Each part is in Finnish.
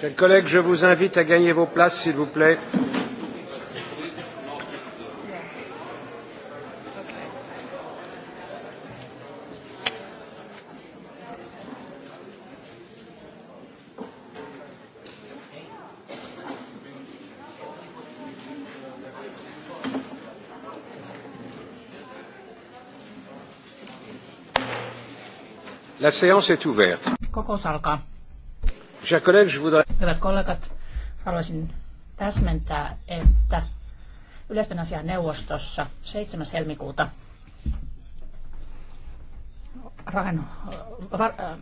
Chers collègues, je vous invite à gagner vos places, s'il vous plaît. La séance est ouverte. Kokous alkaa. Hyvät kollegat, haluaisin täsmentää, että yleisten asian neuvostossa 7. helmikuuta rahan,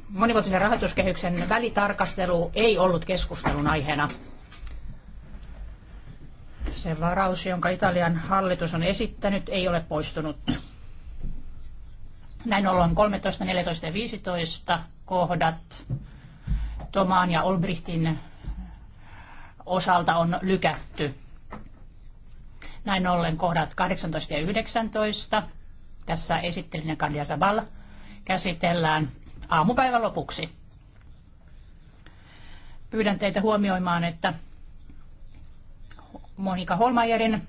monivuotisen rahoituskehyksen välitarkastelu ei ollut keskustelun aiheena. Se varaus, jonka Italian hallitus on esittänyt, ei ole poistunut näin ollen 13, 14 ja 15 kohdat Tomaan ja Olbrichtin osalta on lykätty. Näin ollen kohdat 18 ja 19. Tässä esittelijän Kandia Sabal käsitellään aamupäivän lopuksi. Pyydän teitä huomioimaan, että Monika Holmajerin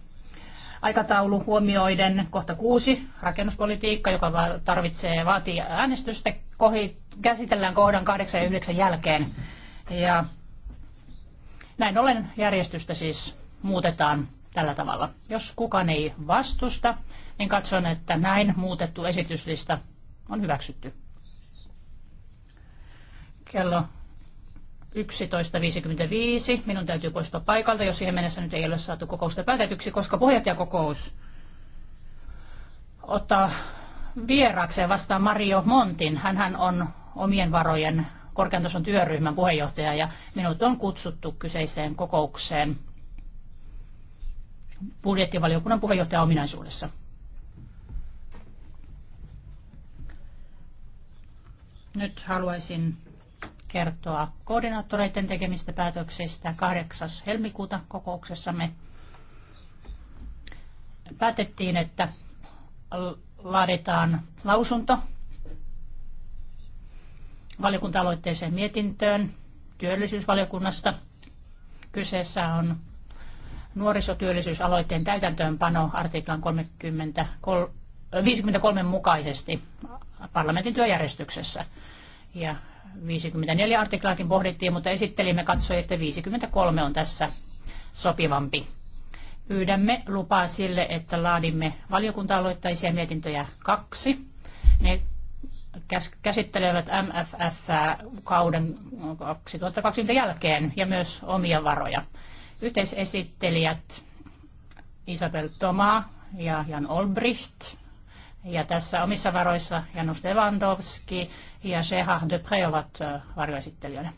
aikataulu huomioiden kohta kuusi rakennuspolitiikka, joka tarvitsee vaatii äänestystä, kohi, käsitellään kohdan 8 ja 9 jälkeen. Ja näin ollen järjestystä siis muutetaan tällä tavalla. Jos kukaan ei vastusta, niin katson, että näin muutettu esityslista on hyväksytty. Kello 11.55. Minun täytyy poistua paikalta, jos siihen mennessä nyt ei ole saatu kokousta päätetyksi, koska puheenjohtajakokous ottaa vieraakseen vastaan Mario Montin. hän on omien varojen korkean tason työryhmän puheenjohtaja ja minut on kutsuttu kyseiseen kokoukseen budjettivaliokunnan puheenjohtajan ominaisuudessa. Nyt haluaisin kertoa koordinaattoreiden tekemistä päätöksistä 8. helmikuuta kokouksessamme. Päätettiin, että laaditaan lausunto valiokunta-aloitteeseen mietintöön työllisyysvaliokunnasta. Kyseessä on nuorisotyöllisyysaloitteen täytäntöönpano artiklan 30, 53 äh, mukaisesti parlamentin työjärjestyksessä. Ja 54 artiklaakin pohdittiin, mutta esittelimme katsoi, että 53 on tässä sopivampi. Pyydämme lupaa sille, että laadimme valiokunta-aloittaisia mietintöjä kaksi. Ne käsittelevät MFF-kauden 2020 jälkeen ja myös omia varoja. Yhteisesittelijät Isabel Toma ja Jan Olbricht ja tässä omissa varoissa Janus Lewandowski ja Sheha Depre ovat varjoesittelijöinä.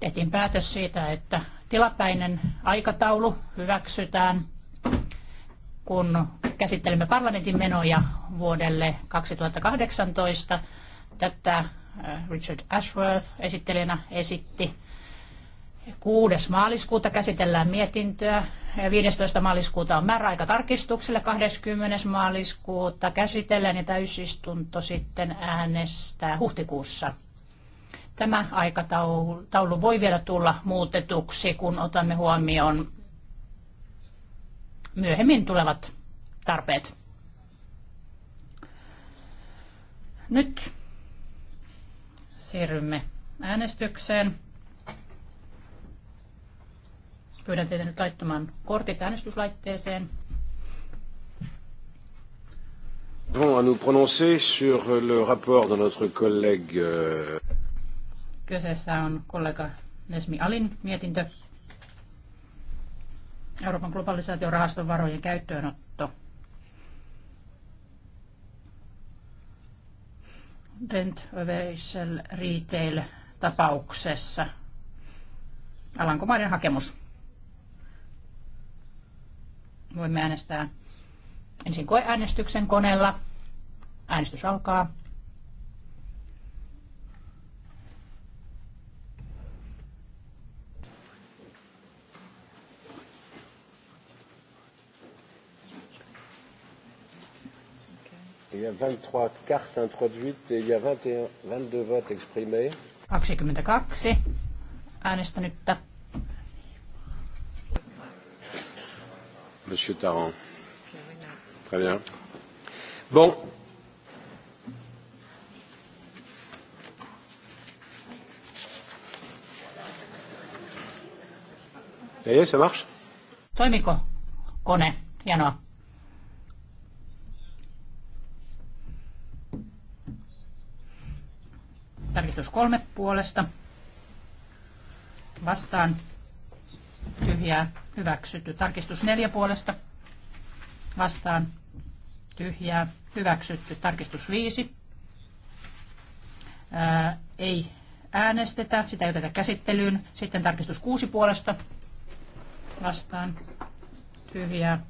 Tehtiin päätös siitä, että tilapäinen aikataulu hyväksytään, kun käsittelemme parlamentin menoja vuodelle 2018. Tätä Richard Ashworth esittelijänä esitti. 6. maaliskuuta käsitellään mietintöä. 15. maaliskuuta on määräaika tarkistukselle. 20. maaliskuuta käsitellään ja täysistunto sitten äänestää huhtikuussa. Tämä aikataulu voi vielä tulla muutetuksi, kun otamme huomioon myöhemmin tulevat tarpeet. Nyt siirrymme äänestykseen. Pyydän teitä nyt laittamaan kortit äänestyslaitteeseen. Bon, à nous prononcer sur le rapport de notre collègue. Euh, Kyseessä on kollega Nesmi Alin mietintö. Euroopan rahaston varojen käyttöönotto. Rent Retail tapauksessa. Alankomaiden hakemus. Voimme äänestää ensin koeäänestyksen koneella. Äänestys alkaa. Il y a 23 cartes introduites et il y a 21, 22 votes exprimés. 22 äänestänyttä Monsieur Taran. Très bien. Bon. Ça y est, ça marche Toimiko kone? Hienoa. Tarkistus kolme puolesta. Vastaan tyhjää hyväksytty. Tarkistus neljä puolesta vastaan tyhjää hyväksytty. Tarkistus viisi ää, ei äänestetä, sitä ei oteta käsittelyyn. Sitten tarkistus kuusi puolesta vastaan tyhjää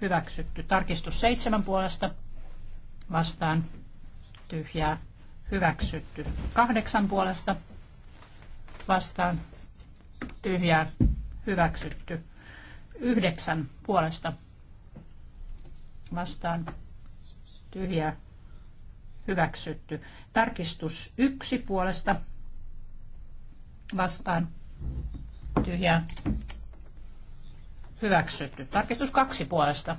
hyväksytty. Tarkistus seitsemän puolesta vastaan tyhjää hyväksytty. Kahdeksan puolesta vastaan tyhjää hyväksytty. Yhdeksän puolesta vastaan tyhjä hyväksytty. Tarkistus yksi puolesta vastaan tyhjä hyväksytty. Tarkistus kaksi puolesta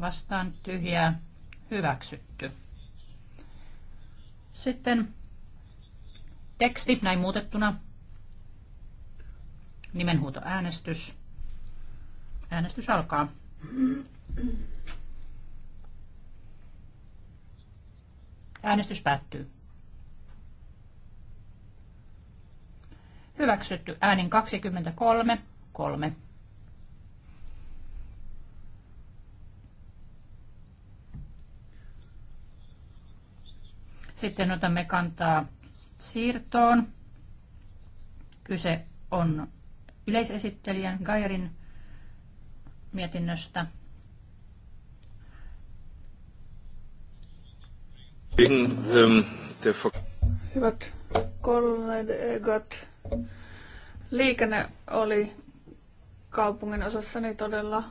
vastaan tyhjä hyväksytty. Sitten teksti näin muutettuna Nimenhuutoäänestys. Äänestys alkaa. Äänestys päättyy. Hyväksytty äänin 23, 3. Sitten otamme kantaa siirtoon. Kyse on yleisesittelijän Gairin mietinnöstä. Hyvät kollegat, liikenne oli kaupungin osassani niin todella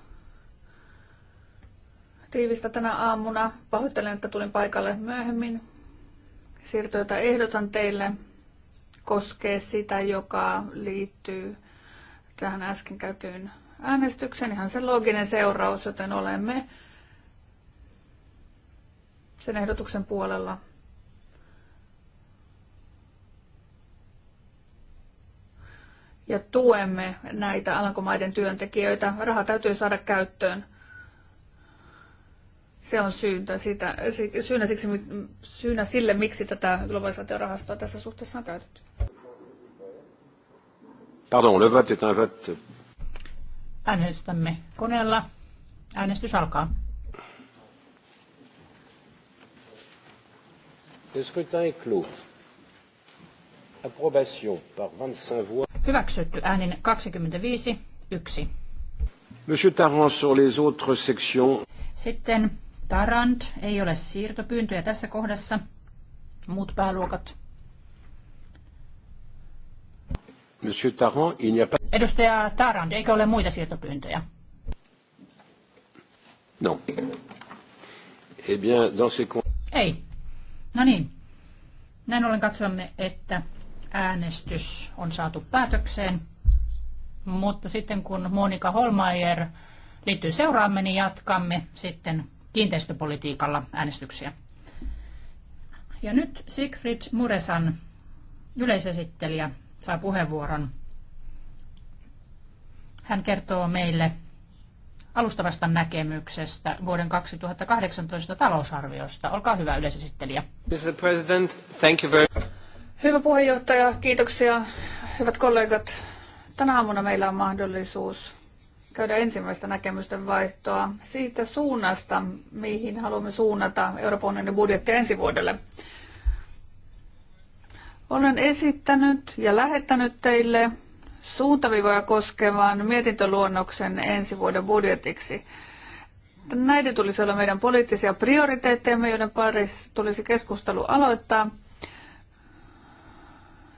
tiivistä tänä aamuna. Pahoittelen, että tulin paikalle myöhemmin. Siirto, jota ehdotan teille, koskee sitä, joka liittyy tähän äsken käytyyn äänestykseen ihan sen looginen seuraus, joten olemme sen ehdotuksen puolella. Ja tuemme näitä alankomaiden työntekijöitä. Raha täytyy saada käyttöön. Se on syynä, sitä, syynä, siksi, syynä sille, miksi tätä globalisaatiorahastoa tässä suhteessa on käytetty. Pardon, le vote est un vote. Äänestämme koneella. Äänestys alkaa. Le scrutin est clos. Approbation par 25 voix. Hyväksytty äänin 25, 1. Monsieur Tarant sur les autres sections. Sitten Tarant, ei ole siirtopyyntöjä tässä kohdassa. Muut pääluokat Monsieur Tarand, il n'y a pas... Edustaja Tarand, eikö ole muita siirtopyyntöjä? Non. Eh bien, dans ces... Ei. No niin. Näin ollen katsomme, että äänestys on saatu päätökseen. Mutta sitten kun Monika Holmeier liittyy seuraamme, niin jatkamme sitten kiinteistöpolitiikalla äänestyksiä. Ja nyt Sigfrid Muresan yleisesittelijä saa puheenvuoron. Hän kertoo meille alustavasta näkemyksestä vuoden 2018 talousarviosta. Olkaa hyvä yleisesittelijä. Mr. President, thank you very... Hyvä puheenjohtaja, kiitoksia. Hyvät kollegat, tänä aamuna meillä on mahdollisuus käydä ensimmäistä näkemysten vaihtoa siitä suunnasta, mihin haluamme suunnata Euroopan unionin budjettia ensi vuodelle. Olen esittänyt ja lähettänyt teille suuntavivoja koskevan mietintöluonnoksen ensi vuoden budjetiksi. Näiden tulisi olla meidän poliittisia prioriteettejamme, joiden parissa tulisi keskustelu aloittaa.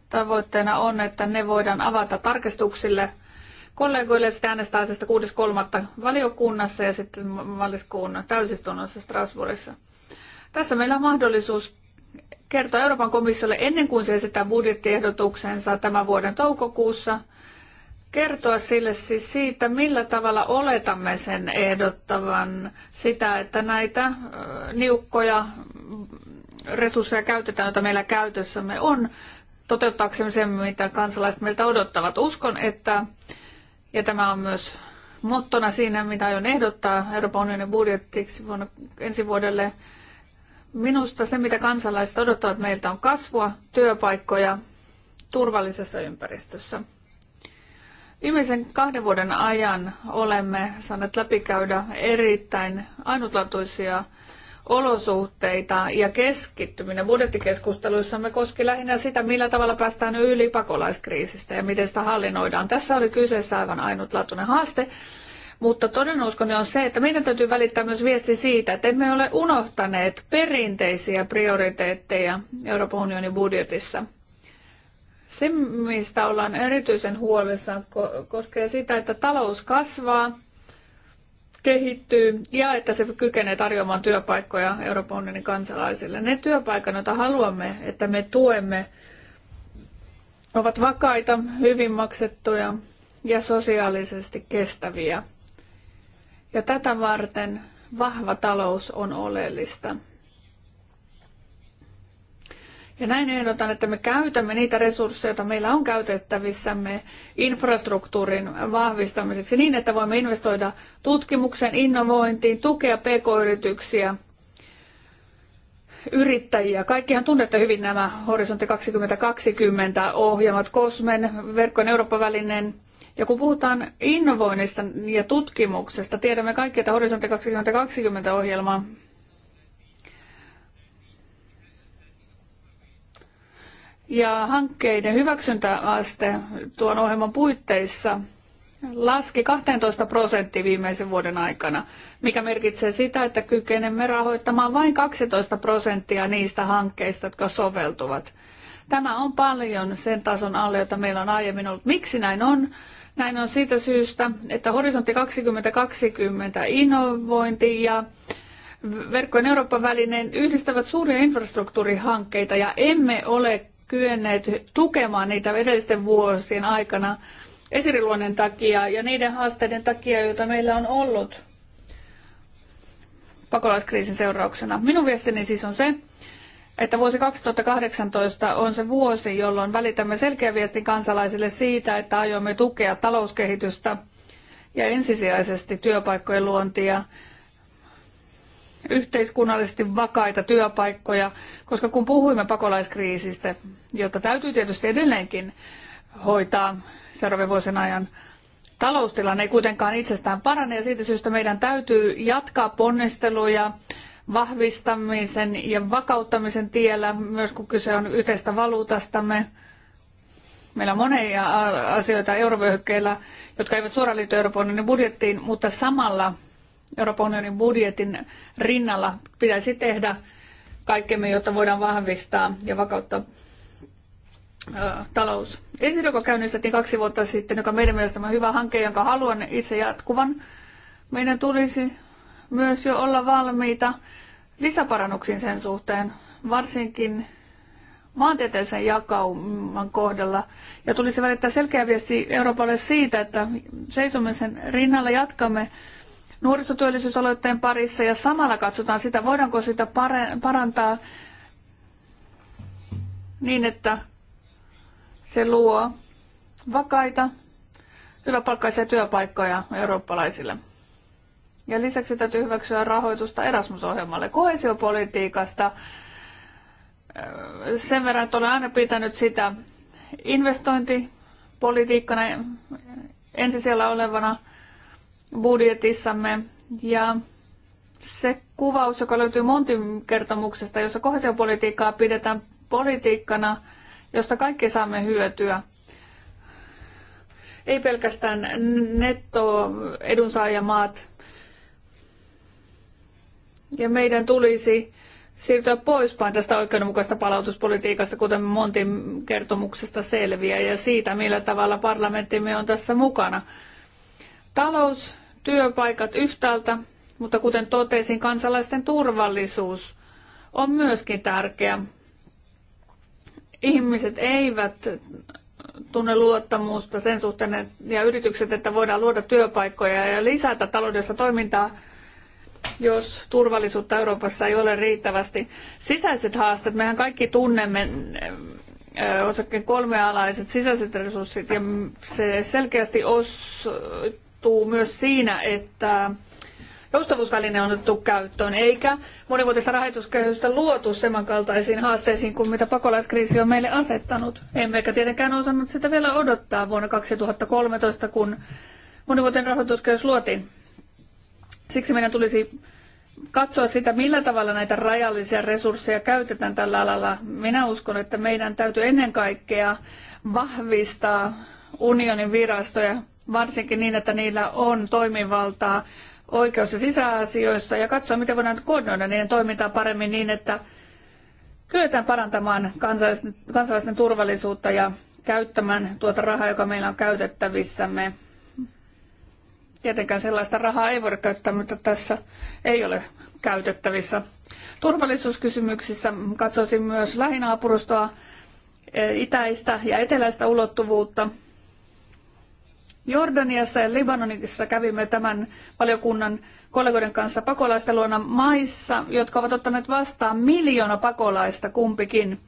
Tavoitteena on, että ne voidaan avata tarkistuksille kollegoille sitä äänestää asiasta 6.3. valiokunnassa ja sitten maaliskuun täysistunnossa Strasbourgissa. Tässä meillä on mahdollisuus kertoa Euroopan komissiolle ennen kuin se esittää budjettiehdotuksensa tämän vuoden toukokuussa, kertoa sille siis siitä, millä tavalla oletamme sen ehdottavan sitä, että näitä niukkoja resursseja käytetään, joita meillä käytössämme on, toteuttaaksemme sen, mitä kansalaiset meiltä odottavat. Uskon, että, ja tämä on myös mottona siinä, mitä aion ehdottaa Euroopan unionin budjettiksi vuonna, ensi vuodelle, Minusta se, mitä kansalaiset odottavat meiltä, on kasvua, työpaikkoja turvallisessa ympäristössä. Viimeisen kahden vuoden ajan olemme saaneet läpikäydä erittäin ainutlaatuisia olosuhteita ja keskittyminen budjettikeskusteluissamme koski lähinnä sitä, millä tavalla päästään yli pakolaiskriisistä ja miten sitä hallinnoidaan. Tässä oli kyseessä aivan ainutlaatuinen haaste, mutta todennäköinen on se, että meidän täytyy välittää myös viesti siitä, että emme ole unohtaneet perinteisiä prioriteetteja Euroopan unionin budjetissa. Se, mistä ollaan erityisen huolissaan, koskee sitä, että talous kasvaa, kehittyy ja että se kykenee tarjoamaan työpaikkoja Euroopan unionin kansalaisille. Ne työpaikat, joita haluamme, että me tuemme, ovat vakaita, hyvin maksettuja ja sosiaalisesti kestäviä. Ja tätä varten vahva talous on oleellista. Ja näin ehdotan, että me käytämme niitä resursseja, joita meillä on käytettävissämme infrastruktuurin vahvistamiseksi niin, että voimme investoida tutkimukseen, innovointiin, tukea pk-yrityksiä, yrittäjiä. Kaikkihan tunnette hyvin nämä Horisontti 2020 ohjelmat, Kosmen, Verkkojen Eurooppa-välinen ja kun puhutaan innovoinnista ja tutkimuksesta, tiedämme kaikki, että Horisontti 2020-ohjelma ja hankkeiden hyväksyntäaste tuon ohjelman puitteissa laski 12 prosenttia viimeisen vuoden aikana, mikä merkitsee sitä, että kykenemme rahoittamaan vain 12 prosenttia niistä hankkeista, jotka soveltuvat. Tämä on paljon sen tason alle, jota meillä on aiemmin ollut. Miksi näin on? Näin on siitä syystä, että Horisontti 2020 innovointi ja verkkojen Euroopan välineen yhdistävät suuria infrastruktuurihankkeita ja emme ole kyenneet tukemaan niitä edellisten vuosien aikana esiriluonnon takia ja niiden haasteiden takia, joita meillä on ollut pakolaiskriisin seurauksena. Minun viestini siis on se, että vuosi 2018 on se vuosi, jolloin välitämme selkeä viestin kansalaisille siitä, että aiomme tukea talouskehitystä ja ensisijaisesti työpaikkojen luontia, yhteiskunnallisesti vakaita työpaikkoja, koska kun puhuimme pakolaiskriisistä, jota täytyy tietysti edelleenkin hoitaa seuraavien vuosien ajan, taloustilanne ei kuitenkaan itsestään parane ja siitä syystä meidän täytyy jatkaa ponnisteluja vahvistamisen ja vakauttamisen tiellä, myös kun kyse on yhteistä valuutastamme. Meillä on monia asioita eurovyöhykkeillä, jotka eivät suoraan liity Euroopan unionin budjettiin, mutta samalla Euroopan unionin budjetin rinnalla pitäisi tehdä kaikkemme, jotta voidaan vahvistaa ja vakauttaa talous. Ensin, joka käynnistettiin kaksi vuotta sitten, joka meidän mielestämme on hyvä hanke, jonka haluan itse jatkuvan, meidän tulisi myös jo olla valmiita lisäparannuksiin sen suhteen, varsinkin maantieteellisen jakauman kohdalla. Ja tulisi välittää selkeä viesti Euroopalle siitä, että seisomme sen rinnalla jatkamme nuorisotyöllisyysaloitteen parissa ja samalla katsotaan sitä, voidaanko sitä parantaa niin, että se luo vakaita, hyväpalkkaisia työpaikkoja eurooppalaisille. Ja lisäksi täytyy hyväksyä rahoitusta Erasmus-ohjelmalle koesiopolitiikasta. Öö, sen verran, että olen aina pitänyt sitä investointipolitiikkana ensisijalla olevana budjetissamme. Ja se kuvaus, joka löytyy Montin kertomuksesta, jossa kohesiopolitiikkaa pidetään politiikkana, josta kaikki saamme hyötyä. Ei pelkästään nettoedunsaajamaat, ja meidän tulisi siirtyä poispäin tästä oikeudenmukaista palautuspolitiikasta, kuten Montin kertomuksesta selviää, ja siitä, millä tavalla parlamenttimme on tässä mukana. Talous, työpaikat yhtäältä, mutta kuten totesin, kansalaisten turvallisuus on myöskin tärkeä. Ihmiset eivät tunne luottamusta sen suhteen ja yritykset, että voidaan luoda työpaikkoja ja lisätä taloudessa toimintaa – jos turvallisuutta Euroopassa ei ole riittävästi. Sisäiset haasteet, mehän kaikki tunnemme osakkeen kolmealaiset sisäiset resurssit ja se selkeästi osuu myös siinä, että joustavuusväline on otettu käyttöön, eikä monivuotista rahoituskehystä luotu samankaltaisiin haasteisiin kuin mitä pakolaiskriisi on meille asettanut. Emmekä tietenkään osannut sitä vielä odottaa vuonna 2013, kun monivuotinen rahoituskehys luotiin. Siksi meidän tulisi katsoa sitä, millä tavalla näitä rajallisia resursseja käytetään tällä alalla. Minä uskon, että meidän täytyy ennen kaikkea vahvistaa unionin virastoja, varsinkin niin, että niillä on toimivaltaa oikeus- ja sisäasioissa ja katsoa, miten voidaan koordinoida niiden toimintaa paremmin niin, että kyetään parantamaan kansalaisten, kansalaisten turvallisuutta ja käyttämään tuota rahaa, joka meillä on käytettävissämme Tietenkään sellaista rahaa ei voida käyttää, mutta tässä ei ole käytettävissä. Turvallisuuskysymyksissä katsoisin myös lähinaapurustoa, e, itäistä ja eteläistä ulottuvuutta. Jordaniassa ja Libanonissa kävimme tämän valiokunnan kollegoiden kanssa pakolaisten luona maissa, jotka ovat ottaneet vastaan miljoona pakolaista kumpikin.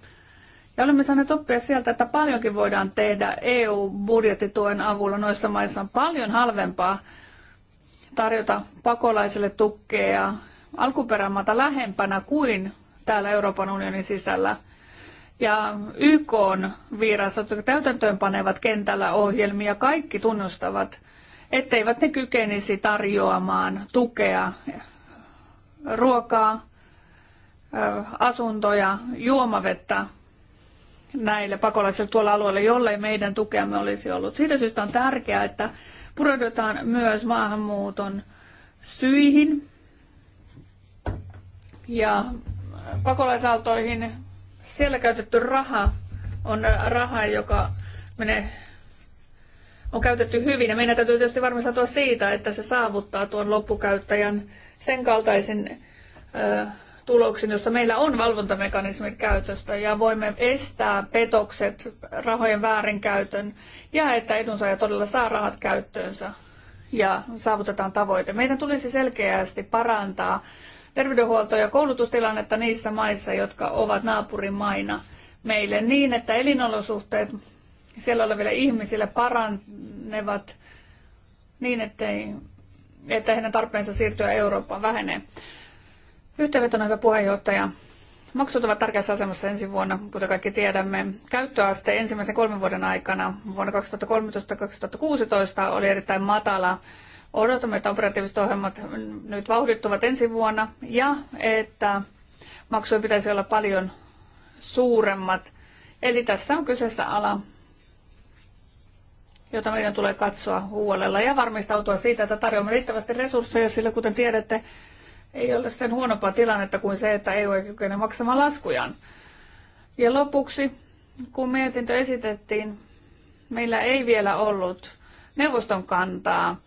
Ja olemme saaneet oppia sieltä, että paljonkin voidaan tehdä EU-budjettituen avulla noissa maissa on paljon halvempaa tarjota pakolaiselle tukea alkuperämaata lähempänä kuin täällä Euroopan unionin sisällä. Ja YK on virastot, jotka täytäntöönpanevat kentällä ohjelmia, kaikki tunnustavat, etteivät ne kykenisi tarjoamaan tukea, ruokaa, asuntoja, juomavettä näille pakolaisille tuolla alueella, jollei meidän tukeamme olisi ollut. Siitä syystä on tärkeää, että pureudutaan myös maahanmuuton syihin ja pakolaisaaltoihin. Siellä käytetty raha on raha, joka menee, on käytetty hyvin. Ja meidän täytyy tietysti varmistautua siitä, että se saavuttaa tuon loppukäyttäjän sen kaltaisen tuloksiin, jossa meillä on valvontamekanismit käytöstä ja voimme estää petokset, rahojen väärinkäytön ja että edunsaaja todella saa rahat käyttöönsä ja saavutetaan tavoite. Meidän tulisi selkeästi parantaa terveydenhuolto- ja koulutustilannetta niissä maissa, jotka ovat naapurimaina meille niin, että elinolosuhteet siellä oleville ihmisille paranevat niin, ettei, että heidän tarpeensa siirtyä Eurooppaan vähenee. Yhteenvetona hyvä puheenjohtaja. Maksut ovat tärkeässä asemassa ensi vuonna, kuten kaikki tiedämme. Käyttöaste ensimmäisen kolmen vuoden aikana vuonna 2013-2016 oli erittäin matala. Odotamme, että operatiiviset ohjelmat nyt vauhdittuvat ensi vuonna ja että maksuja pitäisi olla paljon suuremmat. Eli tässä on kyseessä ala, jota meidän tulee katsoa huolella ja varmistautua siitä, että tarjoamme riittävästi resursseja, sillä kuten tiedätte, ei ole sen huonompaa tilannetta kuin se, että EU ei kykene maksamaan laskujaan. Ja lopuksi, kun mietintö esitettiin, meillä ei vielä ollut neuvoston kantaa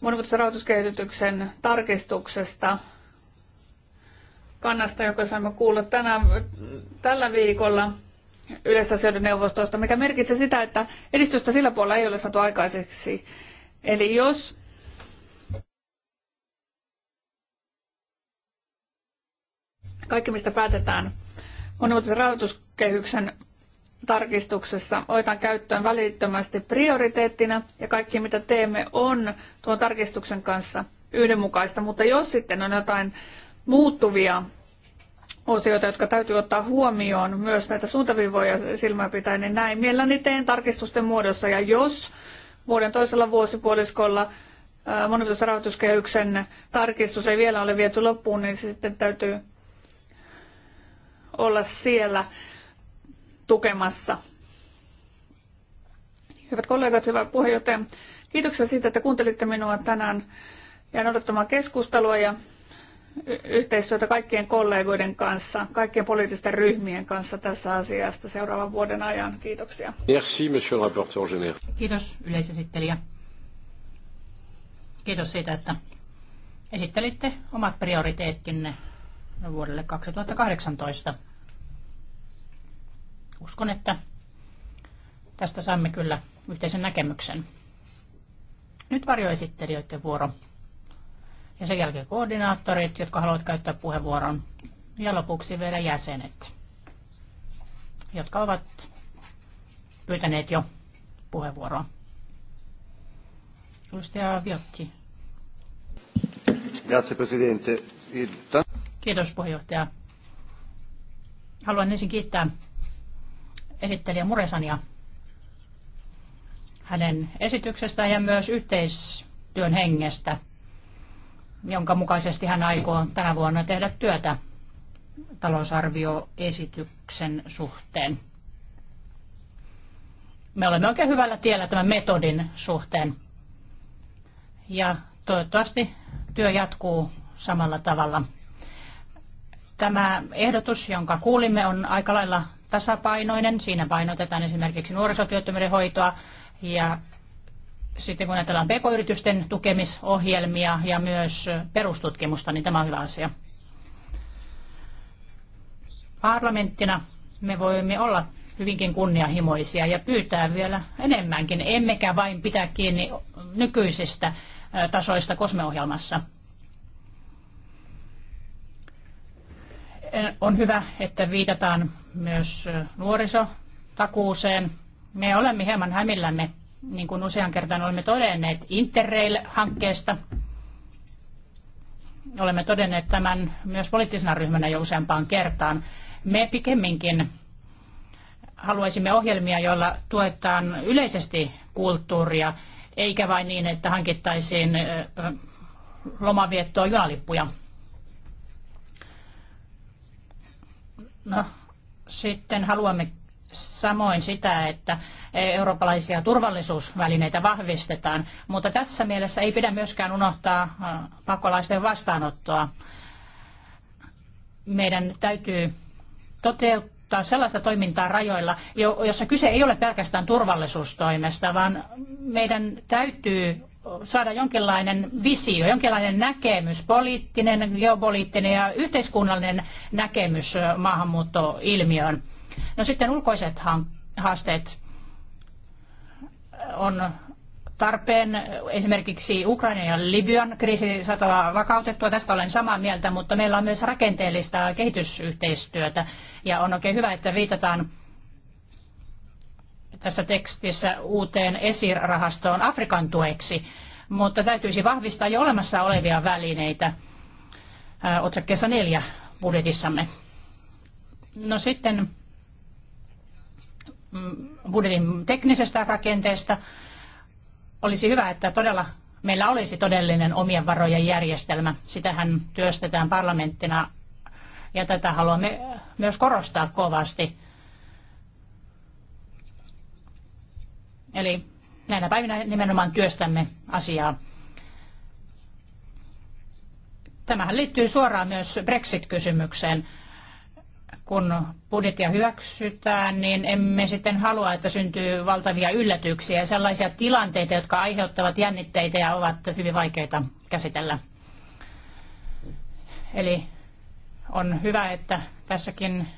monimuotoisen rahoituskehityksen tarkistuksesta kannasta, joka saimme kuulla tänä, tällä viikolla yleisasioiden neuvostosta, mikä merkitsee sitä, että edistystä sillä puolella ei ole saatu aikaiseksi. Eli jos Kaikki, mistä päätetään monimuotoisen rahoituskehyksen tarkistuksessa, otetaan käyttöön välittömästi prioriteettina ja kaikki, mitä teemme, on tuon tarkistuksen kanssa yhdenmukaista. Mutta jos sitten on jotain muuttuvia osioita, jotka täytyy ottaa huomioon, myös näitä suuntaviivoja silmää pitää, niin näin mielelläni teen tarkistusten muodossa. Ja jos vuoden toisella vuosipuoliskolla monimuotoisen rahoituskehyksen tarkistus ei vielä ole viety loppuun, niin se sitten täytyy olla siellä tukemassa. Hyvät kollegat, hyvä puheenjohtaja, kiitoksia siitä, että kuuntelitte minua tänään. ja odottamaan keskustelua ja yhteistyötä kaikkien kollegoiden kanssa, kaikkien poliittisten ryhmien kanssa tässä asiasta seuraavan vuoden ajan. Kiitoksia. Merci, monsieur le rapporteur général. Kiitos yleisesittelijä. Kiitos siitä, että esittelitte omat prioriteettinne vuodelle 2018. Uskon, että tästä saamme kyllä yhteisen näkemyksen. Nyt varjoesittelijöiden vuoro. Ja sen jälkeen koordinaattorit, jotka haluavat käyttää puheenvuoron. Ja lopuksi vielä jäsenet, jotka ovat pyytäneet jo puheenvuoroa. Edustaja Viotti. Grazie Presidente. Kiitos puheenjohtaja. Haluan ensin kiittää esittelijä Muresania hänen esityksestään ja myös yhteistyön hengestä, jonka mukaisesti hän aikoo tänä vuonna tehdä työtä talousarvioesityksen suhteen. Me olemme oikein hyvällä tiellä tämän metodin suhteen. Ja toivottavasti työ jatkuu samalla tavalla. Tämä ehdotus, jonka kuulimme, on aika lailla tasapainoinen. Siinä painotetaan esimerkiksi nuorisotyöttömyyden hoitoa ja sitten kun ajatellaan pk-yritysten tukemisohjelmia ja myös perustutkimusta, niin tämä on hyvä asia. Parlamenttina me voimme olla hyvinkin kunnianhimoisia ja pyytää vielä enemmänkin, emmekä vain pitää kiinni nykyisistä tasoista kosmeohjelmassa. On hyvä, että viitataan myös nuorisotakuuseen. Me olemme hieman hämillämme, niin kuin usean kertaan olemme todenneet, Interrail-hankkeesta. Olemme todenneet tämän myös poliittisena ryhmänä jo useampaan kertaan. Me pikemminkin haluaisimme ohjelmia, joilla tuetaan yleisesti kulttuuria, eikä vain niin, että hankittaisiin lomaviettoa junalippuja. No, sitten haluamme samoin sitä, että eurooppalaisia turvallisuusvälineitä vahvistetaan, mutta tässä mielessä ei pidä myöskään unohtaa äh, pakolaisten vastaanottoa. Meidän täytyy toteuttaa sellaista toimintaa rajoilla, jossa kyse ei ole pelkästään turvallisuustoimesta, vaan meidän täytyy saada jonkinlainen visio, jonkinlainen näkemys, poliittinen, geopoliittinen ja yhteiskunnallinen näkemys maahanmuuttoilmiöön. No sitten ulkoiset haasteet on tarpeen esimerkiksi Ukrainan ja Libyan kriisi saatava vakautettua. Tästä olen samaa mieltä, mutta meillä on myös rakenteellista kehitysyhteistyötä ja on oikein hyvä, että viitataan tässä tekstissä uuteen esirahastoon Afrikan tueksi, mutta täytyisi vahvistaa jo olemassa olevia välineitä äh, otsakkeessa neljä budjetissamme. No sitten mm, budjetin teknisestä rakenteesta olisi hyvä, että todella meillä olisi todellinen omien varojen järjestelmä. Sitähän työstetään parlamenttina ja tätä haluamme myös korostaa kovasti. Eli näinä päivinä nimenomaan työstämme asiaa. Tämähän liittyy suoraan myös Brexit-kysymykseen. Kun budjettia hyväksytään, niin emme sitten halua, että syntyy valtavia yllätyksiä ja sellaisia tilanteita, jotka aiheuttavat jännitteitä ja ovat hyvin vaikeita käsitellä. Eli on hyvä, että tässäkin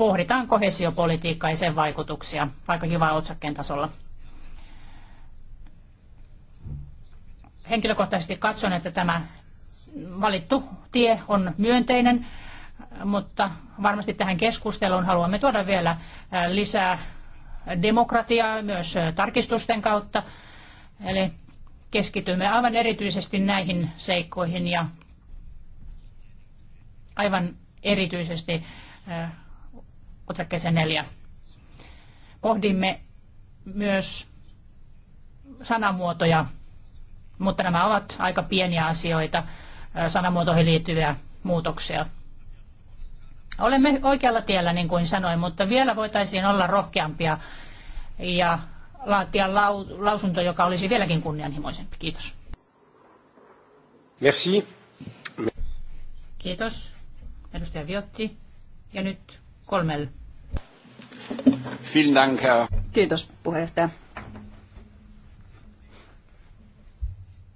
pohditaan kohesiopolitiikkaa ja sen vaikutuksia, vaikka hyvä otsakkeen tasolla. Henkilökohtaisesti katson, että tämä valittu tie on myönteinen, mutta varmasti tähän keskusteluun haluamme tuoda vielä lisää demokratiaa myös tarkistusten kautta. Eli keskitymme aivan erityisesti näihin seikkoihin ja aivan erityisesti otsakkeeseen neljä. Pohdimme myös sanamuotoja, mutta nämä ovat aika pieniä asioita, sanamuotoihin liittyviä muutoksia. Olemme oikealla tiellä, niin kuin sanoin, mutta vielä voitaisiin olla rohkeampia ja laatia lau- lausunto, joka olisi vieläkin kunnianhimoisempi. Kiitos. Merci. Kiitos. Edustaja Viotti. Ja nyt kolmelle. Kiitos puheenjohtaja.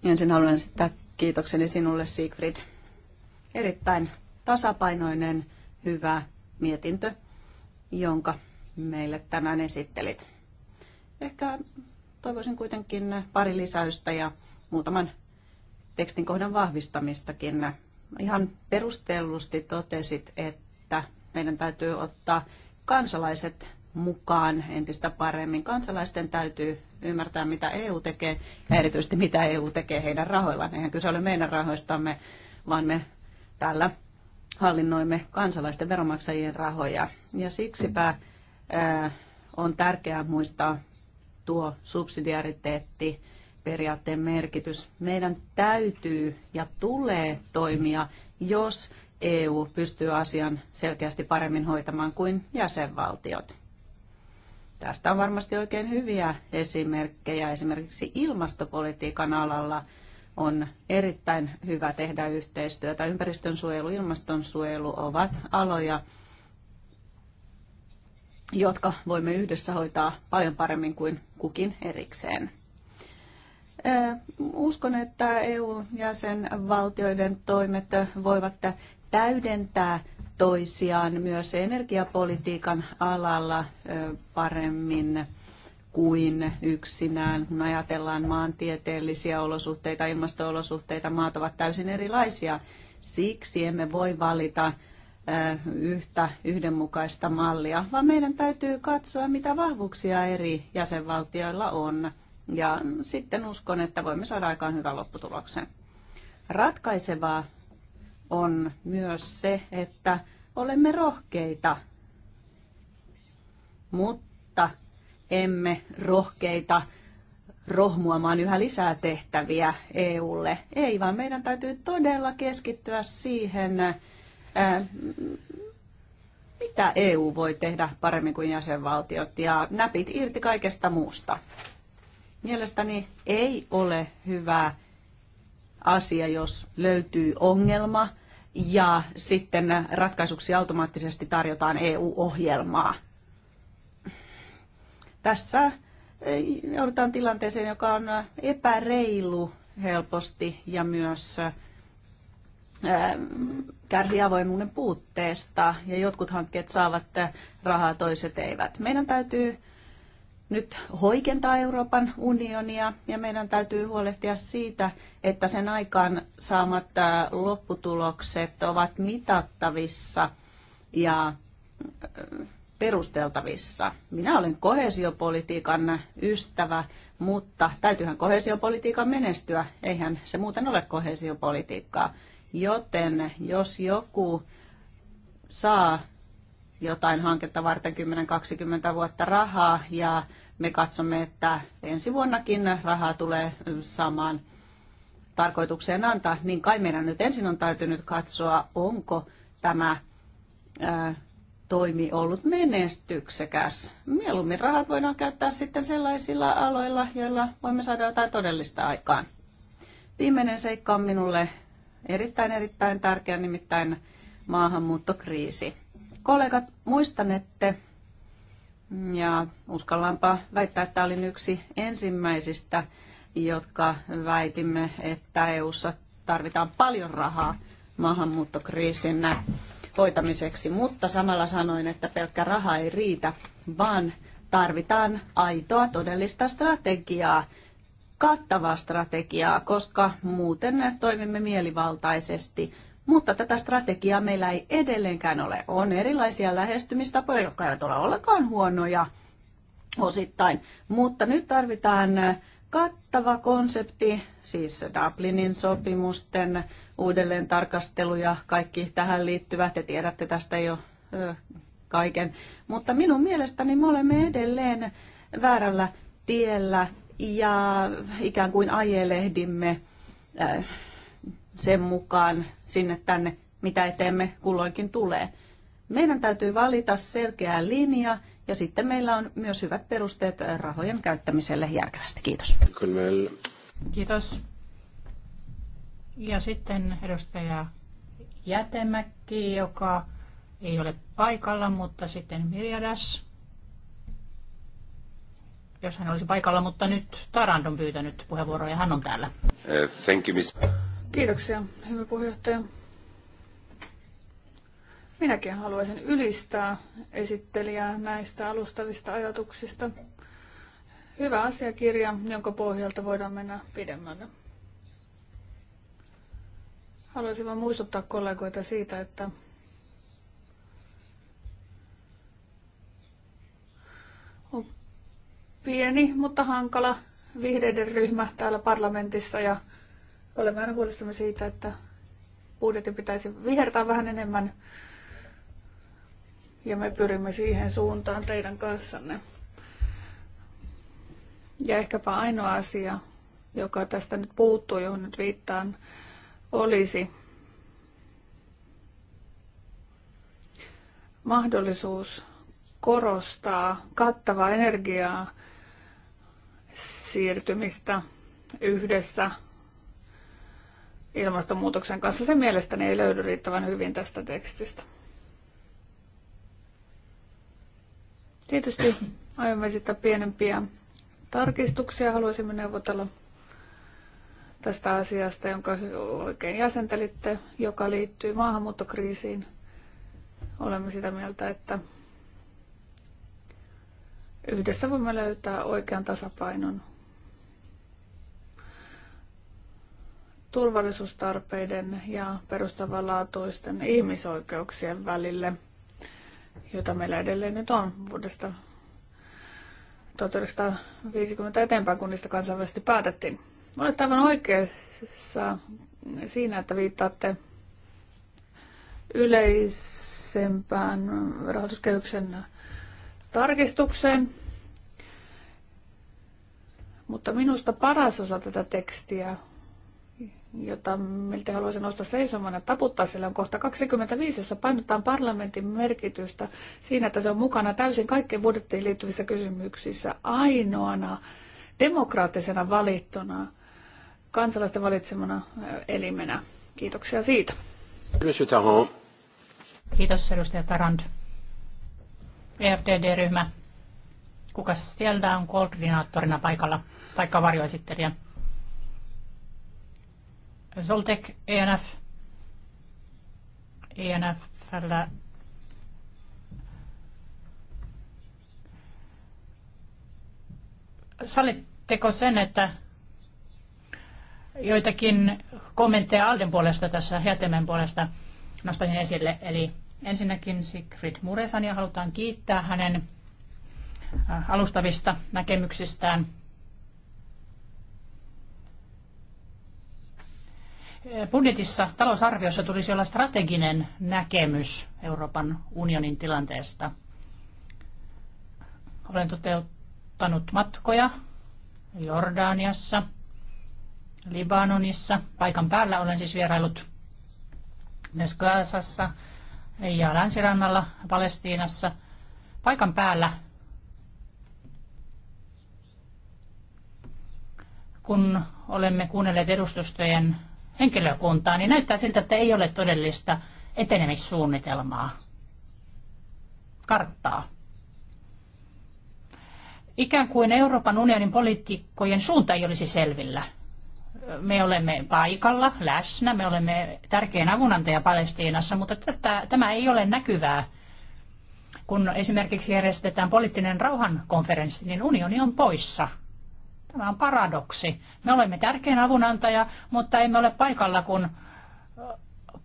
Ensin haluan esittää kiitokseni sinulle Siegfried. Erittäin tasapainoinen, hyvä mietintö, jonka meille tänään esittelit. Ehkä toivoisin kuitenkin pari lisäystä ja muutaman tekstin kohdan vahvistamistakin. Ihan perustellusti totesit, että meidän täytyy ottaa kansalaiset mukaan entistä paremmin. Kansalaisten täytyy ymmärtää, mitä EU tekee ja erityisesti mitä EU tekee heidän rahoillaan. Eihän kyse ole meidän rahoistamme, vaan me täällä hallinnoimme kansalaisten veronmaksajien rahoja. Ja siksipä ää, on tärkeää muistaa tuo subsidiariteetti, periaatteen merkitys. Meidän täytyy ja tulee toimia, jos EU pystyy asian selkeästi paremmin hoitamaan kuin jäsenvaltiot. Tästä on varmasti oikein hyviä esimerkkejä. Esimerkiksi ilmastopolitiikan alalla on erittäin hyvä tehdä yhteistyötä. Ympäristönsuojelu ja ilmastonsuojelu ovat aloja, jotka voimme yhdessä hoitaa paljon paremmin kuin kukin erikseen. Uskon, että EU-jäsenvaltioiden toimet voivat täydentää toisiaan myös energiapolitiikan alalla paremmin kuin yksinään, kun ajatellaan maantieteellisiä olosuhteita, ilmastoolosuhteita, maat ovat täysin erilaisia. Siksi emme voi valita yhtä yhdenmukaista mallia, vaan meidän täytyy katsoa, mitä vahvuuksia eri jäsenvaltioilla on. Ja sitten uskon, että voimme saada aikaan hyvän lopputuloksen. Ratkaisevaa on myös se, että olemme rohkeita, mutta emme rohkeita rohmuamaan yhä lisää tehtäviä EUlle. Ei, vaan meidän täytyy todella keskittyä siihen, äh, mitä EU voi tehdä paremmin kuin jäsenvaltiot ja näpit irti kaikesta muusta. Mielestäni ei ole hyvää asia, jos löytyy ongelma ja sitten ratkaisuksi automaattisesti tarjotaan EU-ohjelmaa. Tässä e, joudutaan tilanteeseen, joka on epäreilu helposti ja myös e, kärsii avoimuuden puutteesta ja jotkut hankkeet saavat rahaa, toiset eivät. Meidän täytyy nyt hoikentaa Euroopan unionia ja meidän täytyy huolehtia siitä, että sen aikaan saamat lopputulokset ovat mitattavissa ja perusteltavissa. Minä olen kohesiopolitiikan ystävä, mutta täytyyhän kohesiopolitiikan menestyä, eihän se muuten ole kohesiopolitiikkaa. Joten jos joku saa jotain hanketta varten 10-20 vuotta rahaa ja me katsomme, että ensi vuonnakin rahaa tulee samaan tarkoitukseen antaa, niin kai meidän nyt ensin on täytynyt katsoa, onko tämä ää, toimi ollut menestyksekäs. Mieluummin rahat voidaan käyttää sitten sellaisilla aloilla, joilla voimme saada jotain todellista aikaan. Viimeinen seikka on minulle erittäin erittäin tärkeä, nimittäin maahanmuuttokriisi. Kollegat, muistanette, ja uskallanpa väittää, että olin yksi ensimmäisistä, jotka väitimme, että EU:ssa tarvitaan paljon rahaa maahanmuuttokriisin hoitamiseksi, mutta samalla sanoin, että pelkkä raha ei riitä, vaan tarvitaan aitoa todellista strategiaa, kattavaa strategiaa, koska muuten toimimme mielivaltaisesti. Mutta tätä strategiaa meillä ei edelleenkään ole. On erilaisia lähestymistapoja, jotka eivät ole ollenkaan huonoja osittain. Mutta nyt tarvitaan kattava konsepti, siis Dublinin sopimusten uudelleen tarkastelu ja kaikki tähän liittyvät. Te tiedätte tästä jo kaiken. Mutta minun mielestäni me olemme edelleen väärällä tiellä ja ikään kuin ajelehdimme sen mukaan sinne tänne, mitä eteemme kulloinkin tulee. Meidän täytyy valita selkeä linja ja sitten meillä on myös hyvät perusteet rahojen käyttämiselle järkevästi. Kiitos. Kiitos. Ja sitten edustaja Jätemäki, joka ei ole paikalla, mutta sitten Mirjadas. Jos hän olisi paikalla, mutta nyt Tarand on pyytänyt puheenvuoroa ja hän on täällä. Eh, thank you, Mr. Kiitoksia, hyvä puheenjohtaja. Minäkin haluaisin ylistää esittelijää näistä alustavista ajatuksista. Hyvä asiakirja, jonka pohjalta voidaan mennä pidemmälle. Haluaisin vain muistuttaa kollegoita siitä, että on pieni, mutta hankala vihreiden ryhmä täällä parlamentissa ja Olemme aina huolestamme siitä, että budjetin pitäisi vihertää vähän enemmän. Ja me pyrimme siihen suuntaan teidän kanssanne. Ja ehkäpä ainoa asia, joka tästä nyt puuttuu, johon nyt viittaan, olisi mahdollisuus korostaa kattavaa energiaa siirtymistä yhdessä ilmastonmuutoksen kanssa. Se mielestäni ei löydy riittävän hyvin tästä tekstistä. Tietysti aiomme esittää pienempiä tarkistuksia. Haluaisimme neuvotella tästä asiasta, jonka oikein jäsentelitte, joka liittyy maahanmuuttokriisiin. Olemme sitä mieltä, että yhdessä voimme löytää oikean tasapainon turvallisuustarpeiden ja perustavanlaatuisten ihmisoikeuksien välille, jota meillä edelleen nyt on vuodesta 1950 eteenpäin, kun niistä kansainvälisesti päätettiin. Olette aivan oikeassa siinä, että viittaatte yleisempään rahoituskehyksen tarkistukseen. Mutta minusta paras osa tätä tekstiä jota miltä haluaisin nostaa seisomaan ja taputtaa, sillä on kohta 25, jossa painotetaan parlamentin merkitystä siinä, että se on mukana täysin kaikkien budjettiin liittyvissä kysymyksissä ainoana demokraattisena valittuna, kansalaisten valitsemana elimenä. Kiitoksia siitä. Kiitos edustaja Tarand. E EFDD-ryhmä. Kuka sieltä on koordinaattorina paikalla, taikka varjoesittelijä? Zoltek ENF. ENFllä Sallitteko sen, että joitakin kommentteja Alden puolesta tässä hätemen puolesta nostaisin esille. Eli ensinnäkin Sigrid Muresania halutaan kiittää hänen äh, alustavista näkemyksistään budjetissa, talousarviossa tulisi olla strateginen näkemys Euroopan unionin tilanteesta. Olen toteuttanut matkoja Jordaniassa, Libanonissa. Paikan päällä olen siis vierailut myös Gazassa ja länsirannalla Palestiinassa. Paikan päällä, kun olemme kuunnelleet edustustojen henkilökuntaa, niin näyttää siltä, että ei ole todellista etenemissuunnitelmaa, karttaa. Ikään kuin Euroopan unionin poliitikkojen suunta ei olisi selvillä. Me olemme paikalla, läsnä, me olemme tärkein avunantaja Palestiinassa, mutta tätä, tämä ei ole näkyvää. Kun esimerkiksi järjestetään poliittinen rauhankonferenssi, niin unioni on poissa – Tämä on paradoksi. Me olemme tärkein avunantaja, mutta emme ole paikalla, kun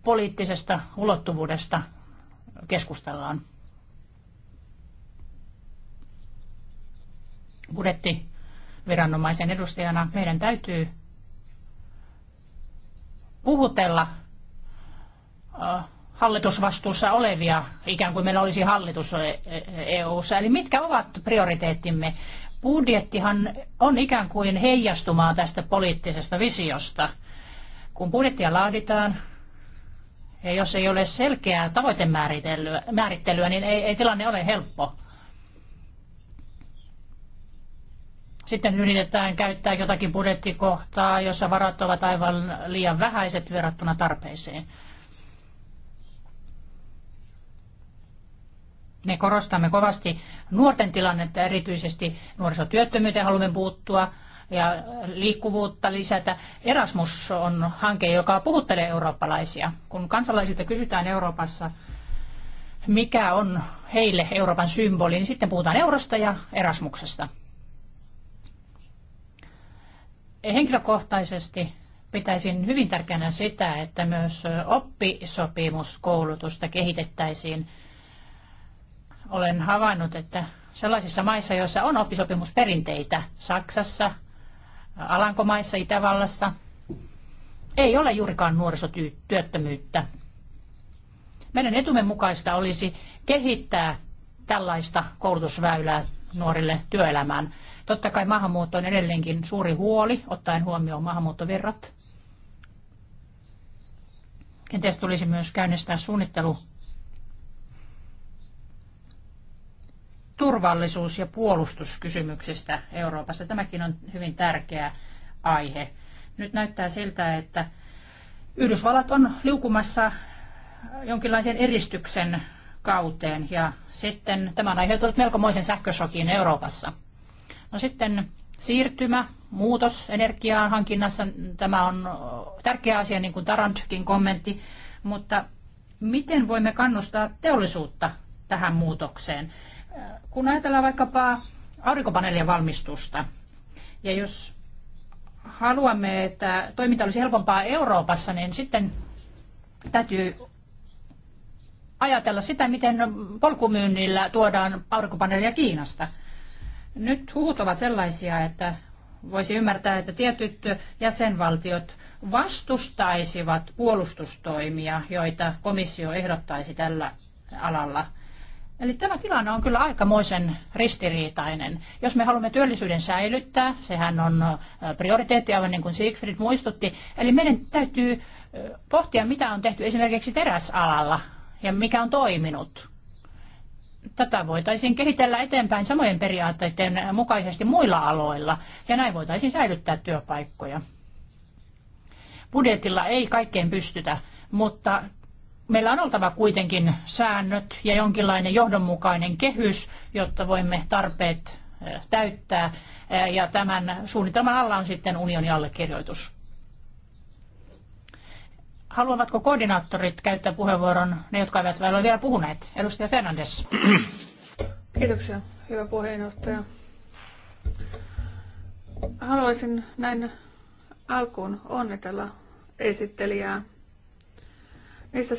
poliittisesta ulottuvuudesta keskustellaan. Budjettiviranomaisen edustajana meidän täytyy puhutella hallitusvastuussa olevia, ikään kuin meillä olisi hallitus EU:ssa. E, e, e Eli mitkä ovat prioriteettimme? budjettihan on ikään kuin heijastumaa tästä poliittisesta visiosta. Kun budjettia laaditaan, ja jos ei ole selkeää tavoitemäärittelyä, niin ei, ei tilanne ole helppo. Sitten yritetään käyttää jotakin budjettikohtaa, jossa varat ovat aivan liian vähäiset verrattuna tarpeeseen. Me korostamme kovasti nuorten tilannetta, erityisesti nuorisotyöttömyyteen haluamme puuttua ja liikkuvuutta lisätä. Erasmus on hanke, joka puhuttelee eurooppalaisia. Kun kansalaisilta kysytään Euroopassa, mikä on heille Euroopan symboli, niin sitten puhutaan eurosta ja Erasmuksesta. Henkilökohtaisesti pitäisin hyvin tärkeänä sitä, että myös oppisopimuskoulutusta kehitettäisiin – olen havainnut, että sellaisissa maissa, joissa on oppisopimusperinteitä, Saksassa, Alankomaissa, Itävallassa, ei ole juurikaan nuorisotyöttömyyttä. Meidän etumme mukaista olisi kehittää tällaista koulutusväylää nuorille työelämään. Totta kai maahanmuutto on edelleenkin suuri huoli, ottaen huomioon maahanmuuttovirrat. Kenties tulisi myös käynnistää suunnittelu turvallisuus- ja puolustuskysymyksistä Euroopassa. Tämäkin on hyvin tärkeä aihe. Nyt näyttää siltä, että Yhdysvallat on liukumassa jonkinlaisen eristyksen kauteen ja sitten tämä on aiheuttanut melkomoisen sähkösokin Euroopassa. No sitten siirtymä, muutos energiaan hankinnassa, tämä on tärkeä asia, niin kuin Tarantkin kommentti, mutta miten voimme kannustaa teollisuutta tähän muutokseen? Kun ajatellaan vaikkapa aurinkopaneelien valmistusta, ja jos haluamme, että toiminta olisi helpompaa Euroopassa, niin sitten täytyy ajatella sitä, miten polkumyynnillä tuodaan aurinkopaneelia Kiinasta. Nyt huhut ovat sellaisia, että voisi ymmärtää, että tietyt jäsenvaltiot vastustaisivat puolustustoimia, joita komissio ehdottaisi tällä alalla – Eli tämä tilanne on kyllä aikamoisen ristiriitainen. Jos me haluamme työllisyyden säilyttää, sehän on prioriteetti, aivan niin kuin Siegfried muistutti. Eli meidän täytyy pohtia, mitä on tehty esimerkiksi teräsalalla ja mikä on toiminut. Tätä voitaisiin kehitellä eteenpäin samojen periaatteiden mukaisesti muilla aloilla, ja näin voitaisiin säilyttää työpaikkoja. Budjetilla ei kaikkeen pystytä, mutta Meillä on oltava kuitenkin säännöt ja jonkinlainen johdonmukainen kehys, jotta voimme tarpeet eh, täyttää. Eh, ja tämän suunnitelman alla on sitten unionin allekirjoitus. Haluavatko koordinaattorit käyttää puheenvuoron, ne jotka eivät ole vielä puhuneet? Edustaja Fernandes. Kiitoksia, hyvä puheenjohtaja. Haluaisin näin alkuun onnitella esittelijää niistä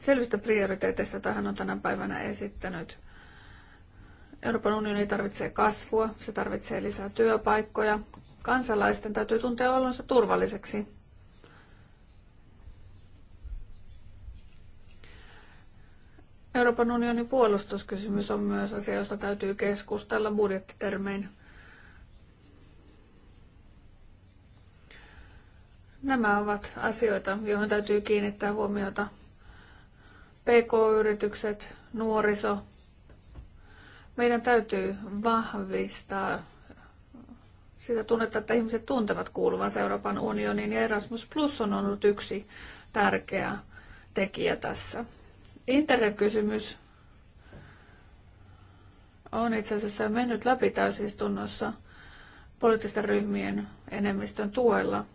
selvistä prioriteeteista, joita hän on tänä päivänä esittänyt. Euroopan unioni tarvitsee kasvua, se tarvitsee lisää työpaikkoja. Kansalaisten täytyy tuntea olonsa turvalliseksi. Euroopan unionin puolustuskysymys on myös asia, josta täytyy keskustella budjettitermein. Nämä ovat asioita, joihin täytyy kiinnittää huomiota. PK-yritykset, nuoriso. Meidän täytyy vahvistaa sitä tunnetta, että ihmiset tuntevat kuuluvansa Euroopan unioniin ja Erasmus Plus on ollut yksi tärkeä tekijä tässä. Interreg-kysymys on itse asiassa mennyt läpi täysistunnossa poliittisten ryhmien enemmistön tuella –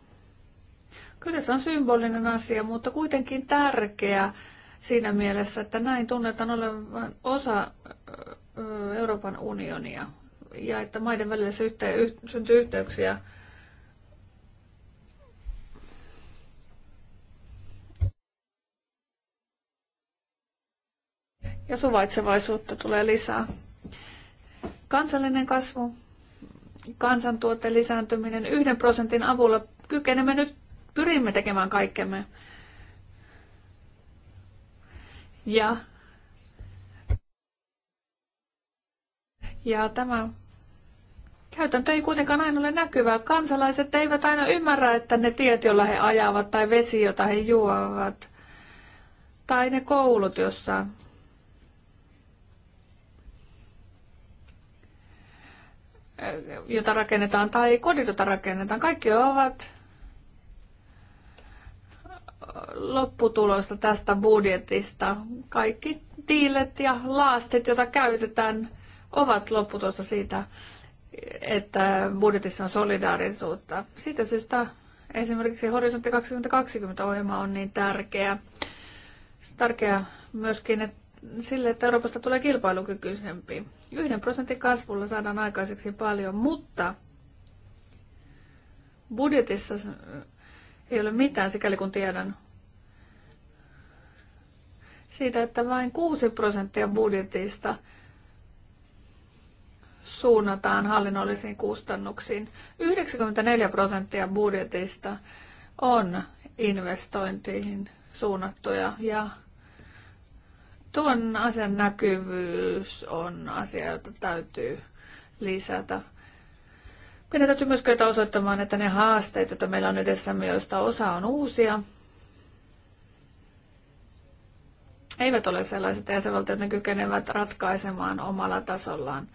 Kyllä se on symbolinen asia, mutta kuitenkin tärkeä siinä mielessä, että näin tunnetaan olevan osa Euroopan unionia ja että maiden välillä syntyy yhteyksiä ja suvaitsevaisuutta tulee lisää. Kansallinen kasvu, kansantuotteen lisääntyminen yhden prosentin avulla kykenemme nyt Pyrimme tekemään kaikkemme. Ja, ja tämä käytäntö ei kuitenkaan aina ole näkyvää. Kansalaiset eivät aina ymmärrä, että ne tiet, joilla he ajavat, tai vesi, jota he juovat, tai ne koulut, jossa jota rakennetaan, tai kodit, jota rakennetaan, kaikki ovat lopputulosta tästä budjetista. Kaikki tiilet ja laastit, joita käytetään, ovat lopputulosta siitä, että budjetissa on solidaarisuutta. Siitä syystä esimerkiksi Horisontti 2020 ohjelma on niin tärkeä. Tärkeä myöskin että sille, että Euroopasta tulee kilpailukykyisempi. Yhden prosentin kasvulla saadaan aikaiseksi paljon, mutta budjetissa ei ole mitään, sikäli kun tiedän, siitä, että vain 6 prosenttia budjetista suunnataan hallinnollisiin kustannuksiin. 94 prosenttia budjetista on investointiin suunnattuja ja tuon asian näkyvyys on asia, jota täytyy lisätä. Meidän täytyy myös kyetä osoittamaan, että ne haasteet, joita meillä on edessämme, joista osa on uusia, eivät ole sellaiset jäsenvaltiot, ne kykenevät ratkaisemaan omalla tasollaan.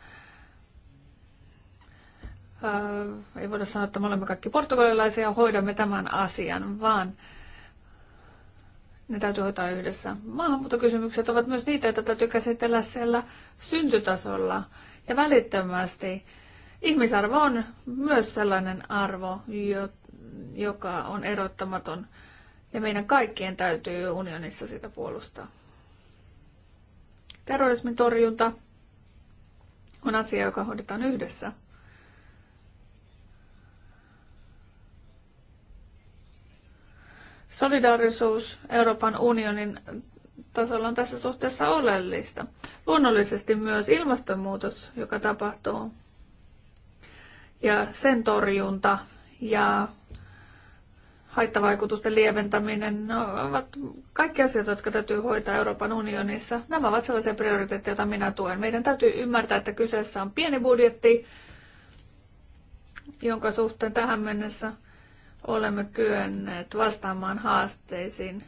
Öö, ei voida sanoa, että me olemme kaikki portugalilaisia ja hoidamme tämän asian, vaan ne täytyy hoitaa yhdessä. Maahanmuuttokysymykset ovat myös niitä, joita täytyy käsitellä siellä syntytasolla ja välittömästi. Ihmisarvo on myös sellainen arvo, joka on erottamaton ja meidän kaikkien täytyy unionissa sitä puolustaa. Terrorismin torjunta on asia, joka hoidetaan yhdessä. Solidaarisuus Euroopan unionin tasolla on tässä suhteessa oleellista. Luonnollisesti myös ilmastonmuutos, joka tapahtuu, ja sen torjunta ja haittavaikutusten lieventäminen, ne no, ovat kaikki asiat, jotka täytyy hoitaa Euroopan unionissa. Nämä ovat sellaisia prioriteetteja, joita minä tuen. Meidän täytyy ymmärtää, että kyseessä on pieni budjetti, jonka suhteen tähän mennessä olemme kyenneet vastaamaan haasteisiin.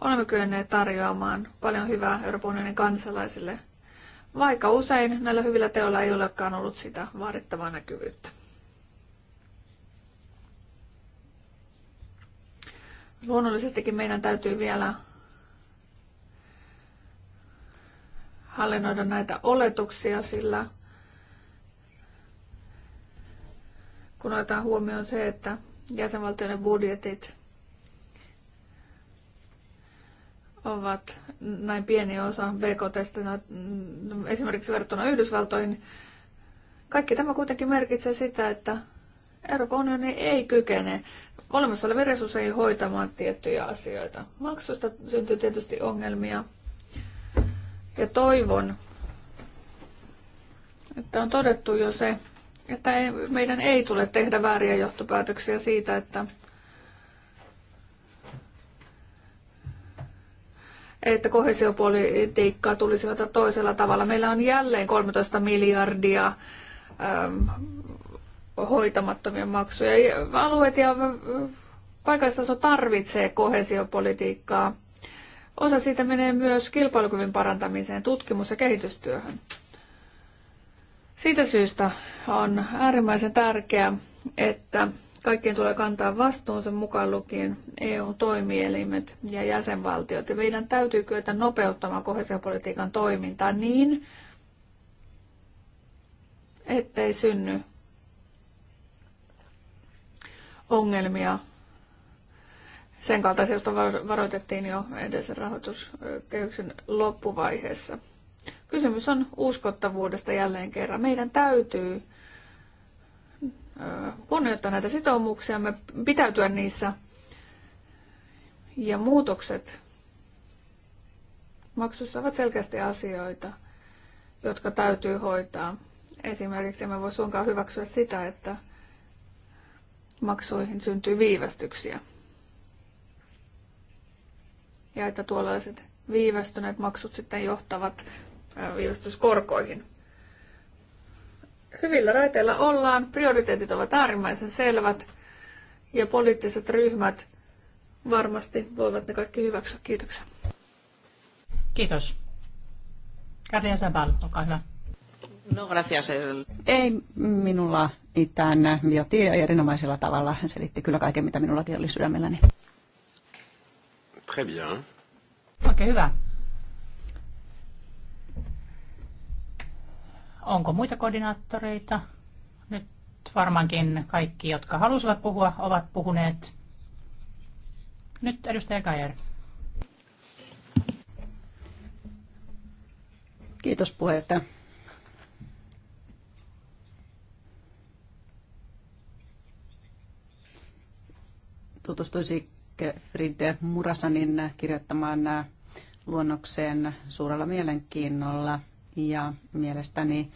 Olemme kyenneet tarjoamaan paljon hyvää Euroopan unionin kansalaisille, vaikka usein näillä hyvillä teoilla ei olekaan ollut sitä vaadittavaa näkyvyyttä. Luonnollisestikin meidän täytyy vielä hallinnoida näitä oletuksia, sillä kun otetaan huomioon se, että jäsenvaltioiden budjetit ovat näin pieni osa BKTstä, no, esimerkiksi verrattuna Yhdysvaltoihin, kaikki tämä kuitenkin merkitsee sitä, että Euroopan unioni ei kykene olemassa olevia resursseja hoitamaan tiettyjä asioita. Maksusta syntyy tietysti ongelmia. Ja toivon, että on todettu jo se, että ei, meidän ei tule tehdä vääriä johtopäätöksiä siitä, että, että kohesiopolitiikkaa tulisi ottaa toisella tavalla. Meillä on jälleen 13 miljardia hoitamattomia maksuja. Alueet ja paikallistaso tarvitsee kohesiopolitiikkaa. Osa siitä menee myös kilpailukyvyn parantamiseen, tutkimus- ja kehitystyöhön. Siitä syystä on äärimmäisen tärkeää, että kaikkien tulee kantaa vastuunsa mukaan lukien EU-toimielimet ja jäsenvaltiot. Ja meidän täytyy kyetä nopeuttamaan kohesiopolitiikan toimintaa niin, ettei synny ongelmia. Sen kaltaisia, josta varoitettiin jo edes rahoituskehyksen loppuvaiheessa. Kysymys on uskottavuudesta jälleen kerran. Meidän täytyy kunnioittaa näitä sitoumuksia, me pitäytyä niissä. Ja muutokset maksussa ovat selkeästi asioita, jotka täytyy hoitaa. Esimerkiksi me voi suinkaan hyväksyä sitä, että maksuihin syntyy viivästyksiä. Ja että tuollaiset viivästyneet maksut sitten johtavat viivästyskorkoihin. Hyvillä raiteilla ollaan, prioriteetit ovat äärimmäisen selvät ja poliittiset ryhmät varmasti voivat ne kaikki hyväksyä. Kiitoksia. Kiitos. Karja Sabal, olkaa hyvä. No, gracias. Ei minulla itään. ja erinomaisella tavalla selitti kyllä kaiken, mitä minullakin oli sydämelläni. Très bien. Oikein hyvä. Onko muita koordinaattoreita? Nyt varmaankin kaikki, jotka halusivat puhua, ovat puhuneet. Nyt edustaja Kajer. Kiitos puheenjohtaja. tutustuisi Friede Murasanin kirjoittamaan luonnokseen suurella mielenkiinnolla. Ja mielestäni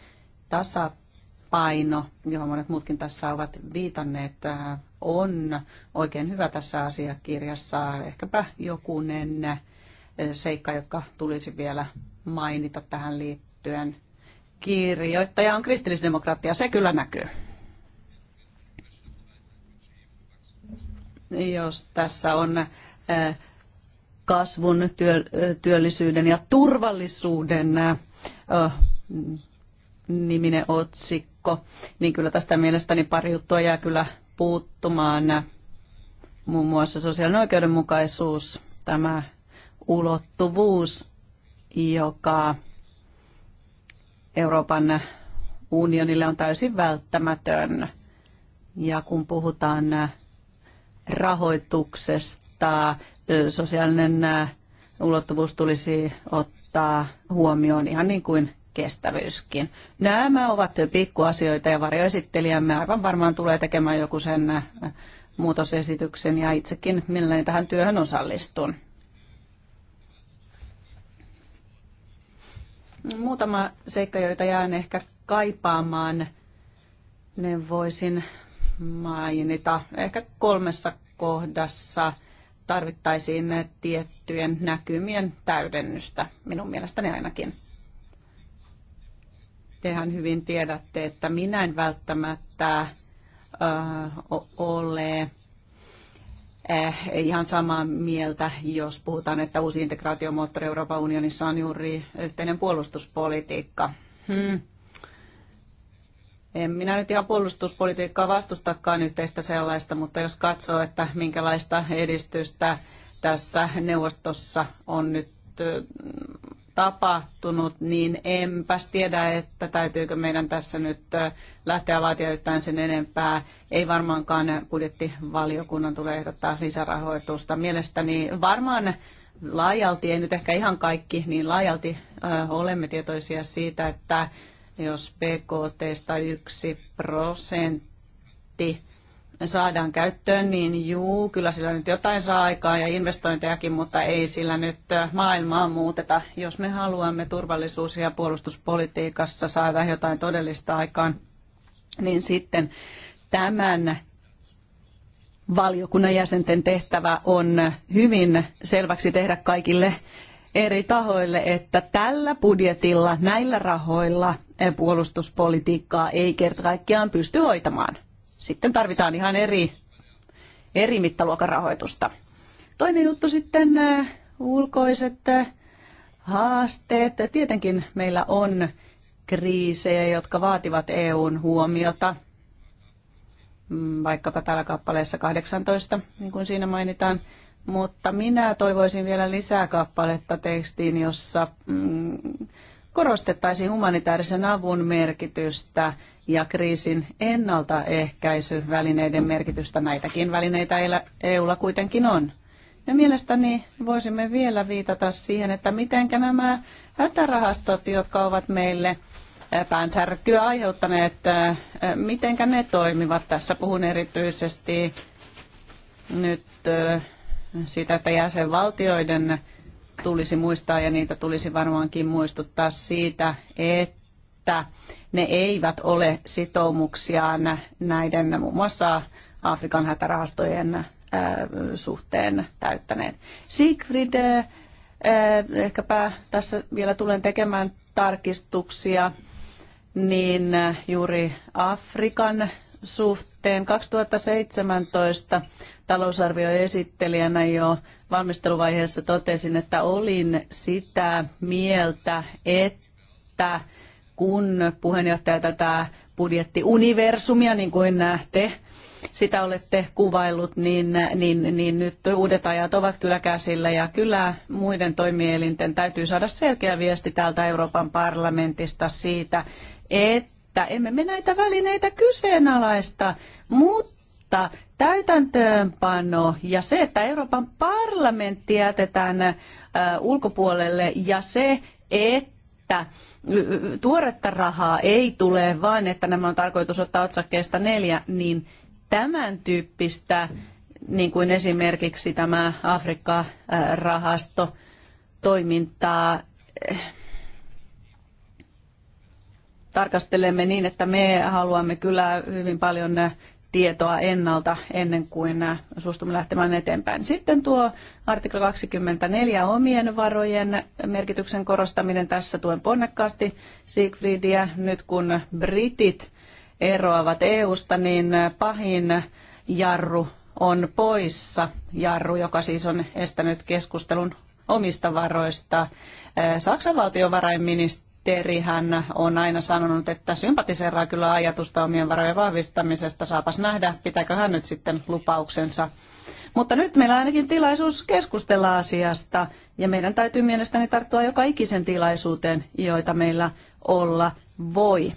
tasapaino, johon monet muutkin tässä ovat viitanneet, on oikein hyvä tässä asiakirjassa. Ehkäpä jokunen seikka, jotka tulisi vielä mainita tähän liittyen. Kirjoittaja on kristillisdemokraattia, se kyllä näkyy. jos tässä on äh, kasvun, äh, työllisyyden ja turvallisuuden äh, niminen otsikko, niin kyllä tästä mielestäni pari juttua jää kyllä puuttumaan. Muun muassa sosiaalinen oikeudenmukaisuus, tämä ulottuvuus, joka Euroopan unionille on täysin välttämätön. Ja kun puhutaan rahoituksesta sosiaalinen ulottuvuus tulisi ottaa huomioon ihan niin kuin kestävyyskin. Nämä ovat pikkuasioita ja varjoesittelijämme aivan varmaan tulee tekemään joku sen muutosesityksen ja itsekin mielelläni tähän työhön osallistun. Muutama seikka, joita jään ehkä kaipaamaan, ne voisin mainita ehkä kolmessa kohdassa tarvittaisiin tiettyjen näkymien täydennystä, minun mielestäni ainakin. Tehän hyvin tiedätte, että minä en välttämättä ole eh, ihan samaa mieltä, jos puhutaan, että uusi integraatiomoottori Euroopan unionissa on juuri yhteinen puolustuspolitiikka. Hmm. En minä nyt ihan puolustuspolitiikkaa vastustakaan yhteistä sellaista, mutta jos katsoo, että minkälaista edistystä tässä neuvostossa on nyt tapahtunut, niin enpäs tiedä, että täytyykö meidän tässä nyt lähteä vaatia yhtään sen enempää. Ei varmaankaan budjettivaliokunnan tule ehdottaa lisärahoitusta. Mielestäni varmaan laajalti, ei nyt ehkä ihan kaikki, niin laajalti olemme tietoisia siitä, että jos BKTstä yksi prosentti saadaan käyttöön, niin juu, kyllä sillä nyt jotain saa aikaa ja investointejakin, mutta ei sillä nyt maailmaa muuteta. Jos me haluamme turvallisuus- ja puolustuspolitiikassa saada jotain todellista aikaan, niin sitten tämän valiokunnan jäsenten tehtävä on hyvin selväksi tehdä kaikille eri tahoille, että tällä budjetilla, näillä rahoilla puolustuspolitiikkaa ei kerta kaikkiaan pysty hoitamaan. Sitten tarvitaan ihan eri, eri mittaluokan rahoitusta. Toinen juttu sitten äh, ulkoiset äh, haasteet. Tietenkin meillä on kriisejä, jotka vaativat EUn huomiota, mm, vaikkapa täällä kappaleessa 18, niin kuin siinä mainitaan. Mutta minä toivoisin vielä lisää kappaletta tekstiin, jossa mm, korostettaisiin humanitaarisen avun merkitystä ja kriisin ennaltaehkäisyvälineiden merkitystä. Näitäkin välineitä EUlla kuitenkin on. Ja mielestäni voisimme vielä viitata siihen, että miten nämä hätärahastot, jotka ovat meille päänsärkyä aiheuttaneet, miten ne toimivat. Tässä puhun erityisesti nyt siitä, että jäsenvaltioiden tulisi muistaa ja niitä tulisi varmaankin muistuttaa siitä, että ne eivät ole sitoumuksiaan näiden muun muassa Afrikan hätärahastojen äh, suhteen täyttäneet. Siegfried, äh, ehkäpä tässä vielä tulen tekemään tarkistuksia, niin äh, juuri Afrikan suhteen 2017 talousarvioesittelijänä jo valmisteluvaiheessa totesin, että olin sitä mieltä, että kun puheenjohtaja tätä budjettiuniversumia, niin kuin näette, sitä olette kuvaillut, niin, niin, niin nyt uudet ajat ovat kyllä käsillä ja kyllä muiden toimielinten täytyy saada selkeä viesti täältä Euroopan parlamentista siitä, että emme me näitä välineitä kyseenalaista, mutta täytäntöönpano ja se, että Euroopan parlamentti jätetään ulkopuolelle ja se, että tuoretta rahaa ei tule, vaan että nämä on tarkoitus ottaa otsakkeesta neljä, niin tämän tyyppistä, niin kuin esimerkiksi tämä Afrikka-rahasto, toimintaa eh, tarkastelemme niin, että me haluamme kyllä hyvin paljon eh, tietoa ennalta ennen kuin äh, suostumme lähtemään eteenpäin. Sitten tuo artikla 24 omien varojen merkityksen korostaminen tässä tuen ponnekkaasti Siegfriedia. Nyt kun britit eroavat EUsta, niin äh, pahin jarru on poissa. Jarru, joka siis on estänyt keskustelun omista varoista. Äh, Saksan valtiovarainministeri hän on aina sanonut, että sympatiseeraa kyllä ajatusta omien varojen vahvistamisesta. Saapas nähdä, pitääkö hän nyt sitten lupauksensa. Mutta nyt meillä on ainakin tilaisuus keskustella asiasta ja meidän täytyy mielestäni tarttua joka ikisen tilaisuuteen, joita meillä olla voi.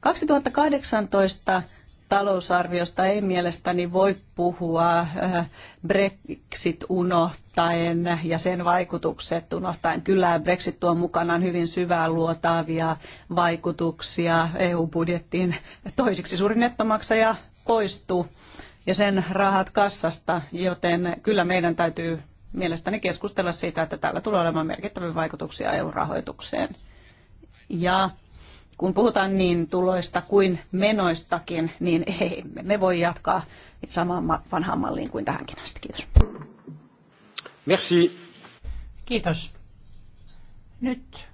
2018 talousarviosta ei mielestäni voi puhua äh, Brexit unohtaen ja sen vaikutukset unohtaen. Kyllä Brexit tuo mukanaan hyvin syvää luotaavia vaikutuksia EU-budjettiin. Toiseksi suurin nettomaksaja poistuu ja sen rahat kassasta, joten kyllä meidän täytyy mielestäni keskustella siitä, että tällä tulee olemaan merkittäviä vaikutuksia EU-rahoitukseen. Ja kun puhutaan niin tuloista kuin menoistakin, niin ei, me voi jatkaa samaan vanhaan malliin kuin tähänkin asti. Kiitos. Merci. Kiitos. Nyt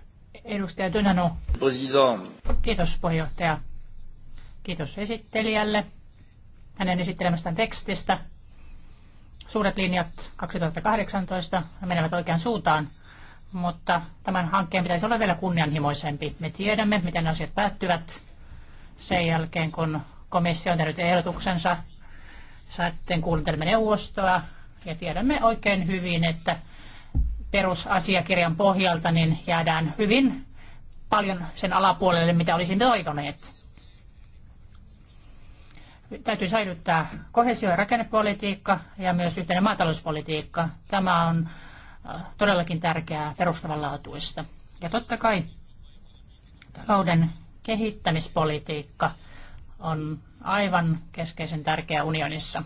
edustaja Dynano. President. Kiitos puheenjohtaja. Kiitos esittelijälle hänen esittelemästään tekstistä. Suuret linjat 2018 menevät oikeaan suuntaan mutta tämän hankkeen pitäisi olla vielä kunnianhimoisempi. Me tiedämme, miten asiat päättyvät sen jälkeen, kun komissio on tehnyt ehdotuksensa. Sitten kuuntelemme neuvostoa ja tiedämme oikein hyvin, että perusasiakirjan pohjalta niin jäädään hyvin paljon sen alapuolelle, mitä olisimme toivoneet. Täytyy säilyttää kohesio- ja rakennepolitiikka ja myös yhteinen maatalouspolitiikka. Tämä on Äh, todellakin tärkeää perustavanlaatuista. Ja totta kai talouden kehittämispolitiikka on aivan keskeisen tärkeä unionissa.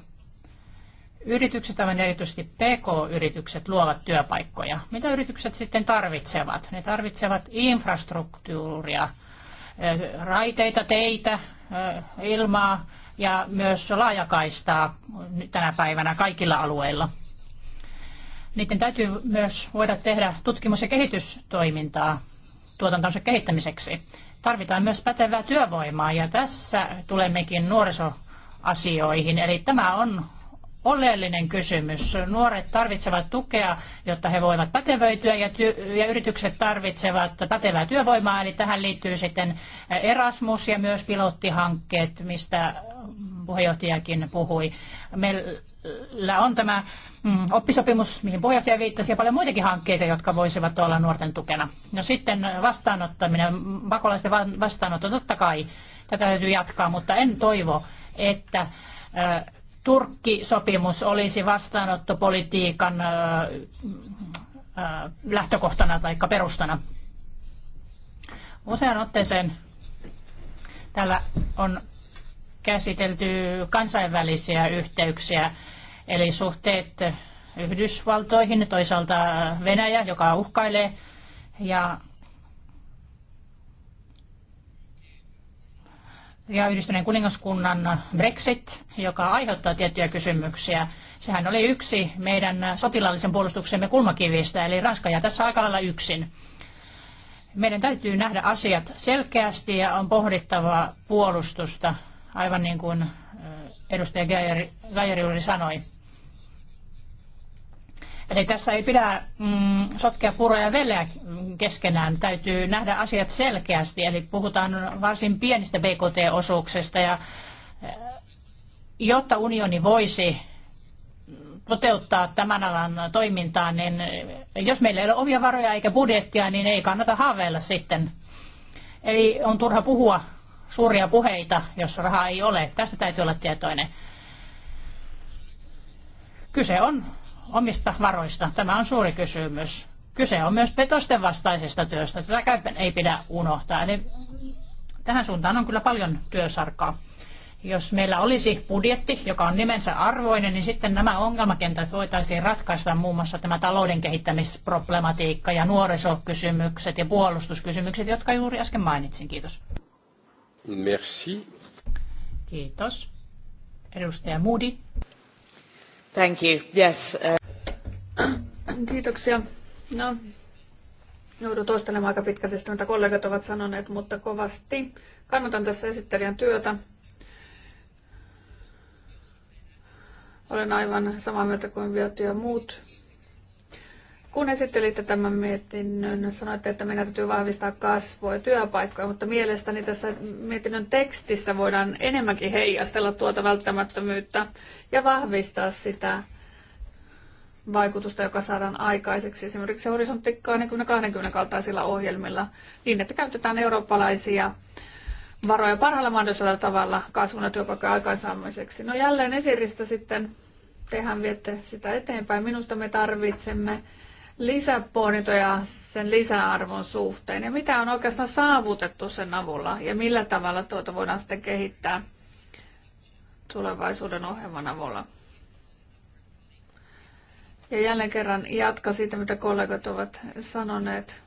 Yritykset, aivan erityisesti PK-yritykset, luovat työpaikkoja. Mitä yritykset sitten tarvitsevat? Ne tarvitsevat infrastruktuuria, äh, raiteita, teitä, äh, ilmaa ja myös laajakaistaa tänä päivänä kaikilla alueilla niiden täytyy myös voida tehdä tutkimus- ja kehitystoimintaa tuotantonsa kehittämiseksi. Tarvitaan myös pätevää työvoimaa ja tässä tulemmekin nuorisoasioihin. Eli tämä on oleellinen kysymys. Nuoret tarvitsevat tukea, jotta he voivat pätevöityä ja, ja yritykset tarvitsevat pätevää työvoimaa. Eli tähän liittyy sitten Erasmus ja myös pilottihankkeet, mistä puheenjohtajakin puhui. Meillä meillä on tämä mm, oppisopimus, mihin puheenjohtaja viittasi, ja paljon muitakin hankkeita, jotka voisivat olla nuorten tukena. No sitten vastaanottaminen, pakolaisten vastaanotto, totta kai tätä täytyy jatkaa, mutta en toivo, että Turkki-sopimus olisi vastaanottopolitiikan lähtökohtana tai perustana. Usean otteeseen täällä on käsitelty kansainvälisiä yhteyksiä Eli suhteet Yhdysvaltoihin, toisaalta äh, Venäjä, joka uhkailee. Ja, ja Yhdistyneen kuningaskunnan Brexit, joka aiheuttaa tiettyjä kysymyksiä. Sehän oli yksi meidän sotilaallisen puolustuksemme kulmakivistä, eli Ranska ja tässä aika lailla yksin. Meidän täytyy nähdä asiat selkeästi ja on pohdittava puolustusta, aivan niin kuin äh, edustaja Gajeri juuri sanoi. Eli tässä ei pidä mm, sotkea puroja ja veleä keskenään. Täytyy nähdä asiat selkeästi. Eli puhutaan varsin pienistä BKT-osuuksista. Ja, eh, jotta unioni voisi toteuttaa tämän alan toimintaa, niin eh, jos meillä ei ole omia varoja eikä budjettia, niin ei kannata haaveilla sitten. Eli on turha puhua suuria puheita, jos rahaa ei ole. Tästä täytyy olla tietoinen. Kyse on omista varoista? Tämä on suuri kysymys. Kyse on myös petosten vastaisesta työstä. Tätä ei pidä unohtaa. Eli tähän suuntaan on kyllä paljon työsarkaa. Jos meillä olisi budjetti, joka on nimensä arvoinen, niin sitten nämä ongelmakentät voitaisiin ratkaista muun muassa tämä talouden kehittämisproblematiikka ja nuorisokysymykset ja puolustuskysymykset, jotka juuri äsken mainitsin. Kiitos. Merci. Kiitos. Edustaja Moody. Thank you. Yes. Uh, Kiitoksia. No, joudun toistelemaan aika pitkälti sitä, mitä kollegat ovat sanoneet, mutta kovasti kannatan tässä esittelijän työtä. Olen aivan samaa mieltä kuin Vioti ja muut kun esittelitte tämän mietinnön, sanoitte, että meidän täytyy vahvistaa kasvua ja työpaikkoja, mutta mielestäni tässä mietinnön tekstissä voidaan enemmänkin heijastella tuota välttämättömyyttä ja vahvistaa sitä vaikutusta, joka saadaan aikaiseksi esimerkiksi horisontti 2020 kaltaisilla ohjelmilla, niin että käytetään eurooppalaisia varoja parhaalla mahdollisella tavalla kasvun ja työpaikkojen aikaansaamiseksi. No jälleen esiristä sitten, tehän viette sitä eteenpäin. Minusta me tarvitsemme lisäpohdintoja sen lisäarvon suhteen ja mitä on oikeastaan saavutettu sen avulla ja millä tavalla tuota voidaan sitten kehittää tulevaisuuden ohjelman avulla. Ja jälleen kerran jatka siitä, mitä kollegat ovat sanoneet.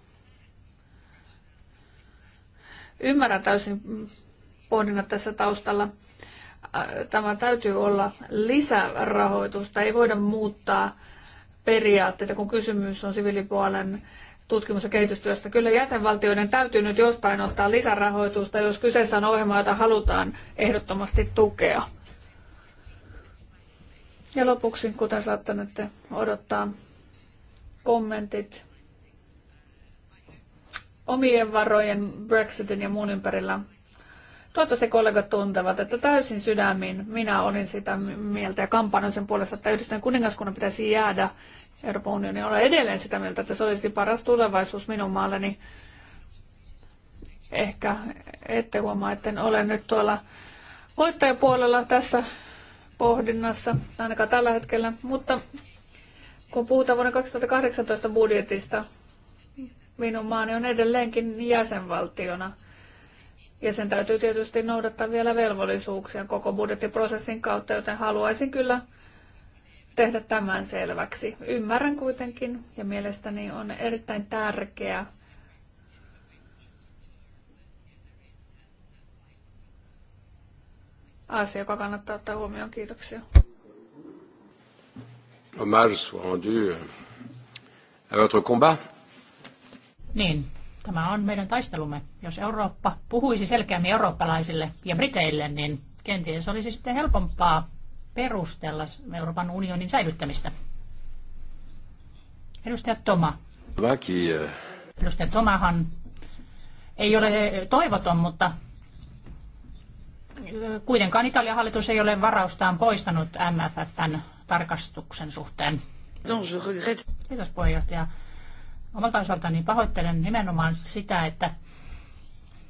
Ymmärrän täysin pohdinnat tässä taustalla. Tämä täytyy olla lisärahoitusta. Ei voida muuttaa periaatteita, kun kysymys on siviilipuolen tutkimus- ja kehitystyöstä. Kyllä jäsenvaltioiden täytyy nyt jostain ottaa lisärahoitusta, jos kyseessä on ohjelma, jota halutaan ehdottomasti tukea. Ja lopuksi, kuten saattanette odottaa, kommentit omien varojen Brexitin ja muun ympärillä. Toivottavasti kollegat tuntevat, että täysin sydämin minä olin sitä mieltä ja kampanjan sen puolesta, että yhdistyneen kuningaskunnan pitäisi jäädä Euroopan unioni. Olen edelleen sitä mieltä, että se olisi paras tulevaisuus minun maalleni. Ehkä ette huomaa, että olen nyt tuolla voittajapuolella tässä pohdinnassa, ainakaan tällä hetkellä. Mutta kun puhutaan vuoden 2018 budjetista, minun maani on edelleenkin jäsenvaltiona. Ja sen täytyy tietysti noudattaa vielä velvollisuuksia koko budjettiprosessin kautta, joten haluaisin kyllä tehdä tämän selväksi. Ymmärrän kuitenkin ja mielestäni on erittäin tärkeää asia, joka kannattaa ottaa huomioon. Kiitoksia. Hommage soit rendu euh, à votre combat. Niin, tämä on meidän taistelumme. Jos Eurooppa puhuisi selkeämmin eurooppalaisille ja briteille, niin kenties olisi sitten helpompaa perustella Euroopan unionin säilyttämistä. Edustaja Toma. Edustaja Tomahan ei ole toivoton, mutta kuitenkaan Italian hallitus ei ole varaustaan poistanut MFFn tarkastuksen suhteen. Kiitos puheenjohtaja. Omalta osaltani pahoittelen nimenomaan sitä, että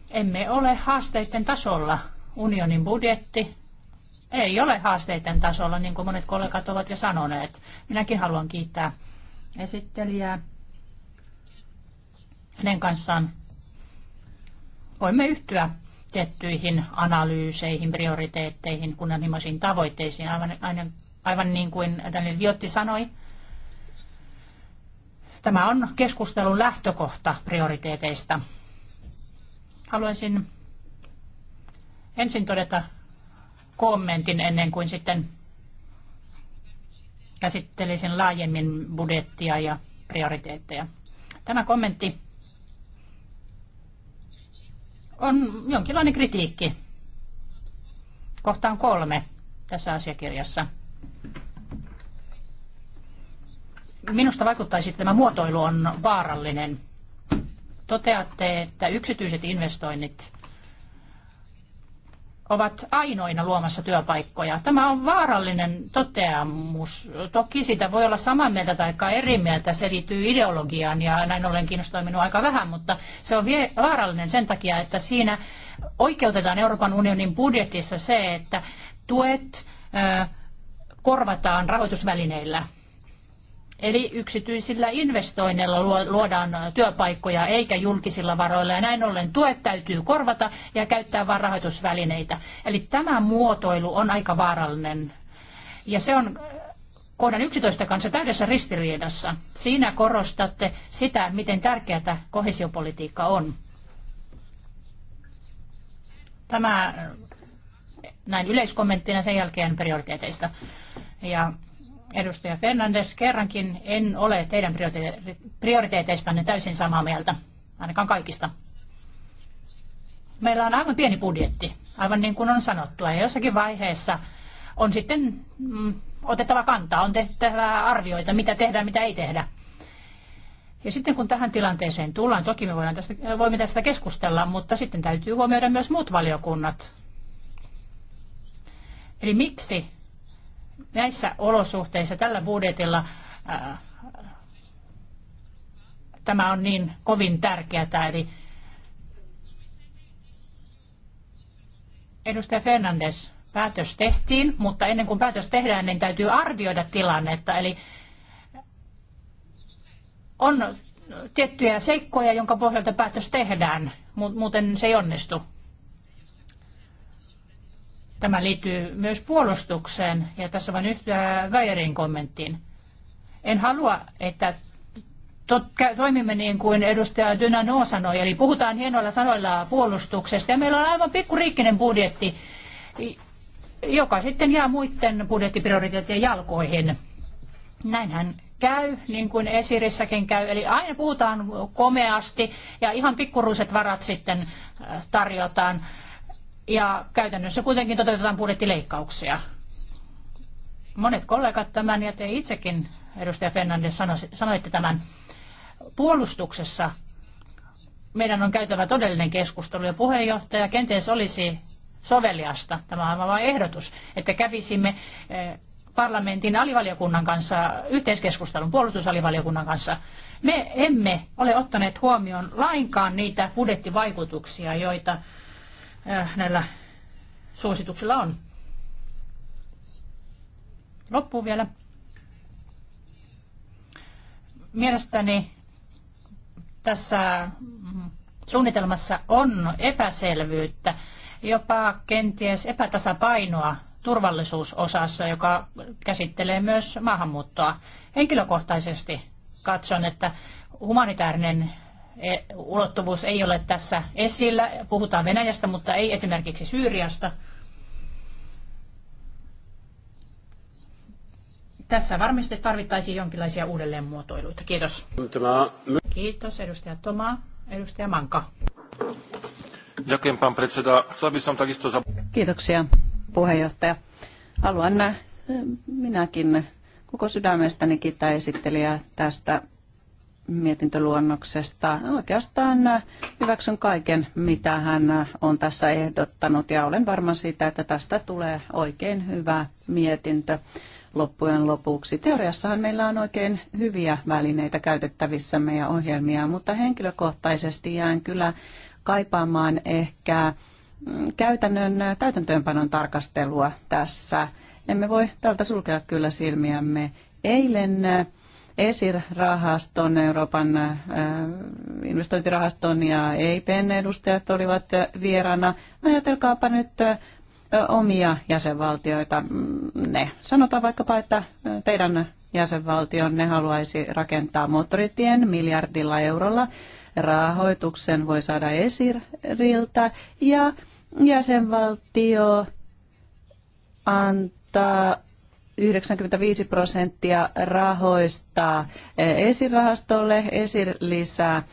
emme ole haasteiden tasolla. Unionin budjetti ei ole haasteiden tasolla, niin kuin monet kollegat ovat jo sanoneet. Minäkin haluan kiittää esittelijää. Hänen kanssaan voimme yhtyä tiettyihin analyyseihin, prioriteetteihin, kunnianhimoisiin tavoitteisiin, aivan, aivan, aivan niin kuin Daniel Viotti sanoi. Tämä on keskustelun lähtökohta prioriteeteista. Haluaisin ensin todeta kommentin ennen kuin sitten käsittelisin laajemmin budjettia ja prioriteetteja. Tämä kommentti on jonkinlainen kritiikki kohtaan kolme tässä asiakirjassa. Minusta vaikuttaisi, että tämä muotoilu on vaarallinen. Toteatte, että yksityiset investoinnit ovat ainoina luomassa työpaikkoja. Tämä on vaarallinen toteamus. Toki sitä voi olla samaa mieltä tai eri mieltä, se liittyy ideologiaan ja näin ollen kiinnostaa minua aika vähän, mutta se on vaarallinen sen takia, että siinä oikeutetaan Euroopan unionin budjetissa se, että tuet korvataan rahoitusvälineillä – Eli yksityisillä investoinneilla luodaan työpaikkoja eikä julkisilla varoilla ja näin ollen tuet täytyy korvata ja käyttää vain rahoitusvälineitä. Eli tämä muotoilu on aika vaarallinen ja se on kohdan 11 kanssa täydessä ristiriidassa. Siinä korostatte sitä, miten tärkeää kohesiopolitiikka on. Tämä näin yleiskommenttina sen jälkeen prioriteeteista. Ja Edustaja Fernandes, kerrankin en ole teidän prioriteeteistanne täysin samaa mieltä, ainakaan kaikista. Meillä on aivan pieni budjetti, aivan niin kuin on sanottu, ja jossakin vaiheessa on sitten mm, otettava kantaa, on tehtävä arvioita, mitä tehdään, mitä ei tehdä. Ja sitten kun tähän tilanteeseen tullaan, toki me voidaan tästä, voimme tästä keskustella, mutta sitten täytyy huomioida myös muut valiokunnat. Eli miksi näissä olosuhteissa tällä budjetilla äh, tämä on niin kovin tärkeää. Eli edustaja Fernandes, päätös tehtiin, mutta ennen kuin päätös tehdään, niin täytyy arvioida tilannetta. Eli on tiettyjä seikkoja, jonka pohjalta päätös tehdään, muuten se ei onnistu. Tämä liittyy myös puolustukseen ja tässä vain yhtä Gajerin kommenttiin. En halua, että toimimme niin kuin edustaja Dynano sanoi, eli puhutaan hienoilla sanoilla puolustuksesta ja meillä on aivan pikkuriikkinen budjetti, joka sitten jää muiden budjettiprioriteettien jalkoihin. Näinhän käy, niin kuin Esirissäkin käy. Eli aina puhutaan komeasti ja ihan pikkuruiset varat sitten äh, tarjotaan ja käytännössä kuitenkin toteutetaan budjettileikkauksia. Monet kollegat tämän, ja te itsekin, edustaja Fernandes, sanoitte tämän. Puolustuksessa meidän on käytävä todellinen keskustelu, ja puheenjohtaja kenties olisi soveliasta, tämä on vain ehdotus, että kävisimme eh, parlamentin alivaliokunnan kanssa, yhteiskeskustelun puolustusalivaliokunnan kanssa, me emme ole ottaneet huomioon lainkaan niitä budjettivaikutuksia, joita Äh, näillä suosituksilla on. Loppuun vielä. Mielestäni tässä suunnitelmassa on epäselvyyttä, jopa kenties epätasapainoa turvallisuusosassa, joka käsittelee myös maahanmuuttoa. Henkilökohtaisesti katson, että humanitaarinen E, ulottuvuus ei ole tässä esillä. Puhutaan Venäjästä, mutta ei esimerkiksi Syyriasta. Tässä varmasti tarvittaisiin jonkinlaisia uudelleenmuotoiluita. Kiitos. Kiitos, edustaja Toma. Edustaja Manka. Kiitoksia, puheenjohtaja. Haluan minäkin koko sydämestäni kiittää esittelijää tästä mietintöluonnoksesta. Oikeastaan hyväksyn kaiken, mitä hän on tässä ehdottanut ja olen varma siitä, että tästä tulee oikein hyvä mietintö loppujen lopuksi. Teoriassahan meillä on oikein hyviä välineitä käytettävissämme ja ohjelmia, mutta henkilökohtaisesti jään kyllä kaipaamaan ehkä mm, käytännön täytäntöönpanon tarkastelua tässä. Emme voi tältä sulkea kyllä silmiämme. Eilen ESIR-rahaston, Euroopan äh, investointirahaston ja EIPn edustajat olivat vieraana. Ajatelkaapa nyt äh, omia jäsenvaltioita. Mm, ne. Sanotaan vaikkapa, että äh, teidän ne haluaisi rakentaa moottoritien miljardilla eurolla. Rahoituksen voi saada esiriltä ja jäsenvaltio antaa 95 prosenttia rahoista eh, esirahastolle, esir lisää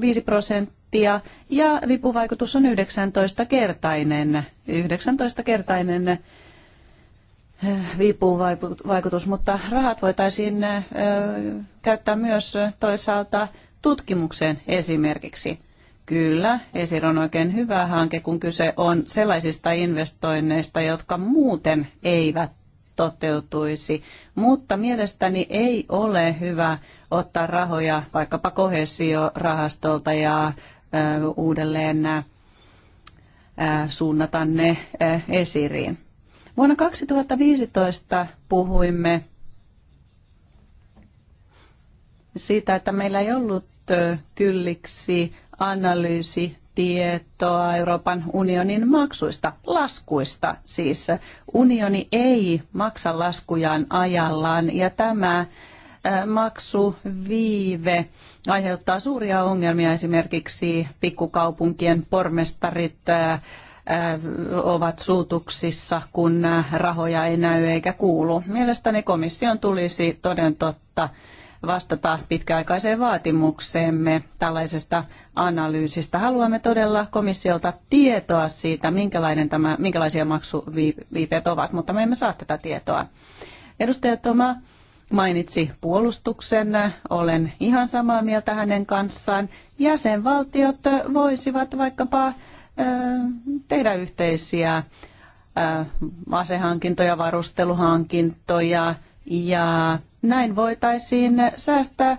5 prosenttia ja vipuvaikutus on 19-kertainen, 19-kertainen eh, vipuvaikutus, mutta rahat voitaisiin eh, käyttää myös toisaalta tutkimukseen esimerkiksi. Kyllä, ESIR on oikein hyvä hanke, kun kyse on sellaisista investoinneista, jotka muuten eivät toteutuisi, mutta mielestäni ei ole hyvä ottaa rahoja vaikkapa kohesiorahastolta ja uudelleen suunnata ne esiriin. Vuonna 2015 puhuimme siitä, että meillä ei ollut kylliksi analyysi tietoa Euroopan unionin maksuista, laskuista siis. Unioni ei maksa laskujaan ajallaan ja tämä äh, maksuviive aiheuttaa suuria ongelmia esimerkiksi pikkukaupunkien pormestarit äh, äh, ovat suutuksissa, kun rahoja ei näy eikä kuulu. Mielestäni komission tulisi toden totta vastata pitkäaikaiseen vaatimukseemme tällaisesta analyysistä. Haluamme todella komissiolta tietoa siitä, minkälainen tämä, minkälaisia maksuviipeet ovat, mutta me emme saa tätä tietoa. Edustaja Toma mainitsi puolustuksen. Olen ihan samaa mieltä hänen kanssaan. Jäsenvaltiot voisivat vaikkapa tehdä yhteisiä asehankintoja, varusteluhankintoja ja näin voitaisiin säästää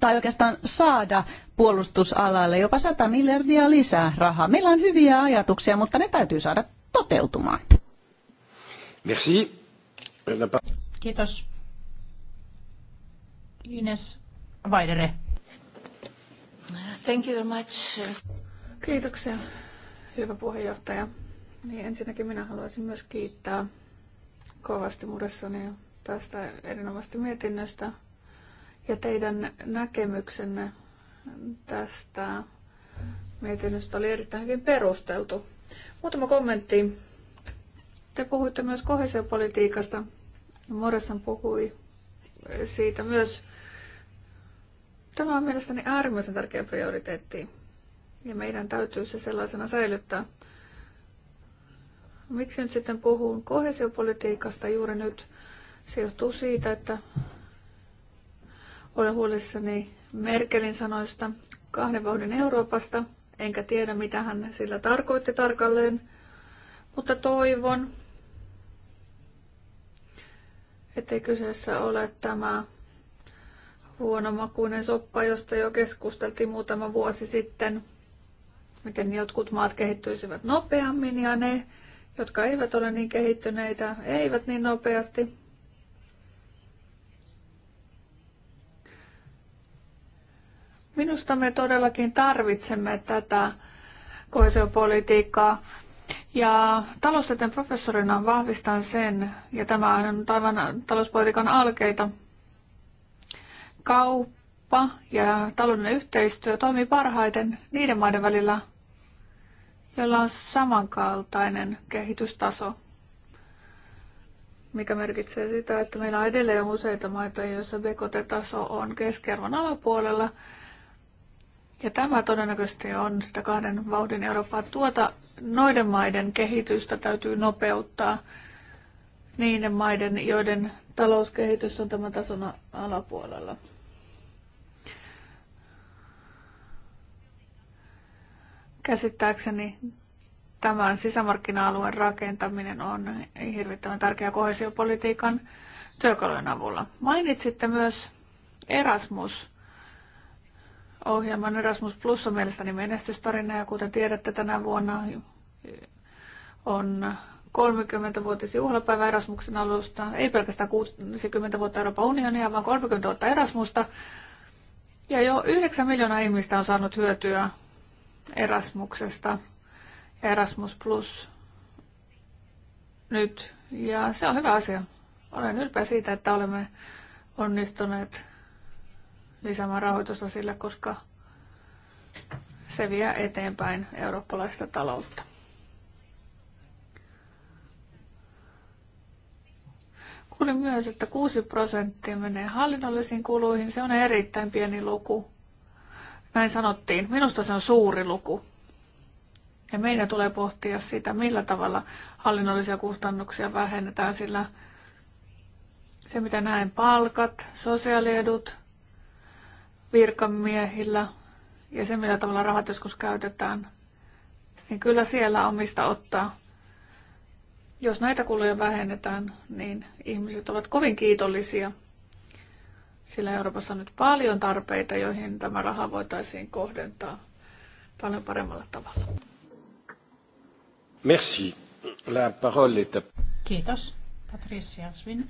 tai oikeastaan saada puolustusalalle jopa 100 miljardia lisää rahaa. Meillä on hyviä ajatuksia, mutta ne täytyy saada toteutumaan. Merci. Kiitos. Ines Vaidere. Thank you very much. Kiitoksia, hyvä puheenjohtaja. Niin ensinnäkin minä haluaisin myös kiittää kovasti muressani tästä erinomaisesta mietinnöstä ja teidän näkemyksenne tästä mietinnöstä oli erittäin hyvin perusteltu. Muutama kommentti. Te puhuitte myös kohesiopolitiikasta. Morrison puhui siitä myös. Tämä on mielestäni äärimmäisen tärkeä prioriteetti ja meidän täytyy se sellaisena säilyttää. Miksi nyt sitten puhun kohesiopolitiikasta juuri nyt? Se johtuu siitä, että olen huolissani Merkelin sanoista kahden vauhdin Euroopasta, enkä tiedä mitä hän sillä tarkoitti tarkalleen, mutta toivon, ettei kyseessä ole tämä huonomakuinen soppa, josta jo keskusteltiin muutama vuosi sitten, miten jotkut maat kehittyisivät nopeammin ja ne jotka eivät ole niin kehittyneitä, eivät niin nopeasti. Minusta me todellakin tarvitsemme tätä koesiopolitiikkaa. Ja taloustieteen professorina vahvistan sen, ja tämä on aivan talouspolitiikan alkeita. Kauppa ja talouden yhteistyö toimii parhaiten niiden maiden välillä, joilla on samankaltainen kehitystaso, mikä merkitsee sitä, että meillä on edelleen useita maita, joissa BKT-taso on keskiarvon alapuolella. Ja tämä todennäköisesti on sitä kahden vauhdin Eurooppaa. Tuota noiden maiden kehitystä täytyy nopeuttaa niiden maiden, joiden talouskehitys on tämän tason alapuolella. Käsittääkseni tämän sisämarkkina-alueen rakentaminen on hirvittävän tärkeä kohesiopolitiikan työkalujen avulla. Mainitsitte myös Erasmus. Ohjelman Erasmus Plus on mielestäni menestystarina ja kuten tiedätte tänä vuonna on 30-vuotisi juhlapäivä Erasmuksen alusta, ei pelkästään 60 vuotta Euroopan unionia, vaan 30 vuotta Erasmusta. Ja jo 9 miljoonaa ihmistä on saanut hyötyä Erasmuksesta ja Erasmus Plus nyt. Ja se on hyvä asia. Olen ylpeä siitä, että olemme onnistuneet lisäämään rahoitusta sille, koska se vie eteenpäin eurooppalaista taloutta. Kuulin myös, että 6 prosenttia menee hallinnollisiin kuluihin. Se on erittäin pieni luku. Näin sanottiin. Minusta se on suuri luku. Ja meidän tulee pohtia sitä, millä tavalla hallinnollisia kustannuksia vähennetään, sillä se mitä näen palkat, sosiaaliedut virkamiehillä ja se millä tavalla rahat joskus käytetään, niin kyllä siellä on mistä ottaa. Jos näitä kuluja vähennetään, niin ihmiset ovat kovin kiitollisia sillä Euroopassa on nyt paljon tarpeita, joihin tämä raha voitaisiin kohdentaa paljon paremmalla tavalla. Merci. La parole est Kiitos. Patricia Svin.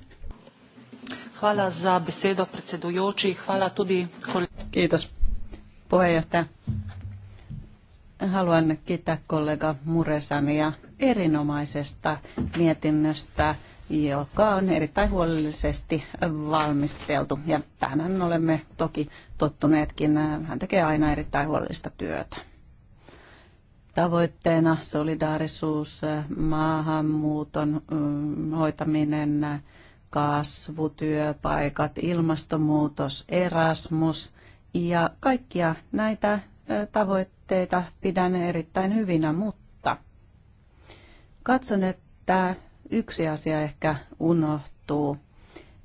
Hvala za besedo, predsedujoči. Hvala tudi... Kiitos, puheenjohtaja. Haluan kiittää kollega Muresania erinomaisesta mietinnöstä joka on erittäin huolellisesti valmisteltu. Ja tähän olemme toki tottuneetkin. Hän tekee aina erittäin huolellista työtä. Tavoitteena solidaarisuus, maahanmuuton mm, hoitaminen, kasvu, työpaikat, ilmastonmuutos, Erasmus ja kaikkia näitä tavoitteita pidän erittäin hyvinä, mutta katson, että yksi asia ehkä unohtuu,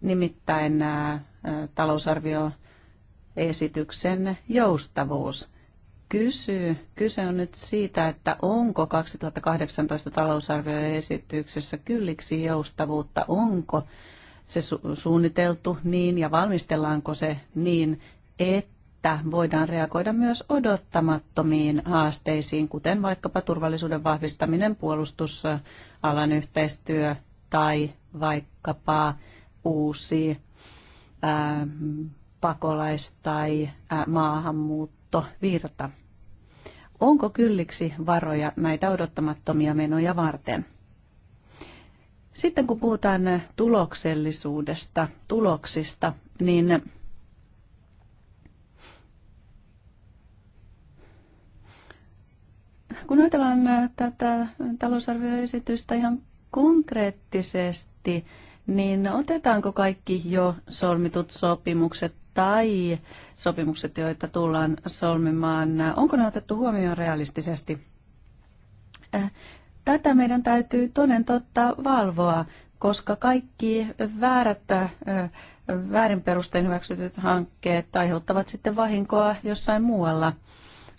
nimittäin talousarvioesityksen joustavuus. Kysy, kyse on nyt siitä, että onko 2018 talousarvioesityksessä kylliksi joustavuutta, onko se su- suunniteltu niin ja valmistellaanko se niin, että voidaan reagoida myös odottamattomiin haasteisiin, kuten vaikkapa turvallisuuden vahvistaminen, puolustus, alan yhteistyö tai vaikkapa uusi ää, ähm, pakolais- tai ää, äh, maahanmuuttovirta. Onko kylliksi varoja näitä odottamattomia menoja varten? Sitten kun puhutaan tuloksellisuudesta, tuloksista, niin Kun ajatellaan äh, tätä talousarvioesitystä ihan konkreettisesti, niin otetaanko kaikki jo solmitut sopimukset tai sopimukset, joita tullaan solmimaan, onko ne otettu huomioon realistisesti? Äh, tätä meidän täytyy toden totta valvoa, koska kaikki väärät, äh, väärin perustein hyväksytyt hankkeet aiheuttavat sitten vahinkoa jossain muualla –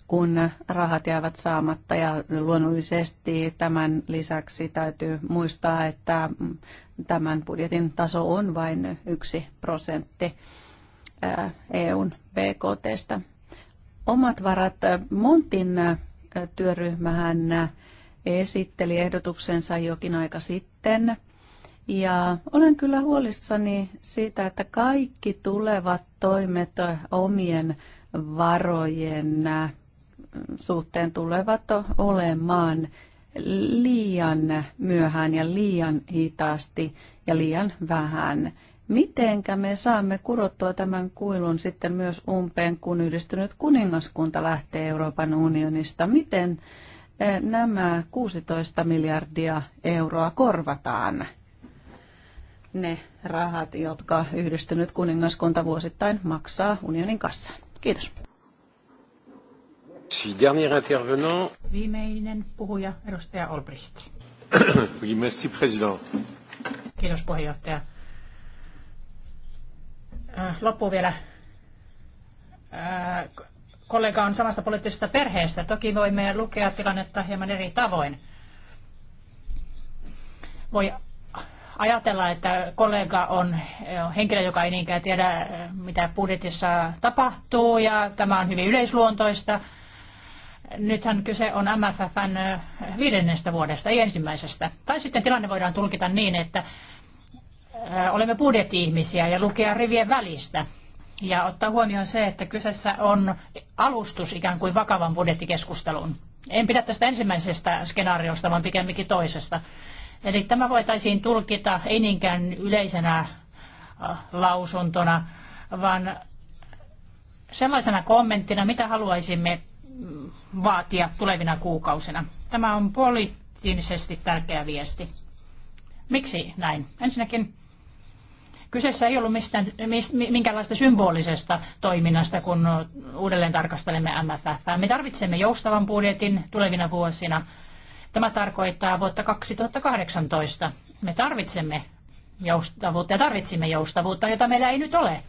kun rahat jäävät saamatta. Ja luonnollisesti tämän lisäksi täytyy muistaa, että tämän budjetin taso on vain yksi prosentti EUn BKTstä. Omat varat. Montin työryhmähän esitteli ehdotuksensa jokin aika sitten. Ja olen kyllä huolissani siitä, että kaikki tulevat toimet omien varojen suhteen tulevat olemaan liian myöhään ja liian hitaasti ja liian vähän. Mitenkä me saamme kurottua tämän kuilun sitten myös umpeen, kun yhdistynyt kuningaskunta lähtee Euroopan unionista? Miten eh, nämä 16 miljardia euroa korvataan? Ne rahat, jotka yhdistynyt kuningaskunta vuosittain maksaa unionin kassaan. Kiitos. Dernier intervenant. Viimeinen puhuja, edustaja Olbricht. oui, merci, Kiitos puheenjohtaja. Äh, loppu vielä. Äh, kollega on samasta poliittisesta perheestä. Toki voimme lukea tilannetta hieman eri tavoin. Voi ajatella, että kollega on äh, henkilö, joka ei niinkään tiedä, mitä budjetissa tapahtuu, ja tämä on hyvin yleisluontoista Nythän kyse on MFFn viidennestä vuodesta, ei ensimmäisestä. Tai sitten tilanne voidaan tulkita niin, että olemme budjetti-ihmisiä ja lukea rivien välistä. Ja ottaa huomioon se, että kyseessä on alustus ikään kuin vakavan budjettikeskusteluun. En pidä tästä ensimmäisestä skenaariosta, vaan pikemminkin toisesta. Eli tämä voitaisiin tulkita ei niinkään yleisenä lausuntona, vaan sellaisena kommenttina, mitä haluaisimme vaatia tulevina kuukausina. Tämä on poliittisesti tärkeä viesti. Miksi näin? Ensinnäkin kyseessä ei ollut mistään, mist, minkäänlaista symbolisesta toiminnasta, kun uudelleen tarkastelemme MFF. Me tarvitsemme joustavan budjetin tulevina vuosina. Tämä tarkoittaa vuotta 2018. Me tarvitsemme joustavuutta ja tarvitsimme joustavuutta, jota meillä ei nyt ole.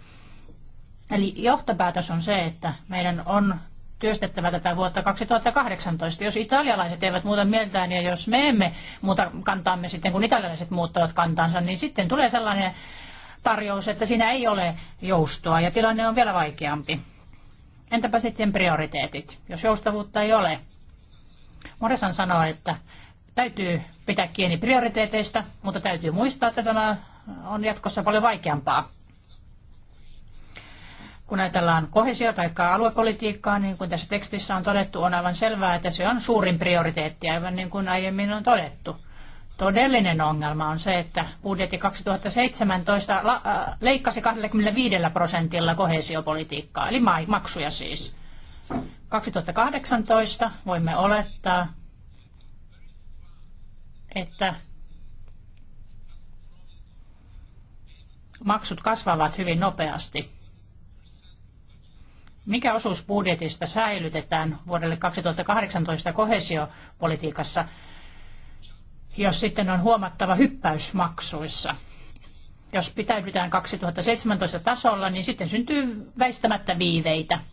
Eli johtopäätös on se, että meidän on työstettävä tätä vuotta 2018. Jos italialaiset eivät muuta mieltään ja jos me emme muuta kantaamme sitten, kun italialaiset muuttavat kantansa, niin sitten tulee sellainen tarjous, että siinä ei ole joustoa ja tilanne on vielä vaikeampi. Entäpä sitten prioriteetit, jos joustavuutta ei ole? Moresan sanoo, että täytyy pitää kiinni prioriteeteista, mutta täytyy muistaa, että tämä on jatkossa paljon vaikeampaa kun ajatellaan kohesio- tai aluepolitiikkaa, niin kuin tässä tekstissä on todettu, on aivan selvää, että se on suurin prioriteetti, aivan niin kuin aiemmin on todettu. Todellinen ongelma on se, että budjetti 2017 äh, leikkasi 25 prosentilla kohesiopolitiikkaa, eli maksuja siis. 2018 voimme olettaa, että maksut kasvavat hyvin nopeasti mikä osuus budjetista säilytetään vuodelle 2018 kohesiopolitiikassa, jos sitten on huomattava hyppäys maksuissa? Jos pitäydytään 2017 tasolla, niin sitten syntyy väistämättä viiveitä –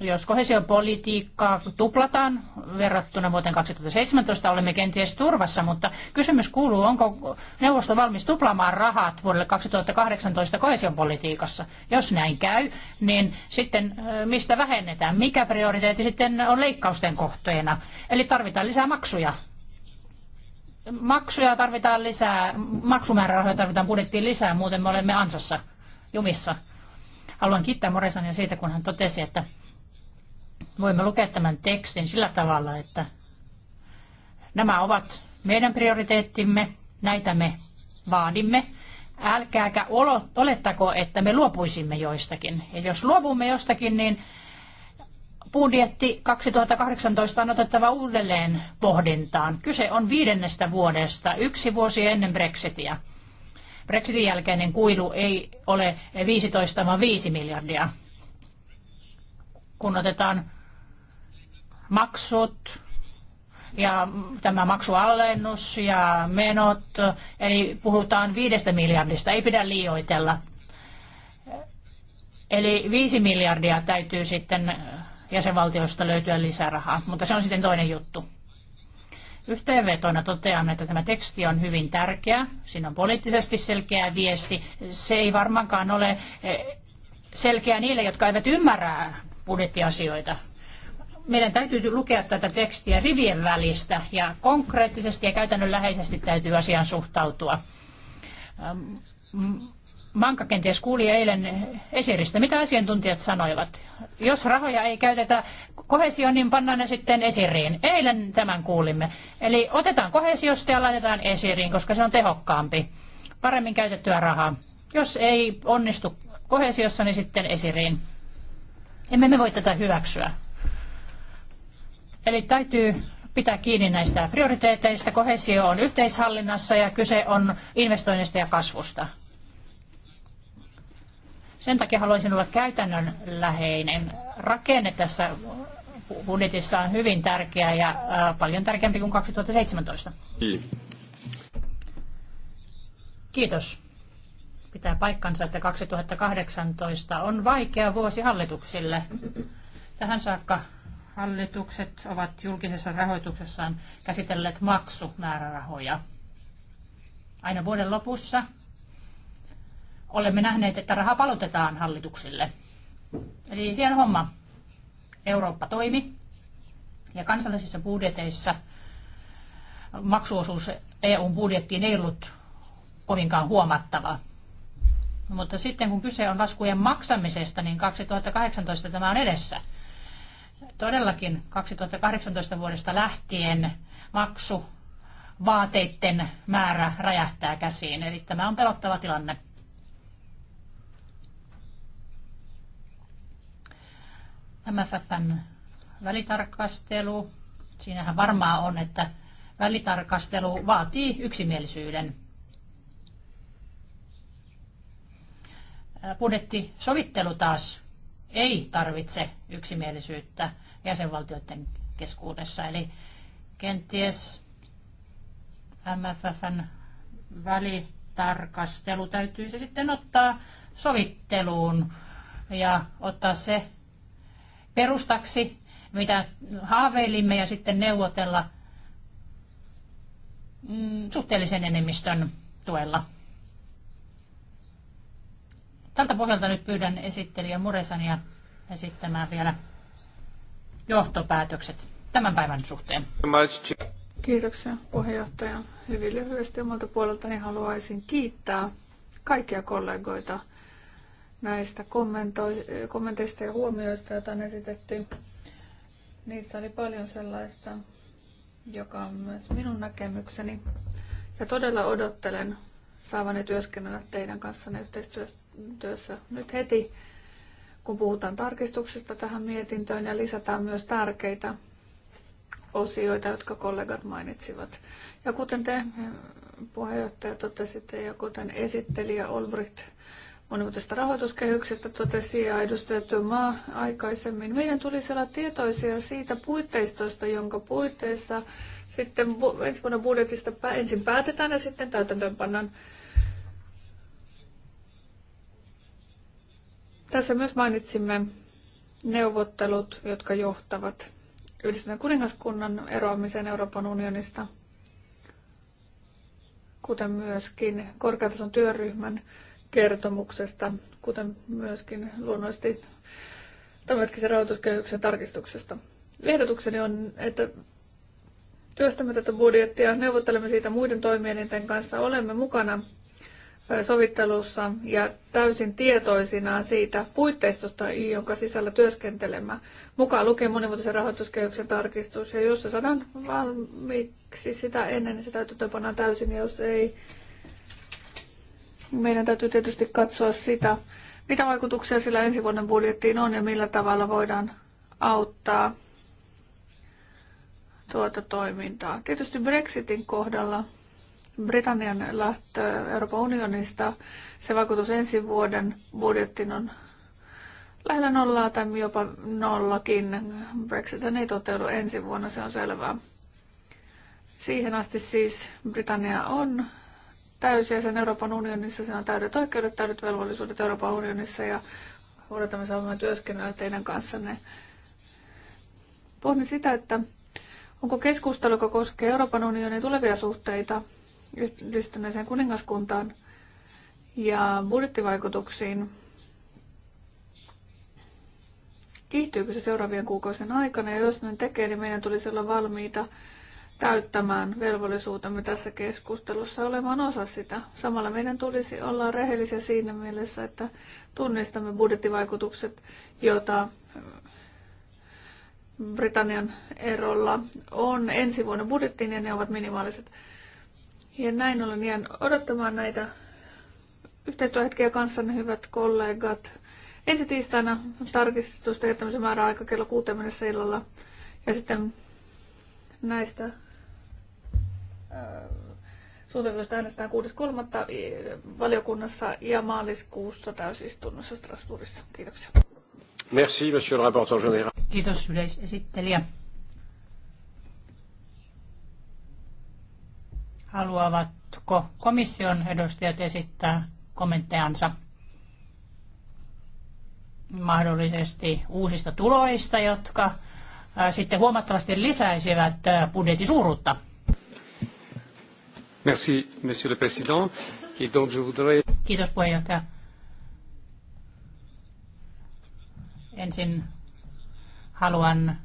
jos kohesiopolitiikkaa tuplataan verrattuna vuoteen 2017, olemme kenties turvassa, mutta kysymys kuuluu, onko neuvosto valmis tuplaamaan rahat vuodelle 2018 kohesiopolitiikassa? Jos näin käy, niin sitten mistä vähennetään? Mikä prioriteetti sitten on leikkausten kohteena? Eli tarvitaan lisää maksuja. Maksuja tarvitaan lisää, maksumäärärahoja tarvitaan budjettiin lisää, muuten me olemme ansassa, jumissa. Haluan kiittää Moresania siitä, kun hän totesi, että voimme lukea tämän tekstin sillä tavalla, että nämä ovat meidän prioriteettimme, näitä me vaadimme. Älkääkä olettako, että me luopuisimme joistakin. Ja jos luovumme jostakin, niin budjetti 2018 on otettava uudelleen pohdintaan. Kyse on viidennestä vuodesta, yksi vuosi ennen Brexitiä. Brexitin jälkeinen kuilu ei ole 15 vaan 5 miljardia. Kun otetaan maksut ja tämä maksualennus ja menot, eli puhutaan viidestä miljardista, ei pidä liioitella. Eli viisi miljardia täytyy sitten jäsenvaltiosta löytyä lisärahaa, mutta se on sitten toinen juttu. Yhteenvetona totean, että tämä teksti on hyvin tärkeä. Siinä on poliittisesti selkeä viesti. Se ei varmaankaan ole eh, selkeä niille, jotka eivät ymmärrä budjettiasioita meidän täytyy lukea tätä tekstiä rivien välistä ja konkreettisesti ja käytännönläheisesti täytyy asiaan suhtautua. Ähm, Manka kenties kuuli eilen esiristä, mitä asiantuntijat sanoivat. Jos rahoja ei käytetä kohesioon, niin pannaan ne sitten esiriin. Eilen tämän kuulimme. Eli otetaan kohesiosta ja laitetaan esiriin, koska se on tehokkaampi. Paremmin käytettyä rahaa. Jos ei onnistu kohesiossa, niin sitten esiriin. Emme me voi tätä hyväksyä. Eli täytyy pitää kiinni näistä prioriteeteista. Kohesio on yhteishallinnassa ja kyse on investoinneista ja kasvusta. Sen takia haluaisin olla käytännönläheinen. Rakenne tässä budjetissa on hyvin tärkeä ja paljon tärkeämpi kuin 2017. Kiitos. Pitää paikkansa, että 2018 on vaikea vuosi hallituksille. Tähän saakka hallitukset ovat julkisessa rahoituksessaan käsitelleet maksumäärärahoja. Aina vuoden lopussa olemme nähneet, että raha palutetaan hallituksille. Eli hieno homma. Eurooppa toimi ja kansallisissa budjeteissa maksuosuus EUn budjettiin ei ollut kovinkaan huomattava. Mutta sitten kun kyse on laskujen maksamisesta, niin 2018 tämä on edessä – Todellakin 2018 vuodesta lähtien maksu vaateiden määrä räjähtää käsiin. Eli tämä on pelottava tilanne. MFFn välitarkastelu. Siinähän varmaa on, että välitarkastelu vaatii yksimielisyyden. Budjettisovittelu taas ei tarvitse yksimielisyyttä jäsenvaltioiden keskuudessa. Eli kenties MFFn välitarkastelu täytyy se sitten ottaa sovitteluun ja ottaa se perustaksi, mitä haaveilimme ja sitten neuvotella mm, suhteellisen enemmistön tuella. Tältä pohjalta nyt pyydän esittelijä Muresania esittämään vielä johtopäätökset tämän päivän suhteen. Kiitoksia puheenjohtaja. Hyvin lyhyesti omalta puoleltani haluaisin kiittää kaikkia kollegoita näistä kommenteista ja huomioista, joita on esitetty. Niissä oli paljon sellaista, joka on myös minun näkemykseni. Ja todella odottelen saavani työskennellä teidän kanssanne yhteistyössä työssä nyt heti, kun puhutaan tarkistuksista tähän mietintöön ja lisätään myös tärkeitä osioita, jotka kollegat mainitsivat. Ja kuten te puheenjohtaja totesitte ja kuten esittelijä Olbricht monimuotoisesta rahoituskehyksestä totesi ja edustaja maa aikaisemmin, meidän tulisi olla tietoisia siitä puitteistosta, jonka puitteissa sitten ensi vuoden budjetista ensin päätetään ja sitten täytäntöönpannaan Tässä myös mainitsimme neuvottelut, jotka johtavat Yhdistyneen kuningaskunnan eroamiseen Euroopan unionista, kuten myöskin korkeatason työryhmän kertomuksesta, kuten myöskin luonnollisesti tämänhetkisen rahoituskehyksen tarkistuksesta. Ehdotukseni on, että työstämme tätä budjettia, neuvottelemme siitä muiden toimielinten kanssa, olemme mukana sovittelussa ja täysin tietoisina siitä puitteistosta, jonka sisällä työskentelemään, mukaan lukien monimuotoisen rahoituskehyksen tarkistus. Ja jos se saadaan valmiiksi sitä ennen, niin se täytäntöönpannaan täysin. Ja jos ei, meidän täytyy tietysti katsoa sitä, mitä vaikutuksia sillä ensi vuoden budjettiin on ja millä tavalla voidaan auttaa tuota toimintaa. Tietysti Brexitin kohdalla Britannian lähtö Euroopan unionista, se vaikutus ensi vuoden budjettiin on lähellä nollaa tai jopa nollakin. Brexit ei toteudu ensi vuonna, se on selvää. Siihen asti siis Britannia on täysjäsen Euroopan unionissa, se on täydet oikeudet, täydet velvollisuudet Euroopan unionissa ja odotamme saamaan työskennellä teidän kanssanne. Pohdin sitä, että onko keskustelu, joka koskee Euroopan unionin tulevia suhteita, yhdistyneeseen kuningaskuntaan ja budjettivaikutuksiin. Kiihtyykö se seuraavien kuukausien aikana ja jos näin tekee, niin meidän tulisi olla valmiita täyttämään velvollisuutemme tässä keskustelussa olemaan osa sitä. Samalla meidän tulisi olla rehellisiä siinä mielessä, että tunnistamme budjettivaikutukset, joita hm, Britannian erolla on ensi vuonna budjettiin ja ne ovat minimaaliset. Ja näin olen jään odottamaan näitä yhteistyöhetkiä kanssanne, hyvät kollegat. Ensi tiistaina tarkistusta määrä aika kello kuuteen mennessä illalla. Ja sitten näistä äh, suunnitelmista äänestetään 6.3. valiokunnassa ja maaliskuussa täysistunnossa Strasbourgissa. Kiitoksia. Merci, monsieur le rapporteur général. Kiitos yleisesittelijä. Haluavatko komission edustajat esittää kommenttejansa mahdollisesti uusista tuloista, jotka sitten huomattavasti lisäisivät budjetin suuruutta? Merci, monsieur le président. Et donc je voudrais... Kiitos puheenjohtaja. Ensin haluan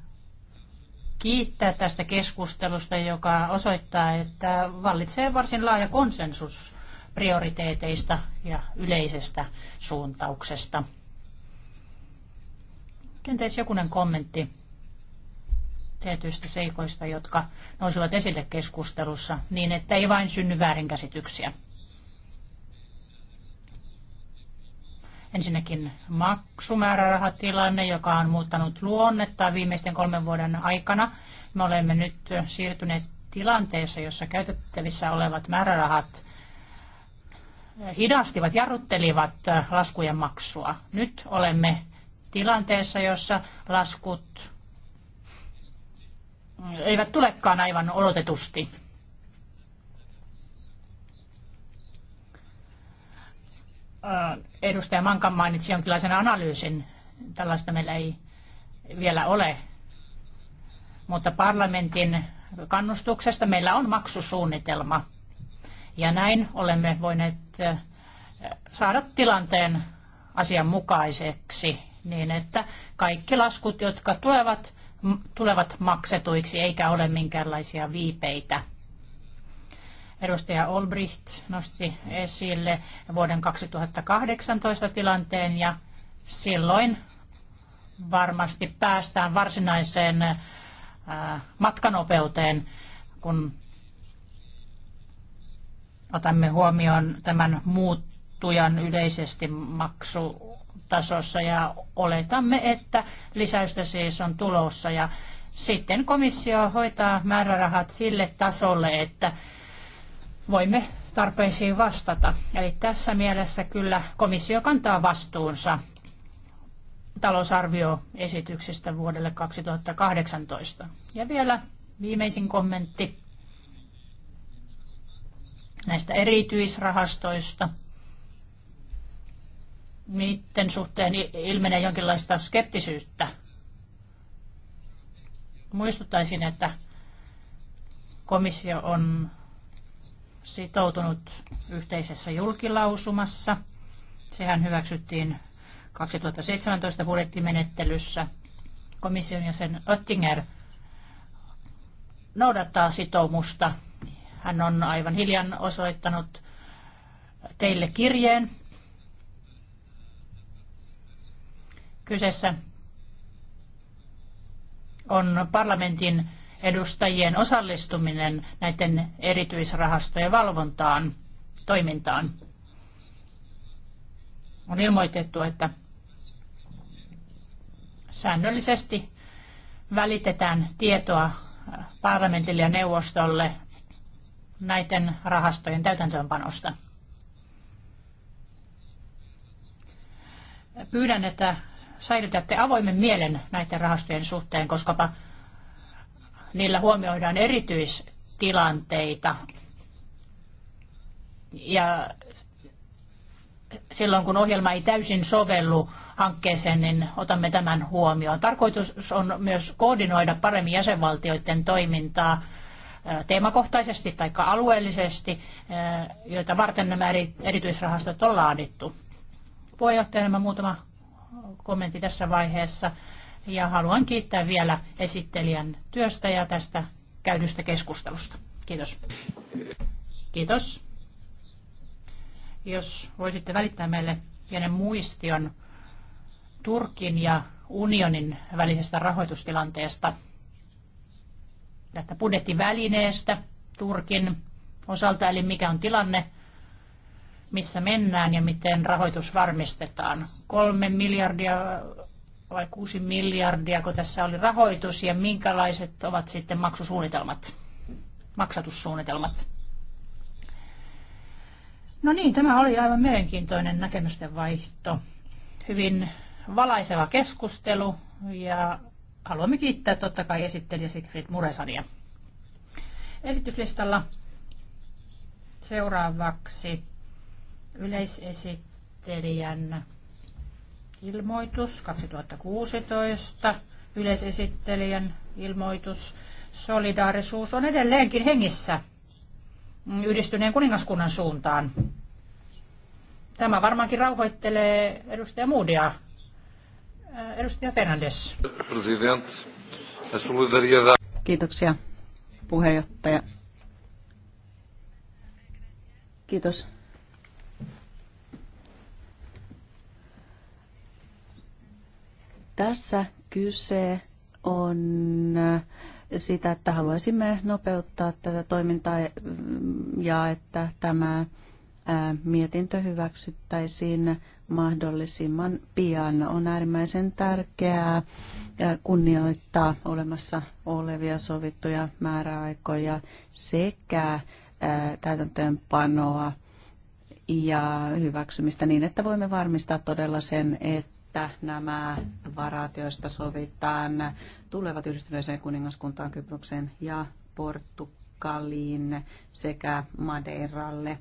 kiittää tästä keskustelusta, joka osoittaa, että vallitsee varsin laaja konsensus prioriteeteista ja yleisestä suuntauksesta. Kenties jokunen kommentti tietyistä seikoista, jotka nousivat esille keskustelussa, niin että ei vain synny väärinkäsityksiä. Ensinnäkin maksumäärärahatilanne, joka on muuttanut luonnetta viimeisten kolmen vuoden aikana. Me olemme nyt siirtyneet tilanteessa, jossa käytettävissä olevat määrärahat hidastivat, jarruttelivat laskujen maksua. Nyt olemme tilanteessa, jossa laskut eivät tulekaan aivan odotetusti edustaja Mankan mainitsi jonkinlaisen analyysin. Tällaista meillä ei vielä ole. Mutta parlamentin kannustuksesta meillä on maksusuunnitelma. Ja näin olemme voineet saada tilanteen asianmukaiseksi niin, että kaikki laskut, jotka tulevat, tulevat maksetuiksi, eikä ole minkäänlaisia viipeitä. Edustaja Olbricht nosti esille vuoden 2018 tilanteen ja silloin varmasti päästään varsinaiseen äh, matkanopeuteen, kun otamme huomioon tämän muuttujan yleisesti maksutasossa ja oletamme, että lisäystä siis on tulossa ja sitten komissio hoitaa määrärahat sille tasolle, että voimme tarpeisiin vastata. Eli tässä mielessä kyllä komissio kantaa vastuunsa talousarvioesityksestä vuodelle 2018. Ja vielä viimeisin kommentti näistä erityisrahastoista. Niiden suhteen ilmenee jonkinlaista skeptisyyttä. Muistuttaisin, että komissio on sitoutunut yhteisessä julkilausumassa. Sehän hyväksyttiin 2017 budjettimenettelyssä. Komission jäsen Oettinger noudattaa sitoumusta. Hän on aivan hiljan osoittanut teille kirjeen. Kyseessä on parlamentin edustajien osallistuminen näiden erityisrahastojen valvontaan, toimintaan. On ilmoitettu, että säännöllisesti välitetään tietoa parlamentille ja neuvostolle näiden rahastojen täytäntöönpanosta. Pyydän, että säilytätte avoimen mielen näiden rahastojen suhteen, koska niillä huomioidaan erityistilanteita. Ja silloin kun ohjelma ei täysin sovellu hankkeeseen, niin otamme tämän huomioon. Tarkoitus on myös koordinoida paremmin jäsenvaltioiden toimintaa teemakohtaisesti tai alueellisesti, joita varten nämä erityisrahastot on laadittu. Puheenjohtajana muutama kommentti tässä vaiheessa ja haluan kiittää vielä esittelijän työstä ja tästä käydystä keskustelusta. Kiitos. Kiitos. Jos voisitte välittää meille pienen muistion Turkin ja unionin välisestä rahoitustilanteesta, tästä budjettivälineestä Turkin osalta, eli mikä on tilanne, missä mennään ja miten rahoitus varmistetaan. Kolme miljardia vai 6 miljardia, kun tässä oli rahoitus, ja minkälaiset ovat sitten maksusuunnitelmat, maksatussuunnitelmat? No niin, tämä oli aivan mielenkiintoinen näkemysten vaihto. Hyvin valaiseva keskustelu ja haluamme kiittää totta kai esittelijä Sigfrid Muresania. Esityslistalla seuraavaksi yleisesittelijän ilmoitus 2016, yleisesittelijän ilmoitus. Solidaarisuus on edelleenkin hengissä yhdistyneen kuningaskunnan suuntaan. Tämä varmaankin rauhoittelee edustaja Moodia. Äh, edustaja Fernandes. Kiitoksia puheenjohtaja. Kiitos Tässä kyse on sitä, että haluaisimme nopeuttaa tätä toimintaa ja että tämä mietintö hyväksyttäisiin mahdollisimman pian. On äärimmäisen tärkeää kunnioittaa olemassa olevia sovittuja määräaikoja sekä täytäntöönpanoa ja hyväksymistä niin, että voimme varmistaa todella sen, että että nämä varat, joista sovitaan, tulevat yhdistyneeseen kuningaskuntaan, Kyprokseen ja Portugaliin sekä Madeiralle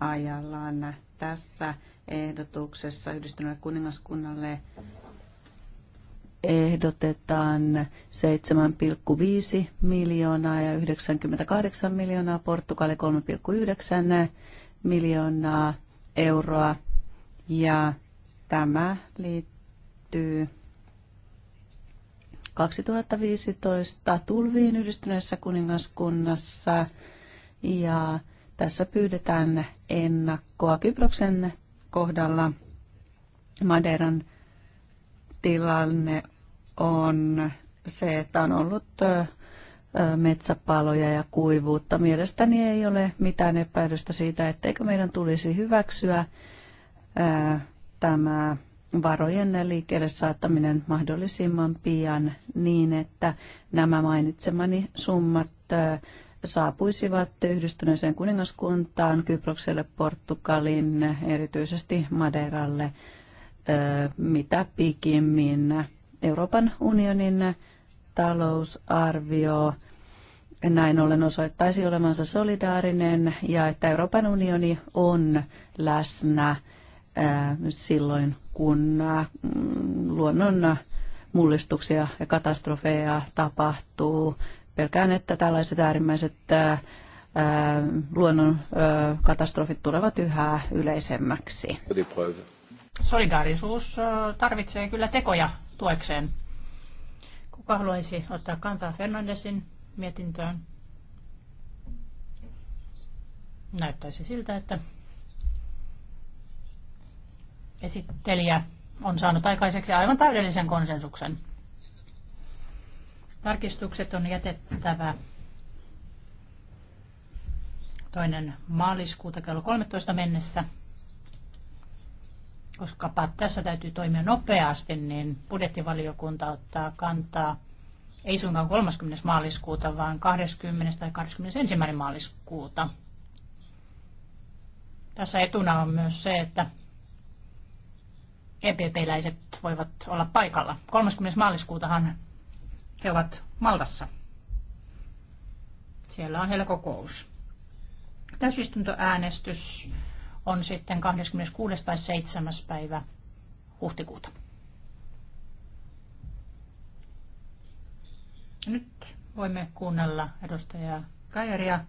ajallaan. Tässä ehdotuksessa yhdistyneelle kuningaskunnalle ehdotetaan 7,5 miljoonaa ja 98 miljoonaa, Portugali 3,9 miljoonaa euroa. Ja tämä liittyy liittyy 2015 tulviin yhdistyneessä kuningaskunnassa ja tässä pyydetään ennakkoa Kyproksen kohdalla. Madeiran tilanne on se, että on ollut metsäpaloja ja kuivuutta. Mielestäni ei ole mitään epäilystä siitä, etteikö meidän tulisi hyväksyä tämä varojen liikkeelle saattaminen mahdollisimman pian niin, että nämä mainitsemani summat saapuisivat yhdistyneeseen kuningaskuntaan, Kyprokselle, Portugalin, erityisesti Madeiralle, mitä pikimmin. Euroopan unionin talousarvio näin ollen osoittaisi olevansa solidaarinen ja että Euroopan unioni on läsnä silloin, kun äh, luonnon äh, mullistuksia ja katastrofeja tapahtuu. Pelkään, että tällaiset äärimmäiset äh, luonnon katastrofit tulevat yhä yleisemmäksi. Solidaarisuus tarvitsee kyllä tekoja tuekseen. Kuka haluaisi ottaa kantaa Fernandesin mietintöön? Näyttäisi siltä, että Esittelijä on saanut aikaiseksi aivan täydellisen konsensuksen. Tarkistukset on jätettävä toinen maaliskuuta kello 13 mennessä. Koska tässä täytyy toimia nopeasti, niin budjettivaliokunta ottaa kantaa ei suinkaan 30. maaliskuuta, vaan 20. tai 21. maaliskuuta. Tässä etuna on myös se, että EPP-läiset voivat olla paikalla. 30. maaliskuutahan he ovat Maltassa. Siellä on heillä kokous. Täysistuntoäänestys on sitten 26. tai 7. päivä huhtikuuta. Nyt voimme kuunnella edustaja Kairia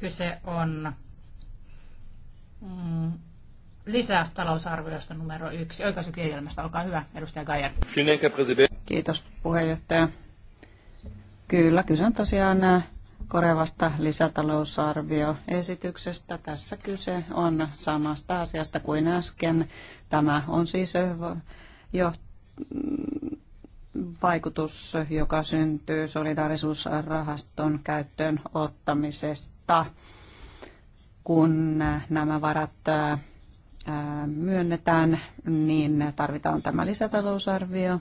Kyse on mm, lisätalousarviosta numero yksi. Oikaisukirjelmästä, olkaa hyvä, edustaja Gajer. Kiitos puheenjohtaja. Kyllä, kyse on tosiaan äh, korevasta lisätalousarvioesityksestä. Tässä kyse on samasta asiasta kuin äsken. Tämä on siis äh, jo mm, vaikutus, joka syntyy solidaarisuusrahaston käyttöön ottamisesta kun nämä varat myönnetään, niin tarvitaan tämä lisätalousarvio.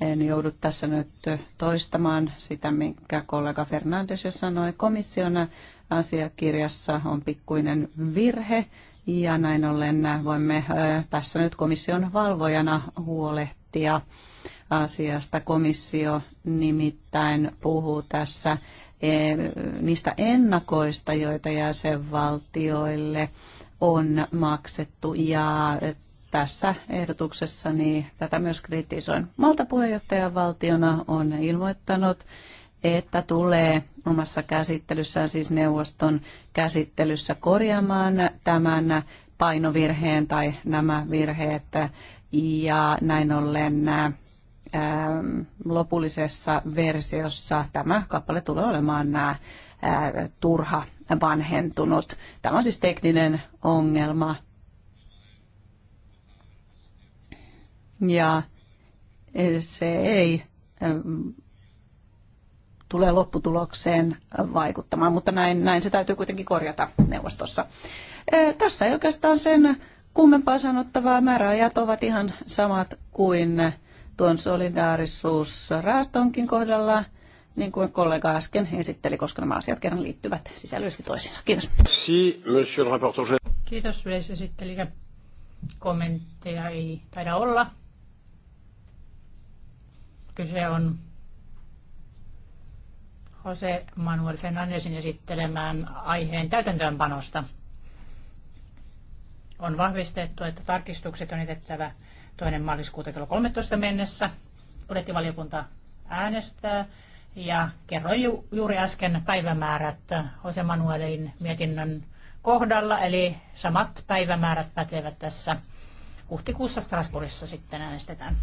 En joudu tässä nyt toistamaan sitä, minkä kollega Fernandes jo sanoi. Komission asiakirjassa on pikkuinen virhe ja näin ollen voimme tässä nyt komission valvojana huolehtia asiasta. Komissio nimittäin puhuu tässä E, niistä ennakoista, joita jäsenvaltioille on maksettu ja tässä ehdotuksessa niin tätä myös kritisoin. Malta puheenjohtajavaltiona on ilmoittanut, että tulee omassa käsittelyssään, siis neuvoston käsittelyssä korjaamaan tämän painovirheen tai nämä virheet ja näin ollen Ähm, lopullisessa versiossa tämä kappale tulee olemaan nämä äh, turha vanhentunut. Tämä on siis tekninen ongelma. Ja äh, se ei ähm, tulee lopputulokseen vaikuttamaan, mutta näin, näin se täytyy kuitenkin korjata neuvostossa. Äh, tässä ei oikeastaan sen kummempaa sanottavaa. Määräajat ovat ihan samat kuin tuon solidaarisuusrahastonkin kohdalla, niin kuin kollega äsken esitteli, koska nämä asiat kerran liittyvät sisällöllisesti toisiinsa. Kiitos. Si, monsieur le rapporteur. Kiitos yleisesittelijä. Kommentteja ei taida olla. Kyse on Jose Manuel Fernandesin esittelemään aiheen täytäntöönpanosta. On vahvistettu, että tarkistukset on jätettävä toinen maaliskuuta kello 13 mennessä. Budjettivaliokunta äänestää ja kerroin ju- juuri äsken päivämäärät Jose Manuelin mietinnön kohdalla, eli samat päivämäärät pätevät tässä huhtikuussa Strasbourgissa sitten äänestetään.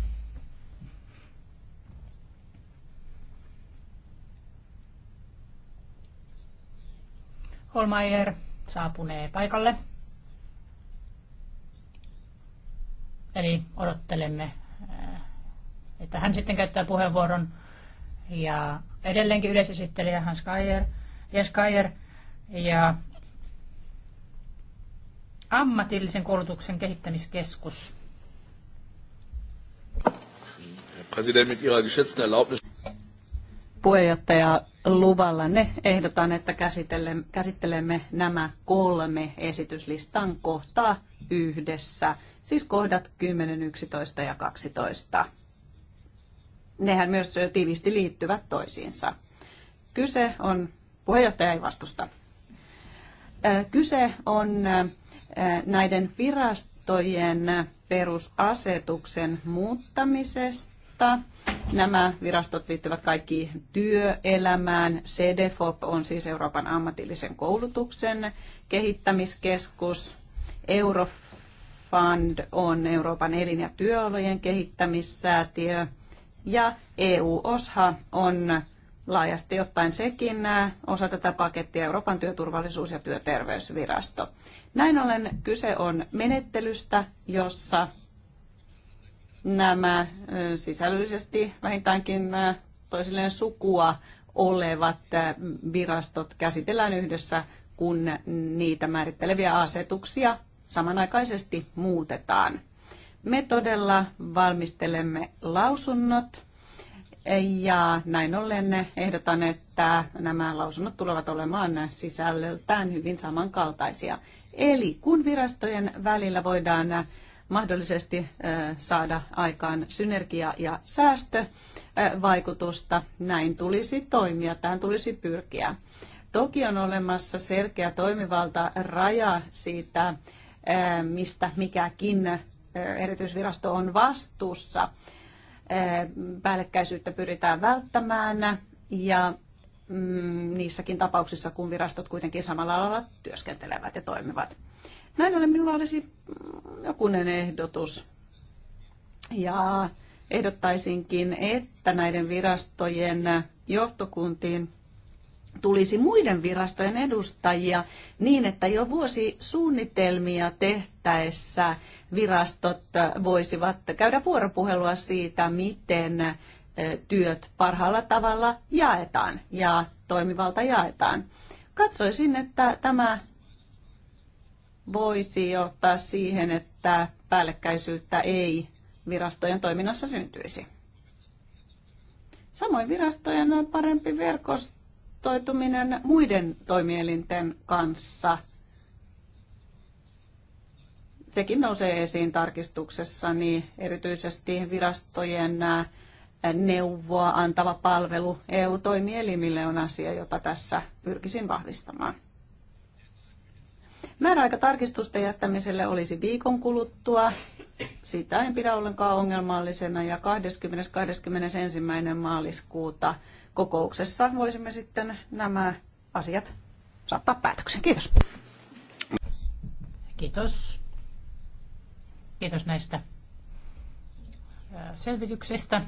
Holmeier saapunee paikalle. Eli odottelemme, äh, että hän sitten käyttää puheenvuoron. Ja edelleenkin yleisesittelijä Hans Kajer, Jes Kajer ja ammatillisen koulutuksen kehittämiskeskus. Puheenjohtaja, luvalla ne ehdotan, että käsittelemme nämä kolme esityslistan kohtaa yhdessä, siis kohdat 10, 11 ja 12. Nehän myös tiivisti liittyvät toisiinsa. Kyse on, puheenjohtaja ei vastusta, kyse on näiden virastojen perusasetuksen muuttamisesta. Nämä virastot liittyvät kaikki työelämään. CDFOP on siis Euroopan ammatillisen koulutuksen kehittämiskeskus. Eurofund on Euroopan elin- ja työolojen kehittämissäätiö ja EU-OSHA on laajasti ottaen sekin äh, osa tätä pakettia Euroopan työturvallisuus- ja työterveysvirasto. Näin ollen kyse on menettelystä, jossa nämä äh, sisällöllisesti vähintäänkin äh, toisilleen sukua olevat virastot käsitellään yhdessä, kun niitä määritteleviä asetuksia samanaikaisesti muutetaan. Me todella valmistelemme lausunnot ja näin ollen ehdotan, että nämä lausunnot tulevat olemaan sisällöltään hyvin samankaltaisia. Eli kun virastojen välillä voidaan mahdollisesti saada aikaan synergia- ja säästövaikutusta, näin tulisi toimia, tähän tulisi pyrkiä. Toki on olemassa selkeä toimivalta raja siitä, mistä mikäkin erityisvirasto on vastuussa. Päällekkäisyyttä pyritään välttämään ja mm, niissäkin tapauksissa, kun virastot kuitenkin samalla alalla työskentelevät ja toimivat. Näin ollen minulla olisi mm, jokunen ehdotus. Ja ehdottaisinkin, että näiden virastojen johtokuntiin tulisi muiden virastojen edustajia niin, että jo vuosi suunnitelmia tehtäessä virastot voisivat käydä vuoropuhelua siitä, miten työt parhaalla tavalla jaetaan ja toimivalta jaetaan. Katsoisin, että tämä voisi johtaa siihen, että päällekkäisyyttä ei virastojen toiminnassa syntyisi. Samoin virastojen parempi verkosto konsultoituminen muiden toimielinten kanssa. Sekin nousee esiin tarkistuksessa niin erityisesti virastojen äh, neuvoa antava palvelu EU-toimielimille on asia, jota tässä pyrkisin vahvistamaan. Määräaika tarkistusten jättämiselle olisi viikon kuluttua. Sitä en pidä ollenkaan ongelmallisena ja 20.21. maaliskuuta kokouksessa voisimme sitten nämä asiat saattaa päätöksen. Kiitos. Kiitos. Kiitos näistä selvityksistä.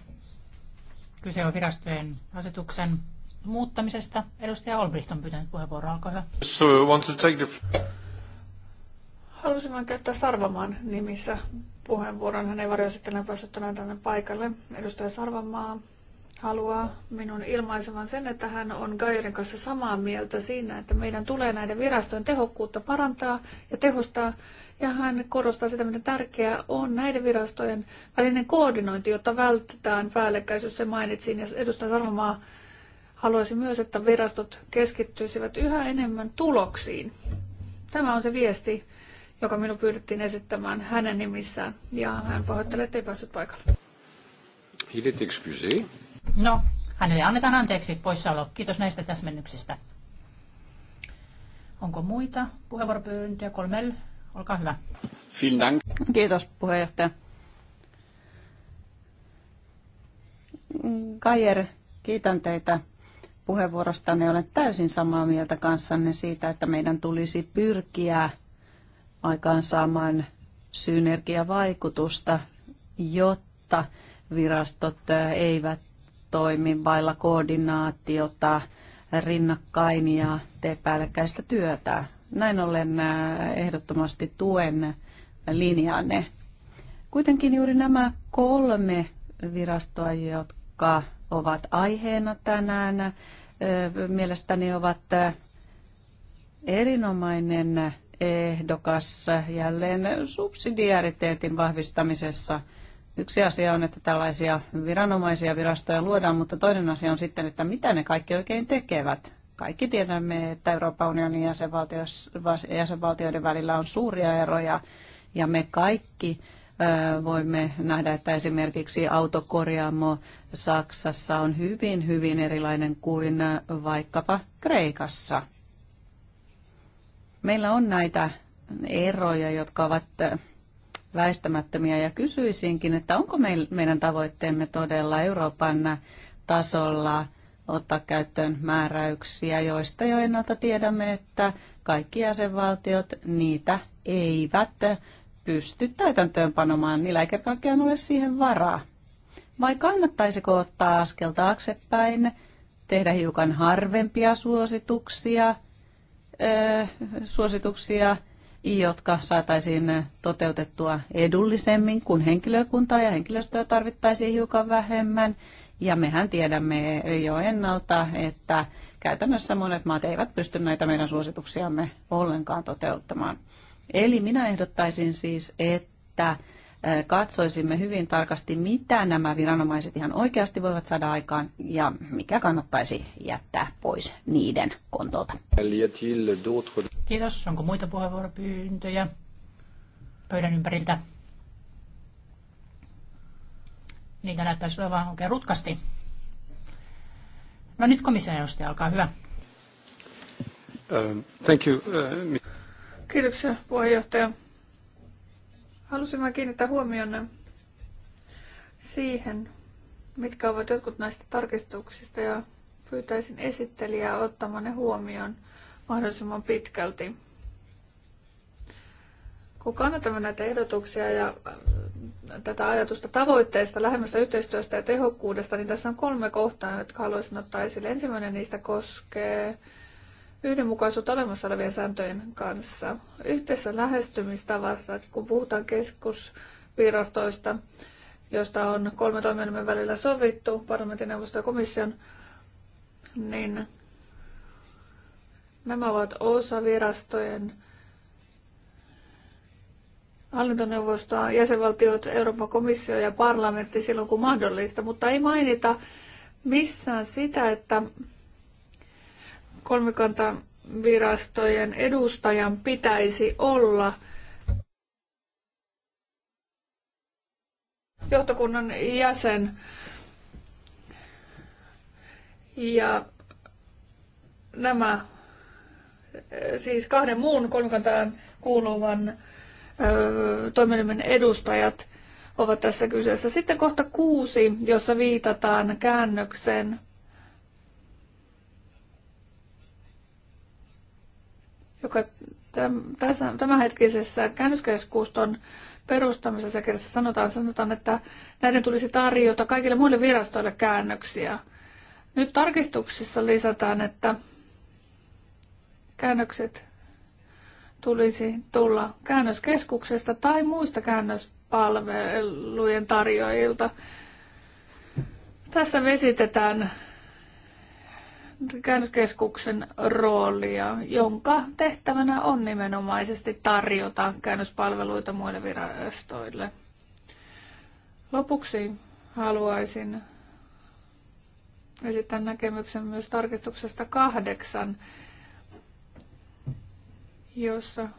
Kyse on virastojen asetuksen muuttamisesta. Edustaja Olbricht on pyytänyt puheenvuoroa. Olkaa hyvä. So, want to take the... Halusin vain käyttää Sarvamaan nimissä puheenvuoron. Hän ei varjoesittelijänä päässyt tänään tänne paikalle. Edustaja Sarvamaa haluaa minun ilmaisevan sen, että hän on Gairin kanssa samaa mieltä siinä, että meidän tulee näiden virastojen tehokkuutta parantaa ja tehostaa. Ja hän korostaa sitä, miten tärkeää on näiden virastojen välinen koordinointi, jotta vältetään päällekkäisyys, se mainitsin. Ja edustaja Sarvamaa haluaisi myös, että virastot keskittyisivät yhä enemmän tuloksiin. Tämä on se viesti, joka minun pyydettiin esittämään hänen nimissään. Ja hän pahoittelee, ei päässyt paikalle. Il est excusé. No, hänelle annetaan anteeksi poissaolo. Kiitos näistä täsmennyksistä. Onko muita puheenvuoropyyntöjä? Kolmel, olkaa hyvä. dank. Kiitos puheenjohtaja. Kajer, kiitän teitä puheenvuorostanne. Olen täysin samaa mieltä kanssanne siitä, että meidän tulisi pyrkiä aikaansaamaan synergiavaikutusta, jotta virastot eivät toimi vailla koordinaatiota, rinnakkain ja tee päällekkäistä työtä. Näin ollen äh, ehdottomasti tuen linjanne. Kuitenkin juuri nämä kolme virastoa, jotka ovat aiheena tänään, äh, mielestäni ovat äh, erinomainen ehdokas jälleen subsidiariteetin vahvistamisessa – yksi asia on, että tällaisia viranomaisia virastoja luodaan, mutta toinen asia on sitten, että mitä ne kaikki oikein tekevät. Kaikki tiedämme, että Euroopan unionin jäsenvaltioiden välillä on suuria eroja ja me kaikki voimme nähdä, että esimerkiksi autokorjaamo Saksassa on hyvin, hyvin erilainen kuin vaikkapa Kreikassa. Meillä on näitä eroja, jotka ovat väistämättömiä ja kysyisinkin, että onko meidän tavoitteemme todella Euroopan tasolla ottaa käyttöön määräyksiä, joista jo ennalta tiedämme, että kaikki jäsenvaltiot niitä eivät pysty täytäntöönpanomaan, niillä ei kertaakaan ole siihen varaa. Vai kannattaisiko ottaa askel taaksepäin, tehdä hiukan harvempia suosituksia, öö, suosituksia jotka saataisiin toteutettua edullisemmin kuin henkilökuntaa ja henkilöstöä tarvittaisiin hiukan vähemmän. Ja mehän tiedämme jo ennalta, että käytännössä monet maat eivät pysty näitä meidän suosituksiamme ollenkaan toteuttamaan. Eli minä ehdottaisin siis, että katsoisimme hyvin tarkasti, mitä nämä viranomaiset ihan oikeasti voivat saada aikaan ja mikä kannattaisi jättää pois niiden kontolta. Kiitos. Onko muita puheenvuoropyyntöjä pöydän ympäriltä? Niitä näyttäisi olevan oikein rutkasti. No nyt komission edustaja, olkaa hyvä. thank you. Uh, Kiitoksia puheenjohtaja. Halusin vain kiinnittää huomionne siihen, mitkä ovat jotkut näistä tarkistuksista ja pyytäisin esittelijää ottamaan ne huomioon mahdollisimman pitkälti. Kun kannatamme näitä ehdotuksia ja äh, tätä ajatusta tavoitteesta, lähemmästä yhteistyöstä ja tehokkuudesta, niin tässä on kolme kohtaa, jotka haluaisin ottaa esille. Ensimmäinen niistä koskee yhdenmukaisuutta olemassa olevien sääntöjen kanssa. Yhteisessä lähestymistavassa, kun puhutaan keskusvirastoista, josta on kolme toimielimen välillä sovittu, parlamentin neuvosto ja komission, niin nämä ovat osa virastojen hallintoneuvostoa, jäsenvaltiot, Euroopan komissio ja parlamentti silloin kun mahdollista, mutta ei mainita missään sitä, että kolmikantavirastojen edustajan pitäisi olla johtokunnan jäsen. Ja nämä siis kahden muun kolmikantaan kuuluvan öö, edustajat ovat tässä kyseessä. Sitten kohta kuusi, jossa viitataan käännöksen. joka tässä, tämänhetkisessä käännöskeskuston perustamisessa kerrassa sanotaan, sanotaan, että näiden tulisi tarjota kaikille muille virastoille käännöksiä. Nyt tarkistuksissa lisätään, että käännökset tulisi tulla käännöskeskuksesta tai muista käännöspalvelujen tarjoajilta. Tässä vesitetään käännöskeskuksen roolia, jonka tehtävänä on nimenomaisesti tarjota käännöspalveluita muille virastoille. Lopuksi haluaisin esittää näkemyksen myös tarkistuksesta kahdeksan, jossa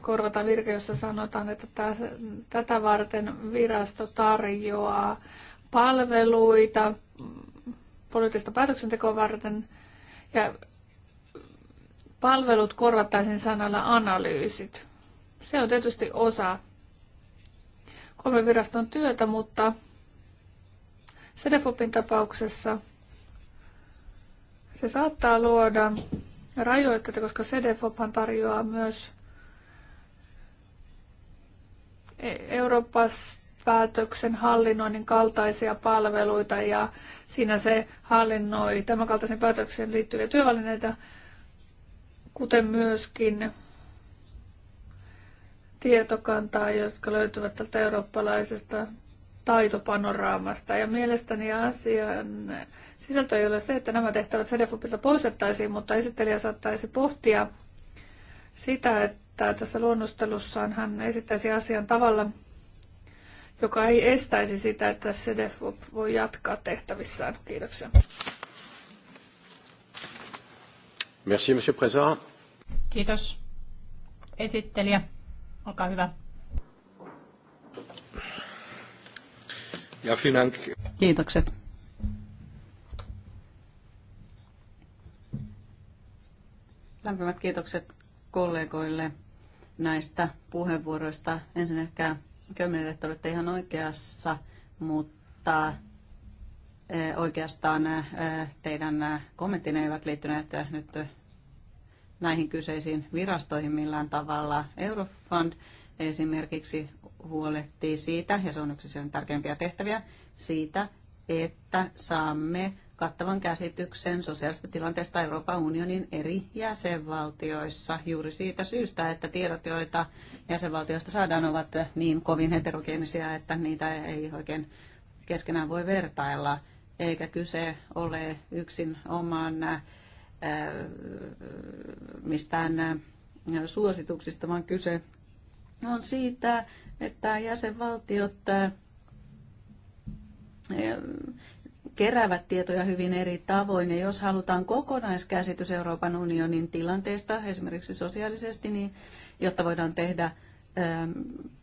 korvata virke, jossa sanotaan, että tätä varten virasto tarjoaa palveluita poliittista päätöksentekoa varten – ja palvelut korvattaisiin sanalla analyysit. Se on tietysti osa kolme viraston työtä, mutta Sedefopin tapauksessa se saattaa luoda rajoitteita, koska Sedefophan tarjoaa myös e- Euroopasta päätöksen hallinnoinnin kaltaisia palveluita ja siinä se hallinnoi tämän kaltaisen päätöksen liittyviä työvälineitä, kuten myöskin tietokantaa, jotka löytyvät tältä eurooppalaisesta taitopanoraamasta. Ja mielestäni asian sisältö ei ole se, että nämä tehtävät CDFOPilta poistettaisiin, mutta esittelijä saattaisi pohtia sitä, että tässä luonnostelussaan hän esittäisi asian tavalla, joka ei estäisi sitä, että SEDEF voi jatkaa tehtävissään. Kiitoksia. Merci, monsieur Président. Kiitos. Esittelijä, olkaa hyvä. Ja Finank. Kiitokset. Lämpimät kiitokset kollegoille näistä puheenvuoroista. Ensin ehkä Kömminen, että olette ihan oikeassa, mutta eh, oikeastaan eh, teidän eh, kommenttinne eivät liittyneet nyt näihin kyseisiin virastoihin millään tavalla. Eurofund esimerkiksi huolehtii siitä, ja se on yksi sen tärkeimpiä tehtäviä, siitä, että saamme kattavan käsityksen sosiaalisesta tilanteesta Euroopan unionin eri jäsenvaltioissa juuri siitä syystä, että tiedot, joita jäsenvaltioista saadaan, ovat niin kovin heterogeenisia, että niitä ei oikein keskenään voi vertailla, eikä kyse ole yksin oman äh, mistään äh, suosituksista, vaan kyse on siitä, että jäsenvaltiot äh, keräävät tietoja hyvin eri tavoin. Ja jos halutaan kokonaiskäsitys Euroopan unionin tilanteesta, esimerkiksi sosiaalisesti, niin jotta voidaan tehdä ähm,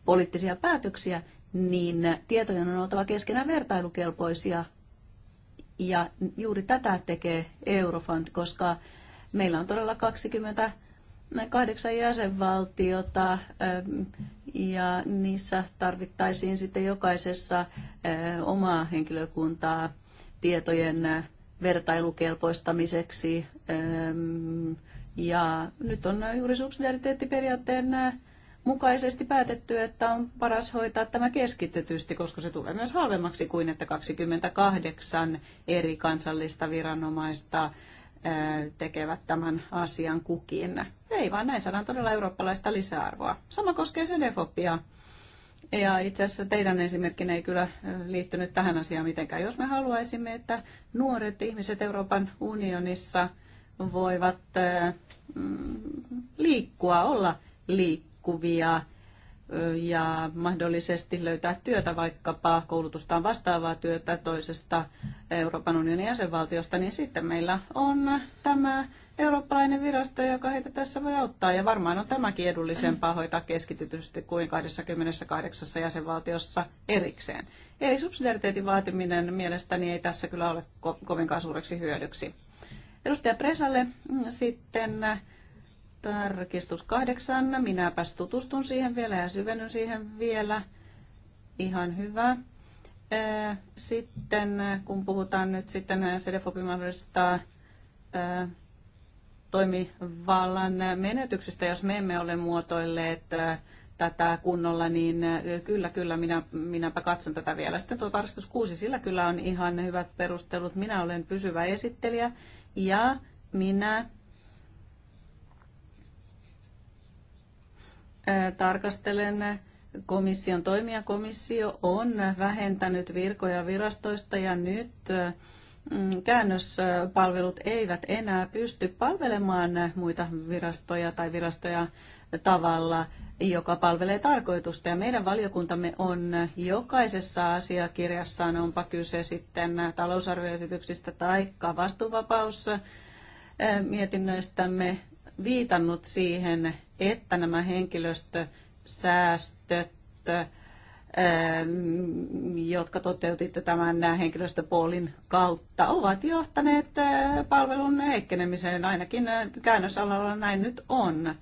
poliittisia päätöksiä, niin tietojen on oltava keskenään vertailukelpoisia. Ja juuri tätä tekee Eurofund, koska meillä on todella 20 kahdeksan jäsenvaltiota ähm, ja niissä tarvittaisiin sitten jokaisessa äh, omaa henkilökuntaa tietojen äh, vertailukelpoistamiseksi. Ähm, ja nyt on äh, juuri subsidiariteettiperiaatteen äh, mukaisesti päätetty, että on paras hoitaa tämä keskitetysti, koska se tulee myös halvemmaksi kuin että 28 eri kansallista viranomaista tekevät tämän asian kukin. Ei vaan näin saadaan todella eurooppalaista lisäarvoa. Sama koskee sen CDFOPia. Ja itse asiassa teidän esimerkkinne ei kyllä liittynyt tähän asiaan mitenkään. Jos me haluaisimme, että nuoret ihmiset Euroopan unionissa voivat mm, liikkua, olla liikkuvia, ja mahdollisesti löytää työtä, vaikkapa koulutustaan vastaavaa työtä toisesta Euroopan unionin jäsenvaltiosta, niin sitten meillä on tämä eurooppalainen virasto, joka heitä tässä voi auttaa. Ja varmaan on tämäkin edullisempaa hoitaa keskitytysti kuin 28 jäsenvaltiossa erikseen. Eli subsidiariteetin vaatiminen mielestäni ei tässä kyllä ole ko- kovinkaan suureksi hyödyksi. Edustaja Presalle mm, sitten Tarkistus kahdeksan. Minäpäs tutustun siihen vielä ja syvennyn siihen vielä. Ihan hyvä. Sitten kun puhutaan nyt sitten CDFOPin mahdollisesta toimivallan menetyksestä, jos me emme ole muotoilleet tätä kunnolla, niin kyllä, kyllä, minä, minäpä katson tätä vielä. Sitten tuo tarkistus 6, sillä kyllä on ihan hyvät perustelut. Minä olen pysyvä esittelijä ja minä tarkastelen komission toimia. Komissio on vähentänyt virkoja virastoista ja nyt mm, käännöspalvelut eivät enää pysty palvelemaan muita virastoja tai virastoja tavalla, joka palvelee tarkoitusta. Ja meidän valiokuntamme on jokaisessa asiakirjassaan, onpa kyse sitten talousarvioesityksistä tai vastuuvapaus mietinnöistämme, viitannut siihen, että nämä henkilöstösäästöt, ähm, jotka toteutitte tämän henkilöstöpoolin kautta, ovat johtaneet äh, palvelun heikkenemiseen. Ainakin äh, käännösalalla näin nyt on. Äh,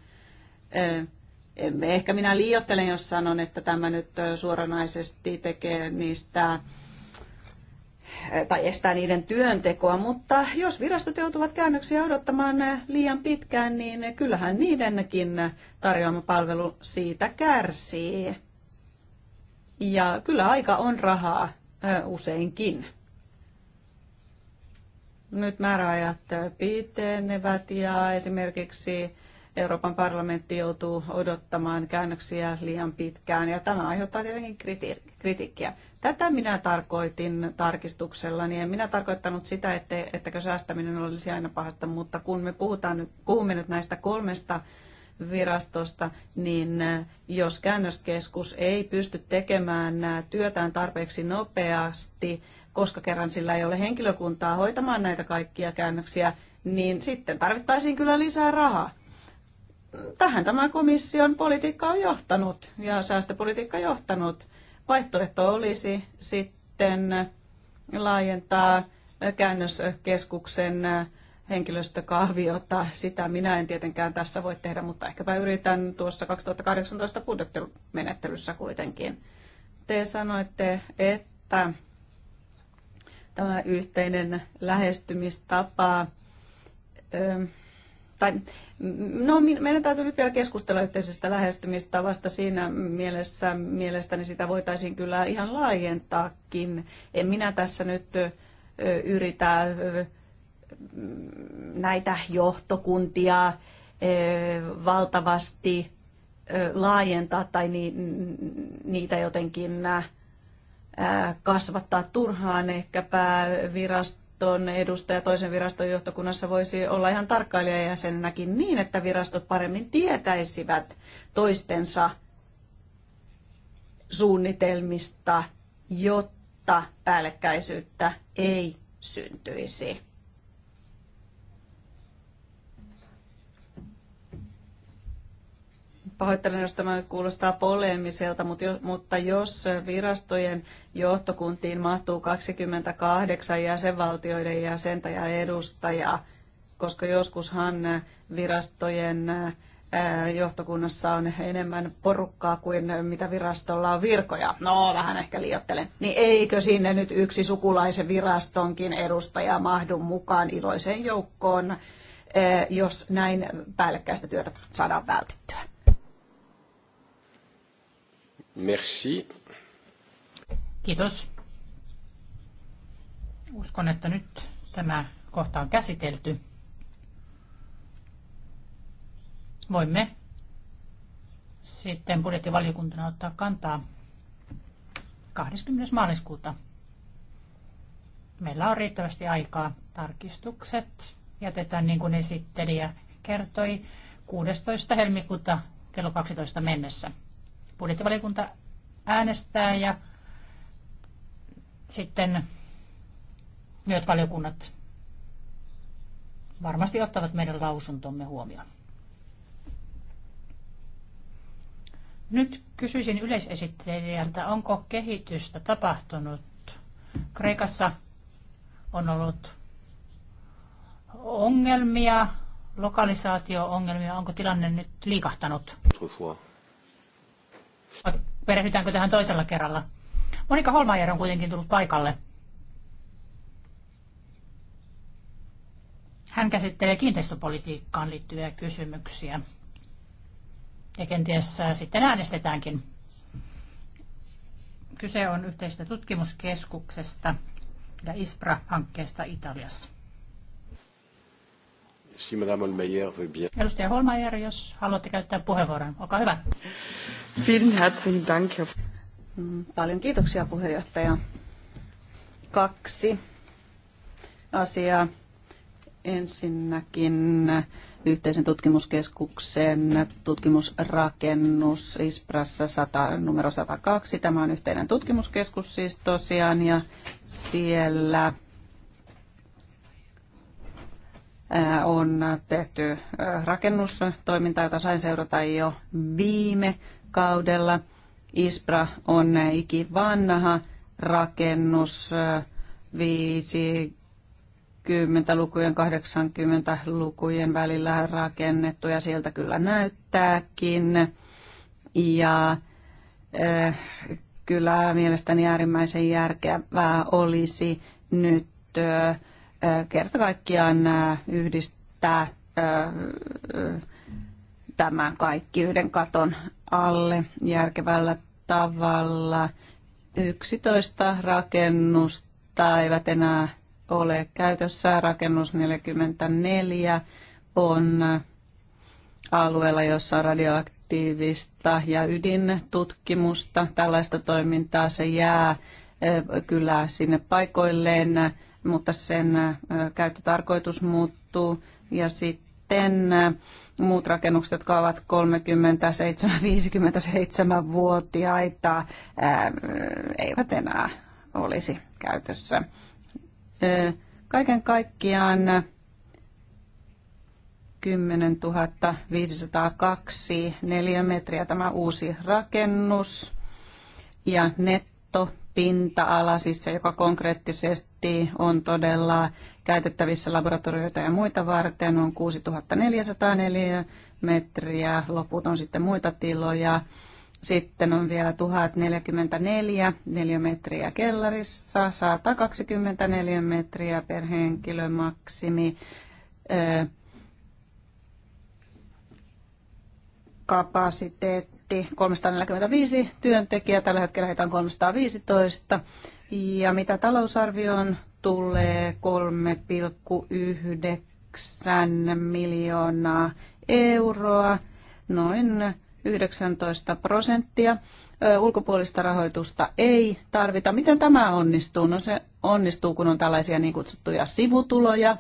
ehkä minä liiottelen, jos sanon, että tämä nyt suoranaisesti tekee niistä tai estää niiden työntekoa, mutta jos virastot joutuvat käännöksiä odottamaan liian pitkään, niin kyllähän niidenkin tarjoama palvelu siitä kärsii. Ja kyllä aika on rahaa useinkin. Nyt määräajat pitenevät ja esimerkiksi Euroopan parlamentti joutuu odottamaan käännöksiä liian pitkään ja tämä aiheuttaa tietenkin kriti- kritiikkiä. Tätä minä tarkoitin tarkistuksella, niin en minä tarkoittanut sitä, että, että säästäminen olisi aina pahasta, mutta kun me puhutaan puhumme nyt näistä kolmesta virastosta, niin äh, jos käännöskeskus ei pysty tekemään äh, työtään tarpeeksi nopeasti, koska kerran sillä ei ole henkilökuntaa hoitamaan näitä kaikkia käännöksiä, niin sitten tarvittaisiin kyllä lisää rahaa tähän tämä komission politiikka on johtanut ja säästöpolitiikka johtanut. Vaihtoehto olisi sitten laajentaa käännöskeskuksen henkilöstökahviota. Sitä minä en tietenkään tässä voi tehdä, mutta ehkäpä yritän tuossa 2018 budjettimenettelyssä kuitenkin. Te sanoitte, että tämä yhteinen lähestymistapa tai no, meidän täytyy nyt vielä keskustella yhteisestä lähestymistavasta siinä mielessä, mielestäni sitä voitaisiin kyllä ihan laajentaakin. En minä tässä nyt yritä näitä johtokuntia valtavasti laajentaa tai niitä jotenkin kasvattaa turhaan ehkäpä virasto viraston edustaja toisen viraston johtokunnassa voisi olla ihan tarkkailijajäsenenäkin niin, että virastot paremmin tietäisivät toistensa suunnitelmista, jotta päällekkäisyyttä ei syntyisi. Pahoittelen, jos tämä nyt kuulostaa poleemiselta, mutta jos virastojen johtokuntiin mahtuu 28 jäsenvaltioiden jäsentä ja edustajaa, koska joskushan virastojen johtokunnassa on enemmän porukkaa kuin mitä virastolla on virkoja. No, vähän ehkä liiottelen. Niin eikö sinne nyt yksi sukulaisen virastonkin edustaja mahdu mukaan iloiseen joukkoon, jos näin päällekkäistä työtä saadaan vältettyä? Merci. Kiitos. Uskon, että nyt tämä kohta on käsitelty. Voimme sitten budjettivaliokuntana ottaa kantaa 20. maaliskuuta. Meillä on riittävästi aikaa. Tarkistukset jätetään niin kuin esittelijä kertoi 16. helmikuuta kello 12 mennessä budjettivaliokunta äänestää ja sitten myöt valiokunnat varmasti ottavat meidän lausuntomme huomioon. Nyt kysyisin yleisesittelijältä, onko kehitystä tapahtunut? Kreikassa on ollut ongelmia, lokalisaatio-ongelmia. Onko tilanne nyt liikahtanut? Autrefois Perehdytäänkö tähän toisella kerralla? Monika Holmajer on kuitenkin tullut paikalle. Hän käsittelee kiinteistöpolitiikkaan liittyviä kysymyksiä. Ja kenties äh, sitten äänestetäänkin. Kyse on yhteisestä tutkimuskeskuksesta ja ISPRA-hankkeesta Italiassa. Si Madame veut bien. Edustaja Holmeyer, jos haluatte käyttää puheenvuoron, olkaa hyvä. Vielen herzlichen Dank. Mm, paljon kiitoksia puheenjohtaja. Kaksi asiaa. Ensinnäkin yhteisen tutkimuskeskuksen tutkimusrakennus Isprassa 100, numero 102. Tämä on yhteinen tutkimuskeskus siis tosiaan ja siellä on tehty rakennustoimintaa, jota sain seurata jo viime kaudella. ISPRA on ikivanha rakennus 50-lukujen 80-lukujen välillä rakennettu ja sieltä kyllä näyttääkin. Ja äh, kyllä mielestäni äärimmäisen järkevää olisi nyt äh, kerta kaikkiaan äh, yhdistää äh, tämä kaikki yhden katon alle järkevällä tavalla. 11 rakennusta eivät enää ole käytössä. Rakennus 44 on alueella, jossa on radioaktiivista ja ydintutkimusta. Tällaista toimintaa se jää kyllä sinne paikoilleen, mutta sen käyttötarkoitus muuttuu. Ja sitten muut rakennukset, jotka ovat 37-57-vuotiaita, eivät enää olisi käytössä. Kaiken kaikkiaan 10 502 neliömetriä tämä uusi rakennus ja netto pinta-ala, siis se, joka konkreettisesti on todella käytettävissä laboratorioita ja muita varten, on 6404 metriä, loput on sitten muita tiloja. Sitten on vielä 1044 neliömetriä kellarissa, 124 metriä per henkilö maksimi. Kapasiteet lähetti 345 työntekijää, tällä hetkellä heitä on 315. Ja mitä talousarvioon tulee 3,9 miljoonaa euroa, noin 19 prosenttia. Ulkopuolista rahoitusta ei tarvita. Miten tämä onnistuu? No se onnistuu, kun on tällaisia niin kutsuttuja sivutuloja.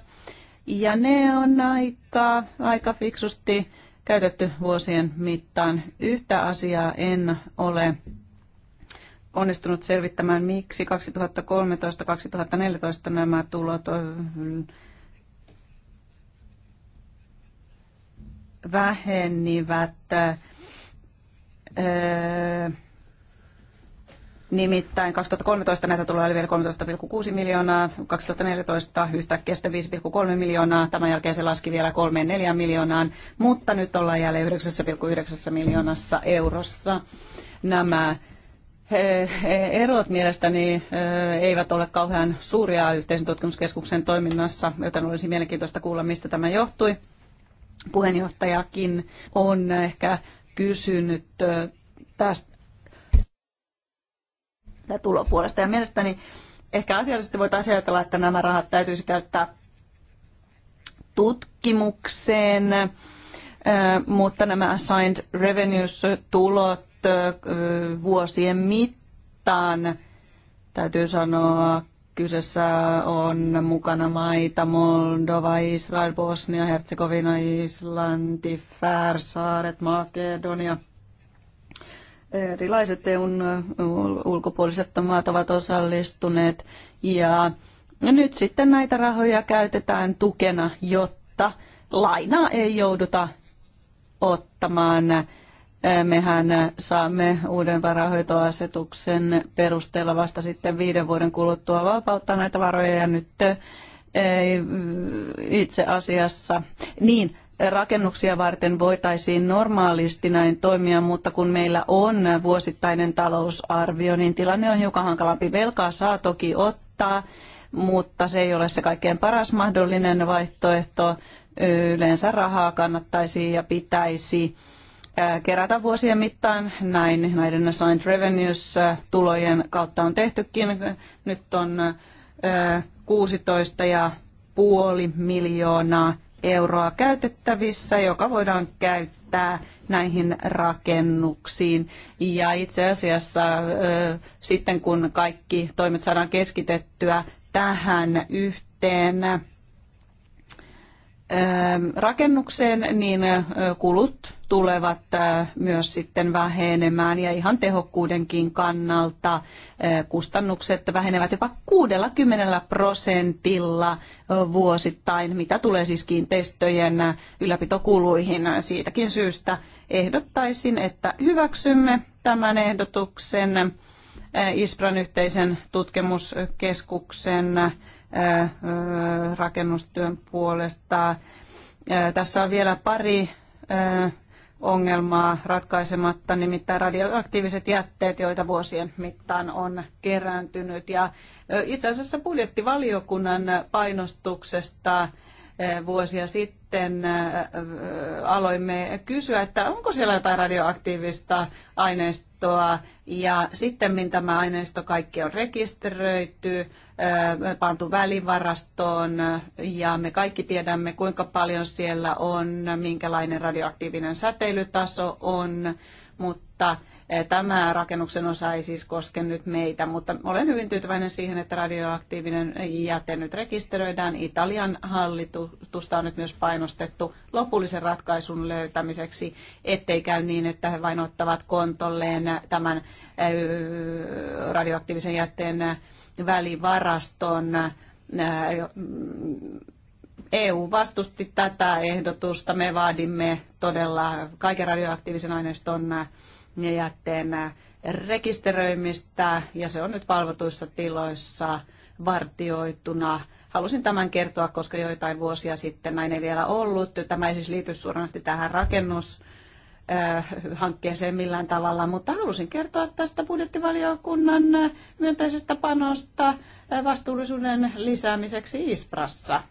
Ja ne on aika, aika fiksusti käytetty vuosien mittaan. Yhtä asiaa en ole onnistunut selvittämään, miksi 2013-2014 nämä tulot vähenivät. Öö, Nimittäin 2013 näitä tuloja oli vielä 13,6 miljoonaa, 2014 yhtäkkiä sitten 5,3 miljoonaa, tämän jälkeen se laski vielä 3-4 miljoonaan, mutta nyt ollaan jälleen 9,9 miljoonassa eurossa. Nämä eh, eh, erot mielestäni eh, eivät ole kauhean suuria yhteisen tutkimuskeskuksen toiminnassa, joten olisi mielenkiintoista kuulla, mistä tämä johtui. Puheenjohtajakin on ehkä kysynyt tästä tulopuolesta. Ja mielestäni ehkä asiallisesti voitaisiin ajatella, että nämä rahat täytyisi käyttää tutkimukseen, mutta nämä assigned revenues-tulot vuosien mittaan, täytyy sanoa, kyseessä on mukana maita Moldova, Israel, Bosnia, Herzegovina, Islanti, Färsaaret, Makedonia – erilaiset EUn ulkopuoliset maat ovat osallistuneet ja nyt sitten näitä rahoja käytetään tukena, jotta lainaa ei jouduta ottamaan. Mehän saamme uuden varahoitoasetuksen perusteella vasta sitten viiden vuoden kuluttua vapauttaa näitä varoja ja nyt ei itse asiassa. Niin, rakennuksia varten voitaisiin normaalisti näin toimia, mutta kun meillä on vuosittainen talousarvio, niin tilanne on hiukan hankalampi. Velkaa saa toki ottaa, mutta se ei ole se kaikkein paras mahdollinen vaihtoehto. Yleensä rahaa kannattaisi ja pitäisi kerätä vuosien mittaan. Näin näiden assigned revenues tulojen kautta on tehtykin. Nyt on 16,5 miljoonaa euroa käytettävissä, joka voidaan käyttää näihin rakennuksiin. Ja itse asiassa sitten kun kaikki toimet saadaan keskitettyä tähän yhteen rakennukseen, niin kulut tulevat äh, myös sitten vähenemään ja ihan tehokkuudenkin kannalta äh, kustannukset vähenevät jopa 60 prosentilla vuosittain, mitä tulee siis kiinteistöjen ylläpitokuluihin. Siitäkin syystä ehdottaisin, että hyväksymme tämän ehdotuksen äh, ISPRAn yhteisen tutkimuskeskuksen rakennustyön puolesta. Tässä on vielä pari ongelmaa ratkaisematta, nimittäin radioaktiiviset jätteet, joita vuosien mittaan on kerääntynyt. Ja itse asiassa budjettivaliokunnan painostuksesta vuosia sitten aloimme kysyä, että onko siellä jotain radioaktiivista aineistoa. Ja sitten tämä aineisto kaikki on rekisteröity, pantu välivarastoon ja me kaikki tiedämme, kuinka paljon siellä on, minkälainen radioaktiivinen säteilytaso on, mutta Tämä rakennuksen osa ei siis koske nyt meitä, mutta olen hyvin tyytyväinen siihen, että radioaktiivinen jäte nyt rekisteröidään. Italian hallitusta on nyt myös painostettu lopullisen ratkaisun löytämiseksi, ettei käy niin, että he vain ottavat kontolleen tämän äh, radioaktiivisen jätteen äh, välivaraston äh, mm, EU vastusti tätä ehdotusta. Me vaadimme todella kaiken radioaktiivisen aineiston jätteen rekisteröimistä ja se on nyt valvotuissa tiloissa vartioituna. Halusin tämän kertoa, koska joitain vuosia sitten näin ei vielä ollut. Tämä ei siis liity suoranasti tähän rakennus äh, hankkeeseen millään tavalla, mutta halusin kertoa tästä budjettivaliokunnan myönteisestä panosta äh, vastuullisuuden lisäämiseksi Isprassa.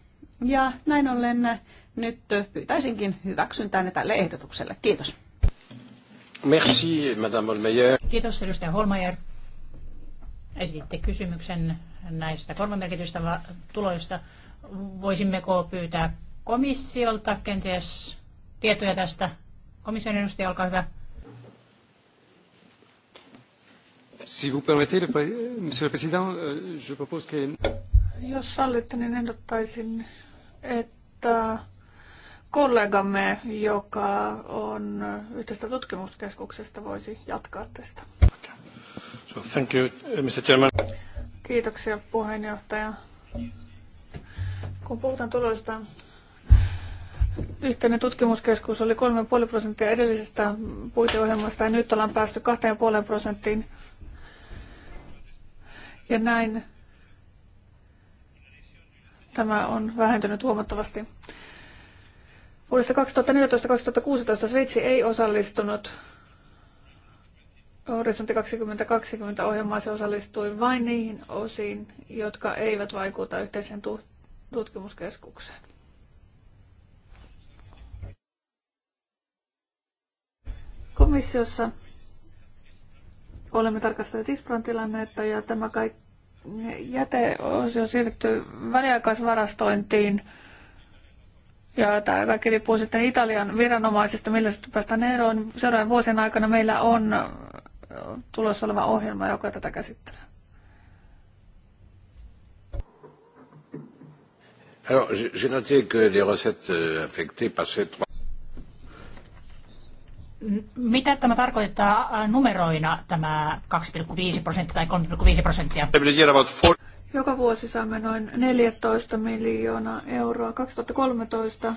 Ja näin ollen nyt pyytäisinkin hyväksyntää tälle ehdotukselle. Kiitos. Merci, Madame Holmeyer. Kiitos, edustaja Holmeyer. Esititte kysymyksen näistä korvamerkityistä tuloista. Voisimmeko pyytää komissiolta kenties tietoja tästä? Komission edustaja, olkaa hyvä. Si vous permettez, Monsieur le Président, euh, je propose que... Jos sallitte, niin ehdottaisin, että kollegamme, joka on yhteistä tutkimuskeskuksesta, voisi jatkaa tästä. So, thank you, uh, Mr. Chairman. Kiitoksia puheenjohtaja. Kun puhutaan tuloista, yhteinen tutkimuskeskus oli 3,5 prosenttia edellisestä puiteohjelmasta ja nyt ollaan päästy 2,5 prosenttiin. Ja näin tämä on vähentynyt huomattavasti. Vuodesta 2014-2016 Sveitsi ei osallistunut Horisontti 2020 ohjelmaan. Se osallistui vain niihin osiin, jotka eivät vaikuta yhteiseen tutkimuskeskukseen. Komissiossa olemme tarkastelleet Ispran tilannetta ja tämä kaikki jäteosio siirtyy väliaikaisvarastointiin ja tämä kaikki riippuu sitten Italian viranomaisista, millä sitten päästään eroon. Seuraavan vuosien aikana meillä on tulossa oleva ohjelma, joka tätä käsittelee. Alors, j'ai noté que les recettes euh, affectées trois... Mitä tämä tarkoittaa numeroina, tämä 2,5 prosenttia tai 3,5 prosenttia? Joka vuosi saamme noin 14 miljoonaa euroa. 2013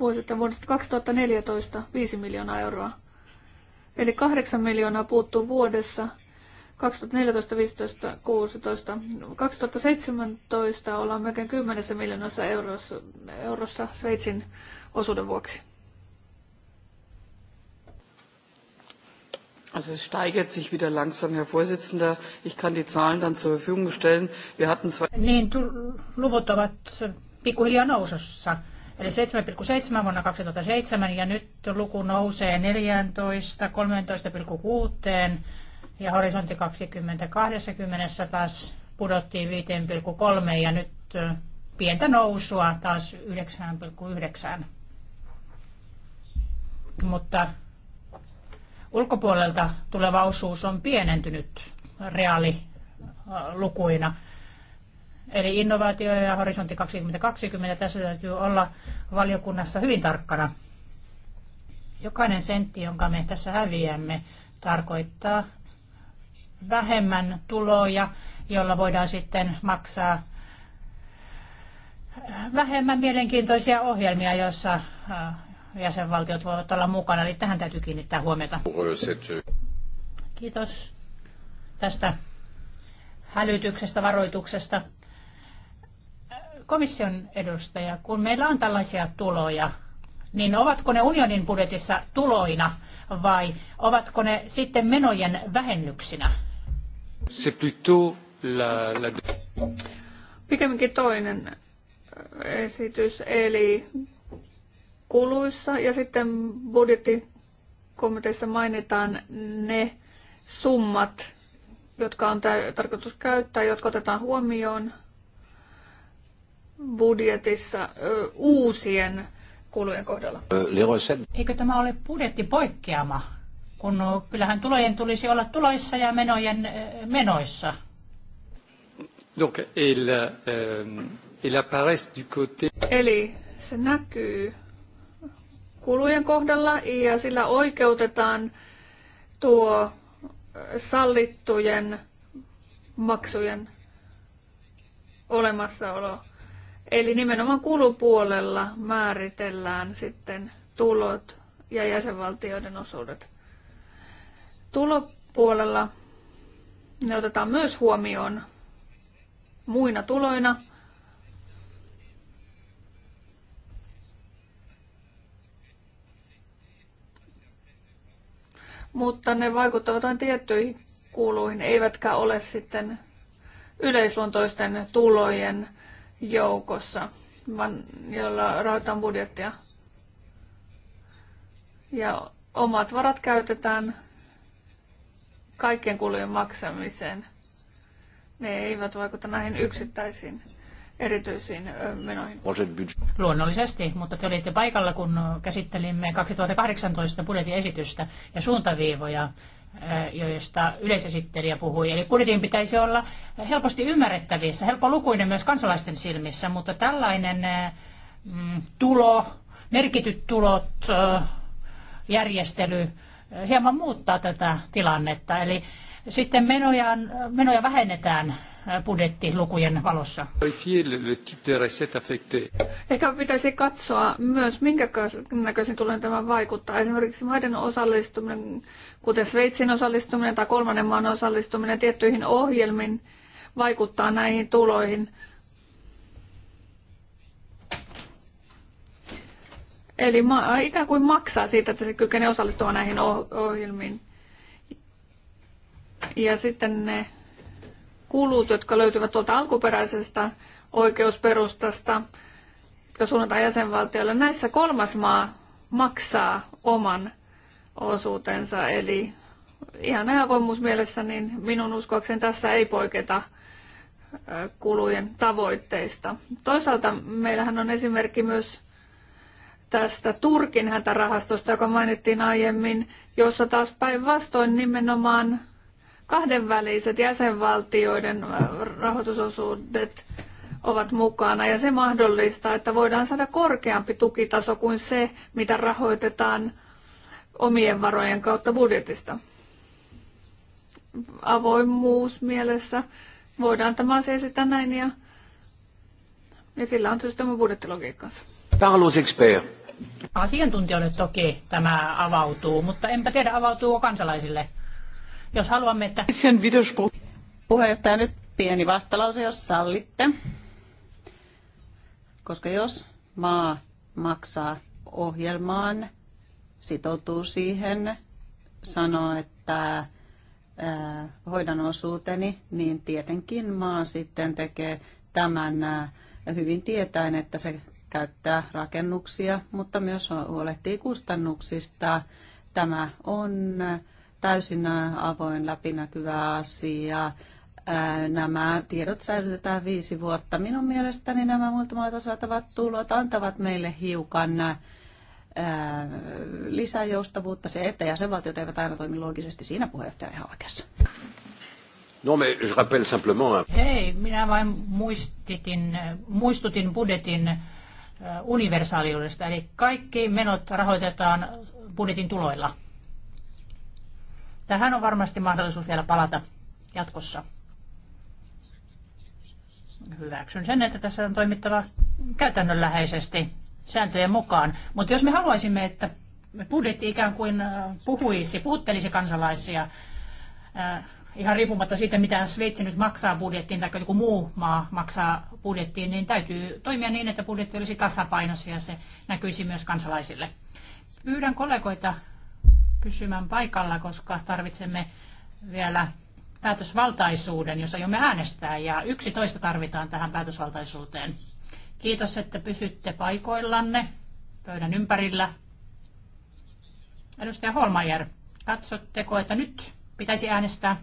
vuosittain vuodesta 2014 5 miljoonaa euroa. Eli 8 miljoonaa puuttuu vuodessa 2014, 15, 16. 2017 ollaan melkein 10 miljoonassa eurossa, eurossa Sveitsin osuuden vuoksi. Also es steigert sich wieder langsam, Herr Vorsitzender. Ich kann die Zahlen dann zur Verfügung stellen. Wir hatten zwei... Niin, luvut ovat pikkuhiljaa nousussa. Eli 7,7 vuonna 2007 ja nyt luku nousee 14, 13,6 ja horisontti 2020 taas pudottiin 5,3 ja nyt pientä nousua taas 9,9. Mutta ulkopuolelta tuleva osuus on pienentynyt reaalilukuina. Eli innovaatio ja horisontti 2020, tässä täytyy olla valiokunnassa hyvin tarkkana. Jokainen sentti, jonka me tässä häviämme, tarkoittaa vähemmän tuloja, jolla voidaan sitten maksaa vähemmän mielenkiintoisia ohjelmia, joissa jäsenvaltiot voivat olla mukana, eli tähän täytyy kiinnittää huomiota. Kiitos tästä hälytyksestä, varoituksesta. Komission edustaja, kun meillä on tällaisia tuloja, niin ovatko ne unionin budjetissa tuloina vai ovatko ne sitten menojen vähennyksinä? Se la, la... Pikemminkin toinen esitys, eli kuluissa ja sitten budjettikomiteissa mainitaan ne summat, jotka on tarkoitus käyttää, jotka otetaan huomioon budjetissa ö, uusien kulujen kohdalla. Eikö tämä ole budjettipoikkeama? Kun no, kyllähän tulojen tulisi olla tuloissa ja menojen menoissa. Donc, il, euh, il du côté... Eli se näkyy kulujen kohdalla ja sillä oikeutetaan tuo sallittujen maksujen olemassaolo. Eli nimenomaan kulupuolella määritellään sitten tulot ja jäsenvaltioiden osuudet. Tulopuolella ne otetaan myös huomioon muina tuloina – mutta ne vaikuttavat vain tiettyihin kuluihin, eivätkä ole sitten yleisluontoisten tulojen joukossa, vaan joilla rahoitetaan budjettia. Ja omat varat käytetään kaikkien kulujen maksamiseen. Ne eivät vaikuta näihin yksittäisiin erityisiin menoihin? Luonnollisesti, mutta te olitte paikalla, kun käsittelimme 2018 esitystä ja suuntaviivoja, joista yleisesittelijä puhui. Eli budjetin pitäisi olla helposti ymmärrettävissä, lukuinen myös kansalaisten silmissä, mutta tällainen mm, tulo, merkityt tulot, järjestely hieman muuttaa tätä tilannetta. Eli sitten menoja, menoja vähennetään budjettilukujen valossa. Ehkä pitäisi katsoa myös, minkä näköisin tulee tämä vaikuttaa. Esimerkiksi maiden osallistuminen, kuten Sveitsin osallistuminen tai kolmannen maan osallistuminen tiettyihin ohjelmiin, vaikuttaa näihin tuloihin. Eli ma- ikään kuin maksaa siitä, että se kykenee osallistumaan näihin ohjelmiin. Ja sitten ne kulut, jotka löytyvät tuolta alkuperäisestä oikeusperustasta, jotka suunnataan jäsenvaltiolle näissä kolmas maa maksaa oman osuutensa. Eli ihan avoimuus mielessä, niin minun uskoakseni tässä ei poiketa kulujen tavoitteista. Toisaalta meillähän on esimerkki myös tästä Turkin hätärahastosta, joka mainittiin aiemmin, jossa taas päinvastoin nimenomaan kahdenväliset jäsenvaltioiden äh, rahoitusosuudet ovat mukana ja se mahdollistaa, että voidaan saada korkeampi tukitaso kuin se, mitä rahoitetaan omien varojen kautta budjetista. Avoimuus mielessä voidaan tämä asia esittää näin ja, ja sillä on tietysti oma budjettilogiikkansa. Asiantuntijoille toki tämä avautuu, mutta enpä tiedä avautuuko kansalaisille. Jos haluamme, että... Sen Puheenjohtaja, nyt pieni vastalause, jos sallitte. Koska jos maa maksaa ohjelmaan, sitoutuu siihen, sanoo, että äh, hoidan osuuteni, niin tietenkin maa sitten tekee tämän äh, hyvin tietäen, että se käyttää rakennuksia, mutta myös huolehtii kustannuksista. Tämä on äh, täysin äh, avoin läpinäkyvä asia. Äh, nämä tiedot säilytetään viisi vuotta. Minun mielestäni nämä muutamat saatavat tulot antavat meille hiukan äh, lisää joustavuutta. Se, että jäsenvaltiot eivät aina toimi loogisesti, siinä puheenjohtaja ihan oikeassa. No, mais je rappelle simplement... Hei, minä vain muistitin, muistutin budjetin universaaliudesta, eli kaikki menot rahoitetaan budjetin tuloilla. Tähän on varmasti mahdollisuus vielä palata jatkossa. Hyväksyn sen, että tässä on toimittava käytännönläheisesti sääntöjen mukaan. Mutta jos me haluaisimme, että budjetti ikään kuin äh, puhuisi, puhuttelisi kansalaisia, äh, ihan riippumatta siitä, mitä Sveitsi nyt maksaa budjettiin tai joku muu maa maksaa budjettiin, niin täytyy toimia niin, että budjetti olisi tasapainossa ja se näkyisi myös kansalaisille. Pyydän kollegoita pysymään paikalla, koska tarvitsemme vielä päätösvaltaisuuden, jossa jomme äänestää, ja yksi toista tarvitaan tähän päätösvaltaisuuteen. Kiitos, että pysytte paikoillanne pöydän ympärillä. Edustaja Holmajer, katsotteko, että nyt pitäisi äänestää?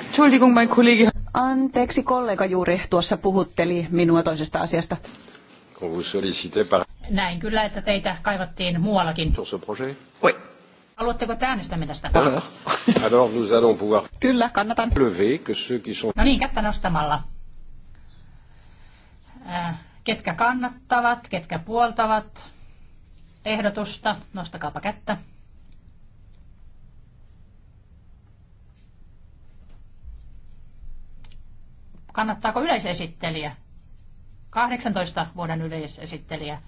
Entschuldigung, mein Kollege. Anteeksi, kollega juuri tuossa puhutteli minua toisesta asiasta. Näin kyllä, että teitä kaivattiin muuallakin. Oui. Haluatteko te äänestämme tästä? Alors nous allons pouvoir... Kyllä, kannatan. Lever, que ceux qui sont... No niin, kättä nostamalla. ketkä kannattavat, ketkä puoltavat ehdotusta, nostakaapa kättä. kannattaako yleisesittelijä? 18 vuoden yleisesittelijä.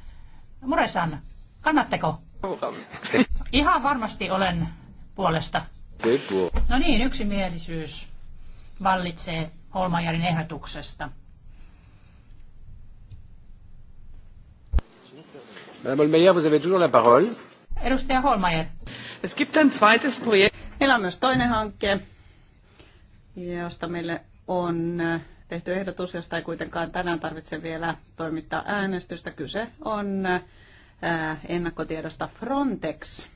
Muresan, kannatteko? Ihan varmasti olen puolesta. No niin, yksimielisyys vallitsee Holmajarin ehdotuksesta. Madame vous avez toujours la parole. Edustaja Holmajer. Projekt. Meillä on myös toinen hanke, josta meille on tehty ehdotus, josta ei kuitenkaan tänään tarvitse vielä toimittaa äänestystä. Kyse on äh, ennakkotiedosta Frontex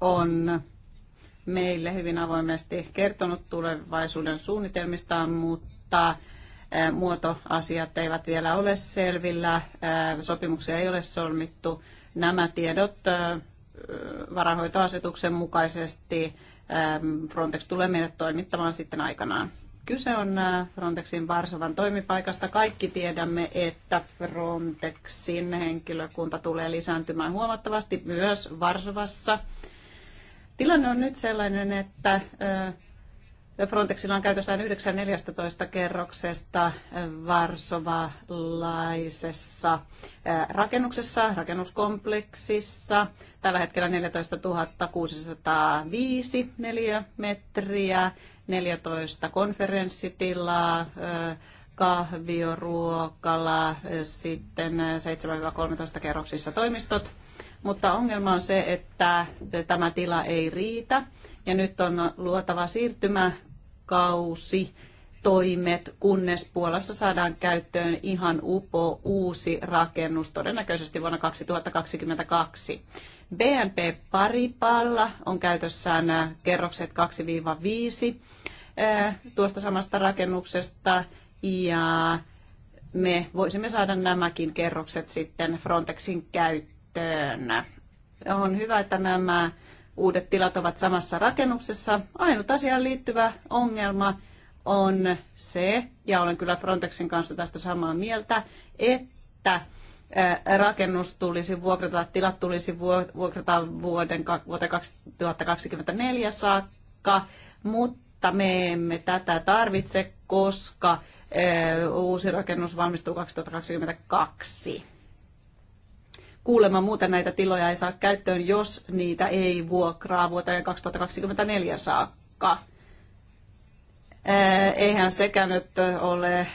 on meille hyvin avoimesti kertonut tulevaisuuden suunnitelmistaan, mutta äh, muotoasiat eivät vielä ole selvillä, äh, sopimuksia ei ole solmittu. Nämä tiedot varahoitoasetuksen mukaisesti ähm, Frontex tulee meille toimittamaan sitten aikanaan. Kyse on äh, Frontexin Varsovan toimipaikasta. Kaikki tiedämme, että Frontexin henkilökunta tulee lisääntymään huomattavasti myös Varsovassa. Tilanne on nyt sellainen, että äh, Frontexilla on käytössään 9-14 kerroksesta varsovalaisessa äh, rakennuksessa, rakennuskompleksissa. Tällä hetkellä 14 605 neliömetriä 14 konferenssitilaa, kahvioruokala, sitten 7-13 kerroksissa toimistot. Mutta ongelma on se, että tämä tila ei riitä ja nyt on luotava siirtymäkausi toimet, kunnes Puolassa saadaan käyttöön ihan upo uusi rakennus, todennäköisesti vuonna 2022. BNP Paripalla on käytössään äh, kerrokset 2-5 äh, tuosta samasta rakennuksesta ja me voisimme saada nämäkin kerrokset sitten Frontexin käyttöön. On hyvä, että nämä uudet tilat ovat samassa rakennuksessa. Ainut asiaan liittyvä ongelma on se, ja olen kyllä Frontexin kanssa tästä samaa mieltä, että rakennus tulisi vuokrata, tilat tulisi vuokrata vuoden, vuoteen 2024 saakka, mutta me emme tätä tarvitse, koska uusi rakennus valmistuu 2022. Kuulemma muuten näitä tiloja ei saa käyttöön, jos niitä ei vuokraa vuoteen 2024 saakka. Eh, eihän sekä nyt ole eh,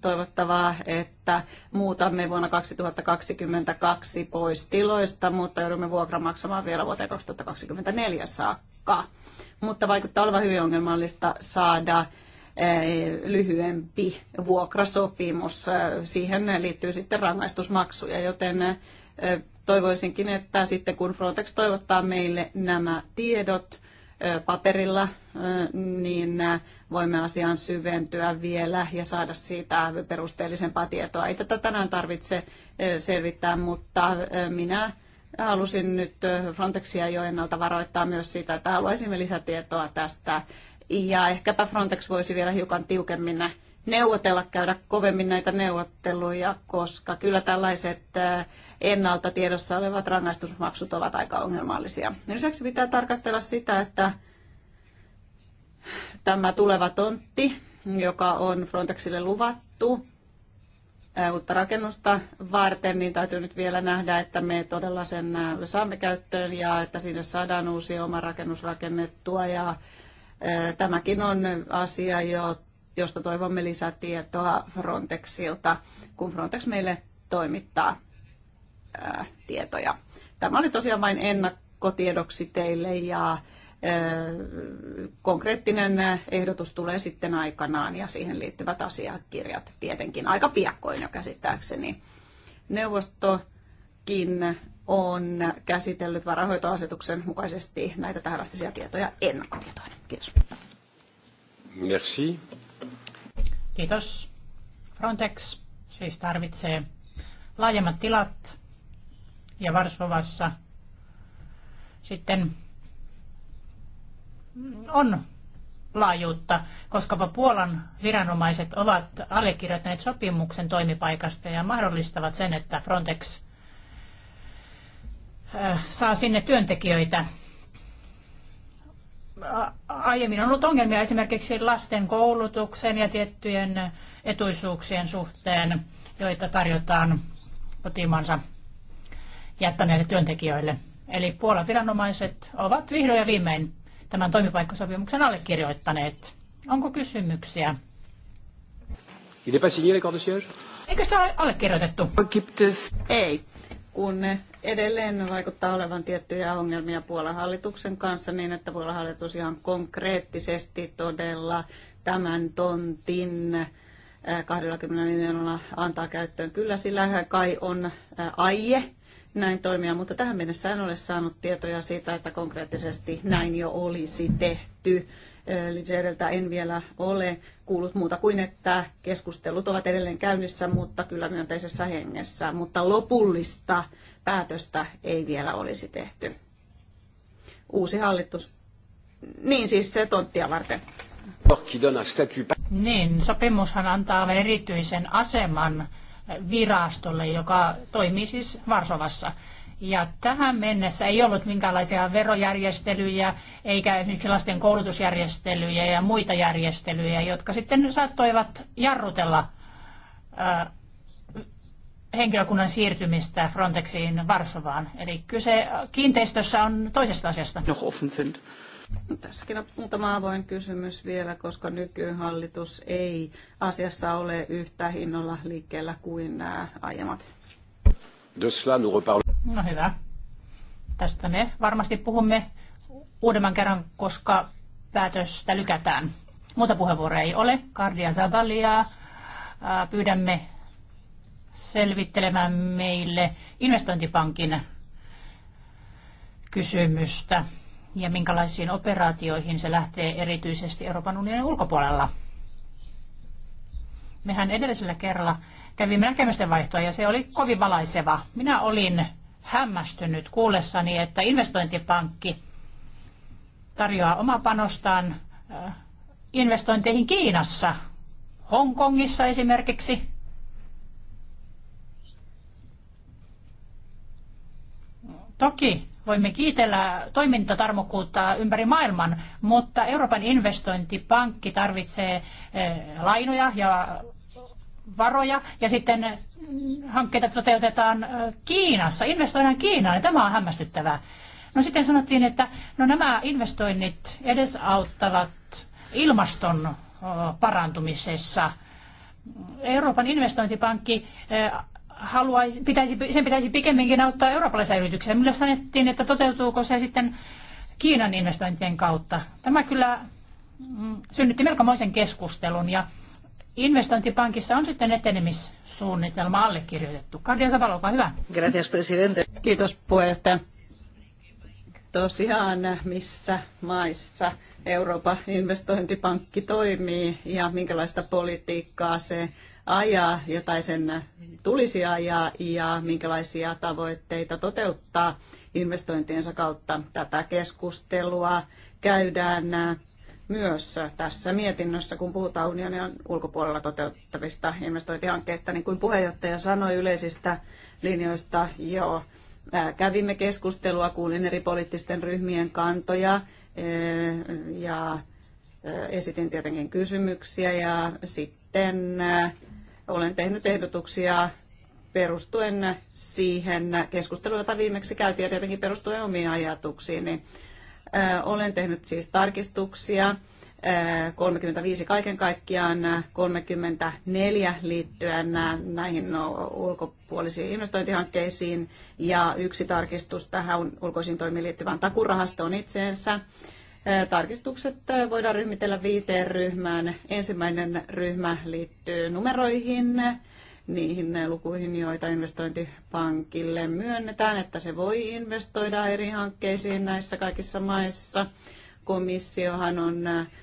toivottavaa, että muutamme vuonna 2022 pois tiloista, mutta joudumme vuokra maksamaan vielä vuoteen 2024 saakka. Mutta vaikuttaa olevan hyvin ongelmallista saada eh, lyhyempi vuokrasopimus. Siihen liittyy sitten rangaistusmaksuja, joten toivoisinkin, että sitten kun Frontex toivottaa meille nämä tiedot, paperilla, niin voimme asiaan syventyä vielä ja saada siitä perusteellisempaa tietoa. Ei tätä tänään tarvitse selvittää, mutta minä halusin nyt Frontexia jo ennalta varoittaa myös siitä, että haluaisimme lisätietoa tästä. Ja ehkäpä Frontex voisi vielä hiukan tiukemmin neuvotella, käydä kovemmin näitä neuvotteluja, koska kyllä tällaiset ennalta tiedossa olevat rangaistusmaksut ovat aika ongelmallisia. Lisäksi pitää tarkastella sitä, että tämä tuleva tontti, joka on Frontexille luvattu uutta rakennusta varten, niin täytyy nyt vielä nähdä, että me todella sen saamme käyttöön ja että sinne saadaan uusi oma rakennus rakennettua. Ja tämäkin on asia, jota josta toivomme lisätietoa Frontexilta, kun Frontex meille toimittaa ää, tietoja. Tämä oli tosiaan vain ennakkotiedoksi teille ja ää, konkreettinen ehdotus tulee sitten aikanaan ja siihen liittyvät asiakirjat tietenkin aika piakkoin jo käsittääkseni. Neuvostokin on käsitellyt varahoitoasetuksen mukaisesti näitä tähänastisia tietoja ennakkotietoina. Kiitos. Merci. Kiitos. Frontex siis tarvitsee laajemmat tilat ja Varsovassa sitten on laajuutta, koska Puolan viranomaiset ovat allekirjoittaneet sopimuksen toimipaikasta ja mahdollistavat sen, että Frontex äh, saa sinne työntekijöitä aiemmin on ollut ongelmia esimerkiksi lasten koulutuksen ja tiettyjen etuisuuksien suhteen, joita tarjotaan kotimaansa jättäneille työntekijöille. Eli Puolan viranomaiset ovat vihdoin ja viimein tämän toimipaikkasopimuksen allekirjoittaneet. Onko kysymyksiä? Il n'est pas signé l'accord de siège? Eikö sitä ole allekirjoitettu? Ei, kun edelleen vaikuttaa olevan tiettyjä ongelmia Puolan hallituksen kanssa niin, että Puolan hallitus ihan konkreettisesti todella tämän tontin 20 eh, miljoonalla antaa käyttöön. Kyllä sillä kai on eh, aie näin toimia, mutta tähän mennessä en ole saanut tietoja siitä, että konkreettisesti näin jo olisi tehty. Eh, Lidereltä en vielä ole kuullut muuta kuin, että keskustelut ovat edelleen käynnissä, mutta kyllä myönteisessä hengessä. Mutta lopullista päätöstä ei vielä olisi tehty. Uusi hallitus. Niin siis se tonttia varten. Niin, sopimushan antaa erityisen aseman virastolle, joka toimii siis Varsovassa. Ja tähän mennessä ei ollut minkäänlaisia verojärjestelyjä, eikä esimerkiksi lasten koulutusjärjestelyjä ja muita järjestelyjä, jotka sitten saattoivat jarrutella henkilökunnan siirtymistä Frontexiin Varsovaan. Eli kyse kiinteistössä on toisesta asiasta. No, No, tässäkin on muutama avoin kysymys vielä, koska nykyhallitus ei asiassa ole yhtä hinnolla liikkeellä kuin nämä aiemmat. No hyvä. Tästä me varmasti puhumme uudemman kerran, koska päätöstä lykätään. Muuta puheenvuoroja ei ole. Kardia Zavalia pyydämme selvittelemään meille investointipankin kysymystä ja minkälaisiin operaatioihin se lähtee erityisesti Euroopan unionin ulkopuolella. Mehän edellisellä kerralla kävimme näkemysten vaihtoa ja se oli kovin valaiseva. Minä olin hämmästynyt kuullessani, että investointipankki tarjoaa oma panostaan äh, investointeihin Kiinassa, Hongkongissa esimerkiksi. Toki voimme kiitellä toimintatarmokkuutta ympäri maailman, mutta Euroopan investointipankki tarvitsee eh, lainoja ja varoja ja sitten hankkeita toteutetaan eh, Kiinassa, investoidaan Kiinaan ja tämä on hämmästyttävää. No sitten sanottiin, että no nämä investoinnit edesauttavat ilmaston eh, parantumisessa. Euroopan investointipankki haluaisi, pitäisi, sen pitäisi pikemminkin auttaa eurooppalaisia yrityksiä. Millä sanottiin, että toteutuuko se sitten Kiinan investointien kautta? Tämä kyllä mm, synnytti melkomoisen keskustelun ja investointipankissa on sitten etenemissuunnitelma allekirjoitettu. Kardia Savalo, olkaa hyvä. Gracias, presidente. Kiitos puheenjohtaja. Tosiaan, missä maissa Euroopan investointipankki toimii ja minkälaista politiikkaa se ajaa, tai sen tulisi ajaa ja minkälaisia tavoitteita toteuttaa investointiensa kautta. Tätä keskustelua käydään myös tässä mietinnössä, kun puhutaan unionin ulkopuolella toteuttavista investointihankkeista, niin kuin puheenjohtaja sanoi yleisistä linjoista jo kävimme keskustelua, kuulin eri poliittisten ryhmien kantoja ja esitin tietenkin kysymyksiä ja sitten olen tehnyt ehdotuksia perustuen siihen keskusteluun, jota viimeksi käytiin ja tietenkin perustuen omiin ajatuksiin. olen tehnyt siis tarkistuksia. 35 kaiken kaikkiaan, 34 liittyen näihin ulkopuolisiin investointihankkeisiin ja yksi tarkistus tähän ulkoisiin toimiin liittyvään takurahastoon itseensä. Tarkistukset voidaan ryhmitellä viiteen ryhmään. Ensimmäinen ryhmä liittyy numeroihin, niihin lukuihin, joita investointipankille myönnetään, että se voi investoida eri hankkeisiin näissä kaikissa maissa. Komissiohan on,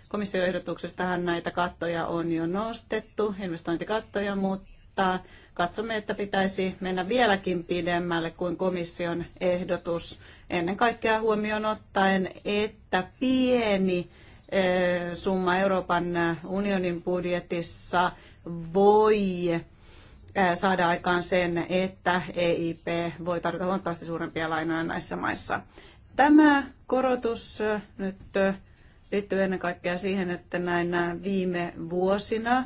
komissioehdotuksestahan näitä kattoja on jo nostettu, investointikattoja, mutta katsomme, että pitäisi mennä vieläkin pidemmälle kuin komission ehdotus, ennen kaikkea huomioon ottaen, että pieni eh, summa Euroopan unionin budjetissa voi eh, saada aikaan sen, että EIP voi tarjota huomattavasti suurempia lainoja näissä maissa. Tämä korotus eh, nyt liittyy ennen kaikkea siihen, että näin viime vuosina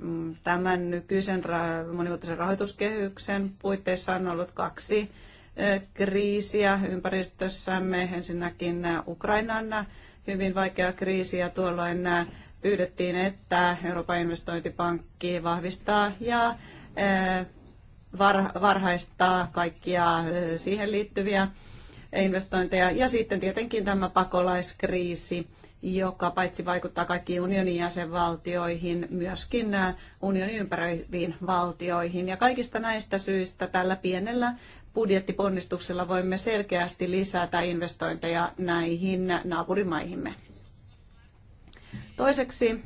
Mm, tämän nykyisen monivuotisen rahoituskehyksen puitteissa on ollut kaksi kriisiä ympäristössämme. Ensinnäkin Ukrainan hyvin vaikea kriisi ja tuolloin pyydettiin, että Euroopan investointipankki vahvistaa ja varhaistaa kaikkia siihen liittyviä investointeja. Ja sitten tietenkin tämä pakolaiskriisi, joka paitsi vaikuttaa kaikkiin unionin jäsenvaltioihin, myöskin äh, unionin ympäröiviin valtioihin. Ja kaikista näistä syistä tällä pienellä budjettiponnistuksella voimme selkeästi lisätä investointeja näihin naapurimaihimme. Toiseksi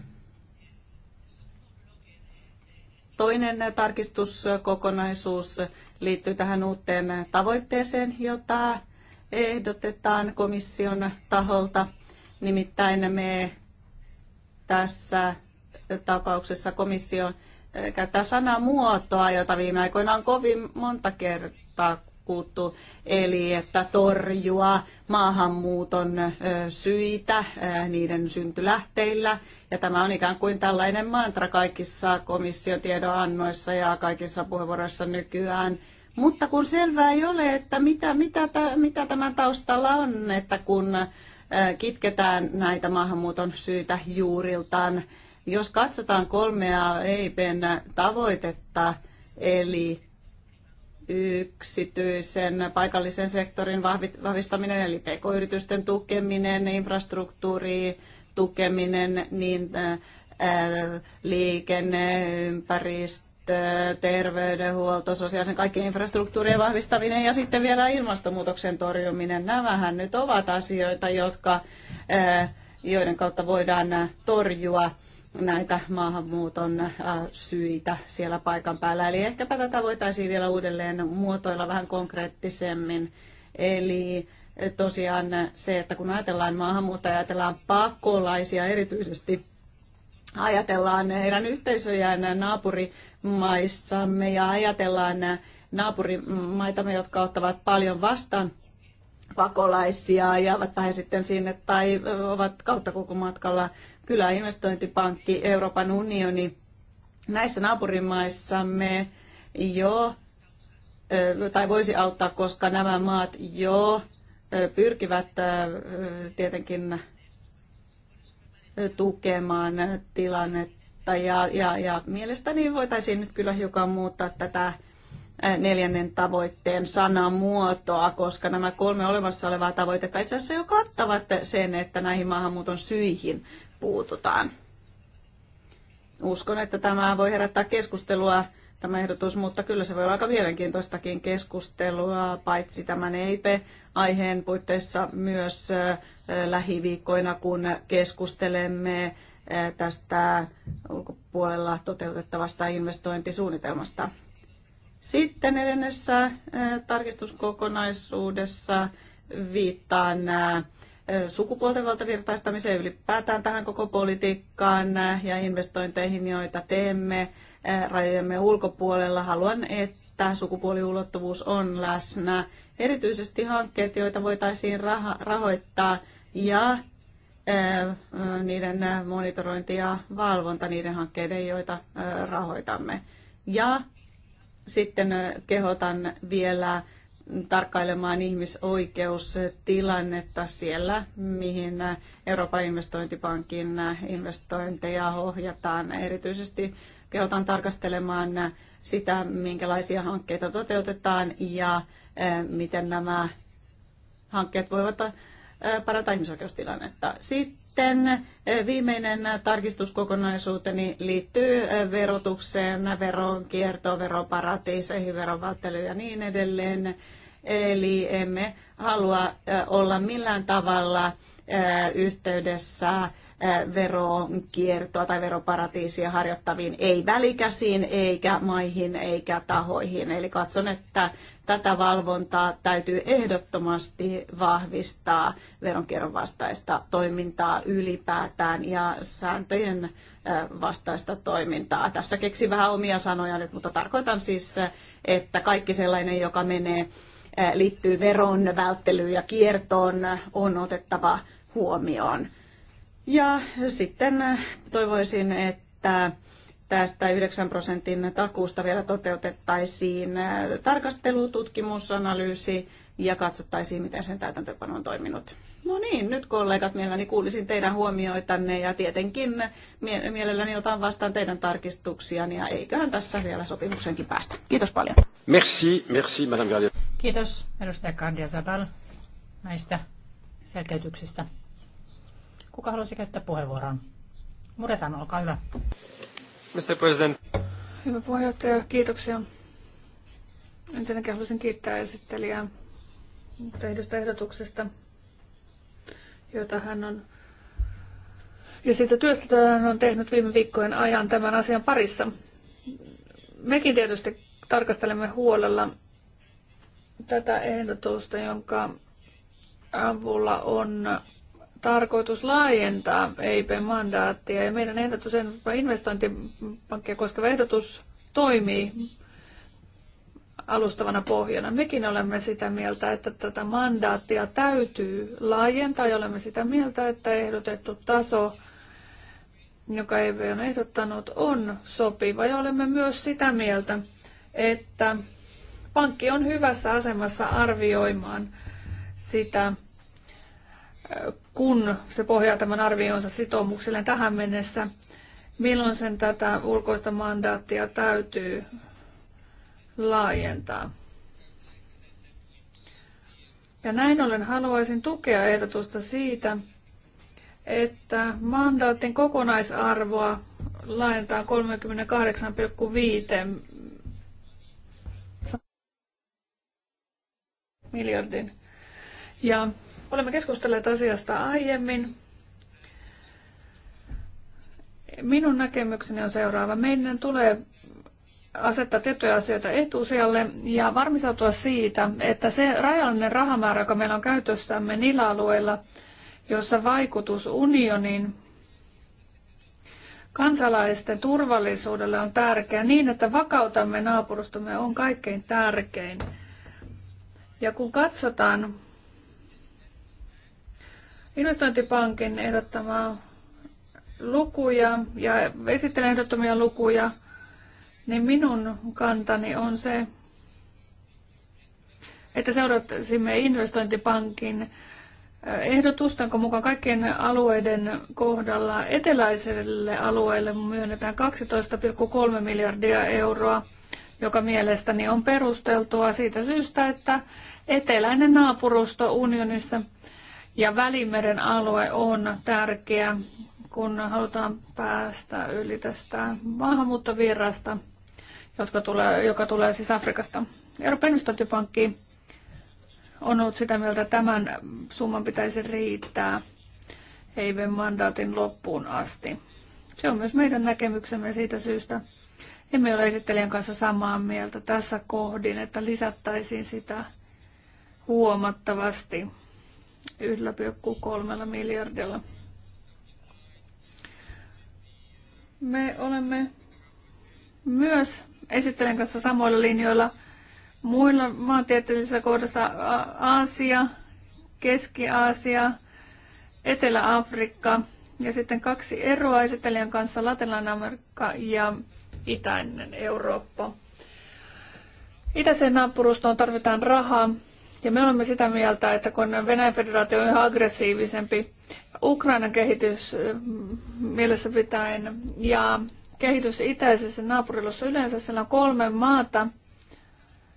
toinen tarkistuskokonaisuus liittyy tähän uuteen tavoitteeseen, jota ehdotetaan komission taholta – Nimittäin me tässä tapauksessa komissio eh, käyttää sanaa muotoa, jota viime aikoina on kovin monta kertaa kuuttu, eli että torjua maahanmuuton eh, syitä eh, niiden syntylähteillä. Ja tämä on ikään kuin tällainen mantra kaikissa tiedonannoissa ja kaikissa puheenvuoroissa nykyään. Mutta kun selvää ei ole, että mitä, mitä, mitä tämän taustalla on, että kun kitketään näitä maahanmuuton syitä juuriltaan. Jos katsotaan kolmea EIPn tavoitetta, eli yksityisen paikallisen sektorin vahvistaminen, eli pk-yritysten tukeminen, infrastruktuuri, tukeminen, niin liikenne, ympäristö, terveydenhuolto, sosiaalisen kaikkien infrastruktuurien vahvistaminen ja sitten vielä ilmastonmuutoksen torjuminen. Nämähän nyt ovat asioita, jotka, joiden kautta voidaan torjua näitä maahanmuuton syitä siellä paikan päällä. Eli ehkäpä tätä voitaisiin vielä uudelleen muotoilla vähän konkreettisemmin. Eli tosiaan se, että kun ajatellaan maahanmuuttajia, ajatellaan pakolaisia erityisesti, ajatellaan heidän yhteisöjään naapurimaissamme ja ajatellaan naapurimaitamme, jotka ottavat paljon vastaan pakolaisia ja ovat he sitten sinne tai ovat kautta koko matkalla. kyläinvestointipankki Euroopan unioni, näissä naapurimaissamme jo, tai voisi auttaa, koska nämä maat jo pyrkivät tietenkin tukemaan tilannetta. Ja, ja, ja mielestäni voitaisiin nyt kyllä hiukan muuttaa tätä neljännen tavoitteen sanamuotoa, koska nämä kolme olemassa olevaa tavoitetta itse asiassa jo kattavat sen, että näihin maahanmuuton syihin puututaan. Uskon, että tämä voi herättää keskustelua tämä ehdotus, mutta kyllä se voi olla aika mielenkiintoistakin keskustelua, paitsi tämän EIP-aiheen puitteissa myös lähiviikkoina, kun keskustelemme eh, tästä ulkopuolella toteutettavasta investointisuunnitelmasta. Sitten edennessä eh, tarkistuskokonaisuudessa viittaan eh, sukupuolten valtavirtaistamiseen ylipäätään tähän koko politiikkaan ja investointeihin, joita teemme rajojemme ulkopuolella. Haluan, että sukupuoliulottuvuus on läsnä. Erityisesti hankkeet, joita voitaisiin rahoittaa ja eh, niiden monitorointi ja valvonta niiden hankkeiden, joita eh, rahoitamme. Ja sitten eh, kehotan vielä tarkkailemaan ihmisoikeustilannetta siellä, mihin Euroopan investointipankin investointeja ohjataan. Erityisesti kehotan tarkastelemaan sitä, minkälaisia hankkeita toteutetaan ja miten nämä hankkeet voivat parantaa ihmisoikeustilannetta. Sitten viimeinen tarkistuskokonaisuuteni liittyy verotukseen, veronkiertoon, veroparatiiseihin, veronvälttelyyn ja niin edelleen. Eli emme halua olla millään tavalla yhteydessä veronkiertoa tai veroparatiisia harjoittaviin, ei välikäsiin, eikä maihin, eikä tahoihin. Eli katson, että tätä valvontaa täytyy ehdottomasti vahvistaa veronkierron vastaista toimintaa ylipäätään ja sääntöjen vastaista toimintaa. Tässä keksin vähän omia sanoja nyt, mutta tarkoitan siis, että kaikki sellainen, joka menee liittyy veron välttelyyn ja kiertoon, on otettava huomioon. Ja sitten äh, toivoisin, että tästä 9 prosentin takuusta vielä toteutettaisiin äh, tarkastelu, tutkimus, analyysi ja katsottaisiin, miten sen täytäntöpano on toiminut. No niin, nyt kollegat, mielelläni kuulisin teidän huomioitanne ja tietenkin mielelläni otan vastaan teidän tarkistuksia ja eiköhän tässä vielä sopimuksenkin päästä. Kiitos paljon. Merci, merci Madame Gardia. Kiitos edustaja Kandia Zabal näistä selkeytyksistä. Kuka haluaisi käyttää puheenvuoron? Muresan, olkaa hyvä. Mr. President. Hyvä puheenjohtaja, kiitoksia. Ensinnäkin haluaisin kiittää esittelijää tehdystä ehdotuksesta, jota hän on ja siitä työstä hän on tehnyt viime viikkojen ajan tämän asian parissa. Mekin tietysti tarkastelemme huolella tätä ehdotusta, jonka avulla on tarkoitus laajentaa EIP-mandaattia ja meidän ehdotus investointipankkia koskeva ehdotus toimii alustavana pohjana. Mekin olemme sitä mieltä, että tätä mandaattia täytyy laajentaa ja olemme sitä mieltä, että ehdotettu taso, joka EV on ehdottanut, on sopiva ja olemme myös sitä mieltä, että pankki on hyvässä asemassa arvioimaan sitä, kun se pohjaa tämän arvionsa sitoumukselle tähän mennessä, milloin sen tätä ulkoista mandaattia täytyy laajentaa. Ja näin ollen haluaisin tukea ehdotusta siitä, että mandaatin kokonaisarvoa laajentaa 38,5 miljardin. Ja Olemme keskustelleet asiasta aiemmin. Minun näkemykseni on seuraava. Meidän tulee asettaa tiettyjä asioita etusijalle ja varmistautua siitä, että se rajallinen rahamäärä, joka meillä on käytössämme niillä alueilla, jossa vaikutus unionin kansalaisten turvallisuudelle on tärkeä niin, että vakautamme naapurustamme on kaikkein tärkein. Ja kun katsotaan investointipankin ehdottamaa lukuja ja esittelen ehdottomia lukuja, niin minun kantani on se, että seurattaisimme investointipankin äh, ehdotusta, jonka mukaan kaikkien alueiden kohdalla eteläiselle alueelle myönnetään 12,3 miljardia euroa, joka mielestäni on perusteltua siitä syystä, että eteläinen naapurusto unionissa – ja Välimeren alue on tärkeä, kun halutaan päästä yli tästä maahanmuuttovirrasta, jotka tulee, joka tulee siis Afrikasta. Euroopan investointipankki on ollut sitä mieltä, että tämän summan pitäisi riittää EIBn mandaatin loppuun asti. Se on myös meidän näkemyksemme siitä syystä. Emme ole esittelijän kanssa samaa mieltä tässä kohdin, että lisättäisiin sitä huomattavasti 1,3 miljardilla. Me olemme myös esittelen kanssa samoilla linjoilla muilla maantieteellisissä kohdassa Aasia, Keski-Aasia, Etelä-Afrikka ja sitten kaksi eroa esittelijän kanssa Latinalainen-Amerikka ja Itäinen Eurooppa. Itäiseen naapurustoon tarvitaan rahaa ja me olemme sitä mieltä, että kun Venäjän federaatio on yhä aggressiivisempi Ukrainan kehitys mielessä pitäen ja kehitys itäisessä naapurilossa yleensä siellä on kolme maata,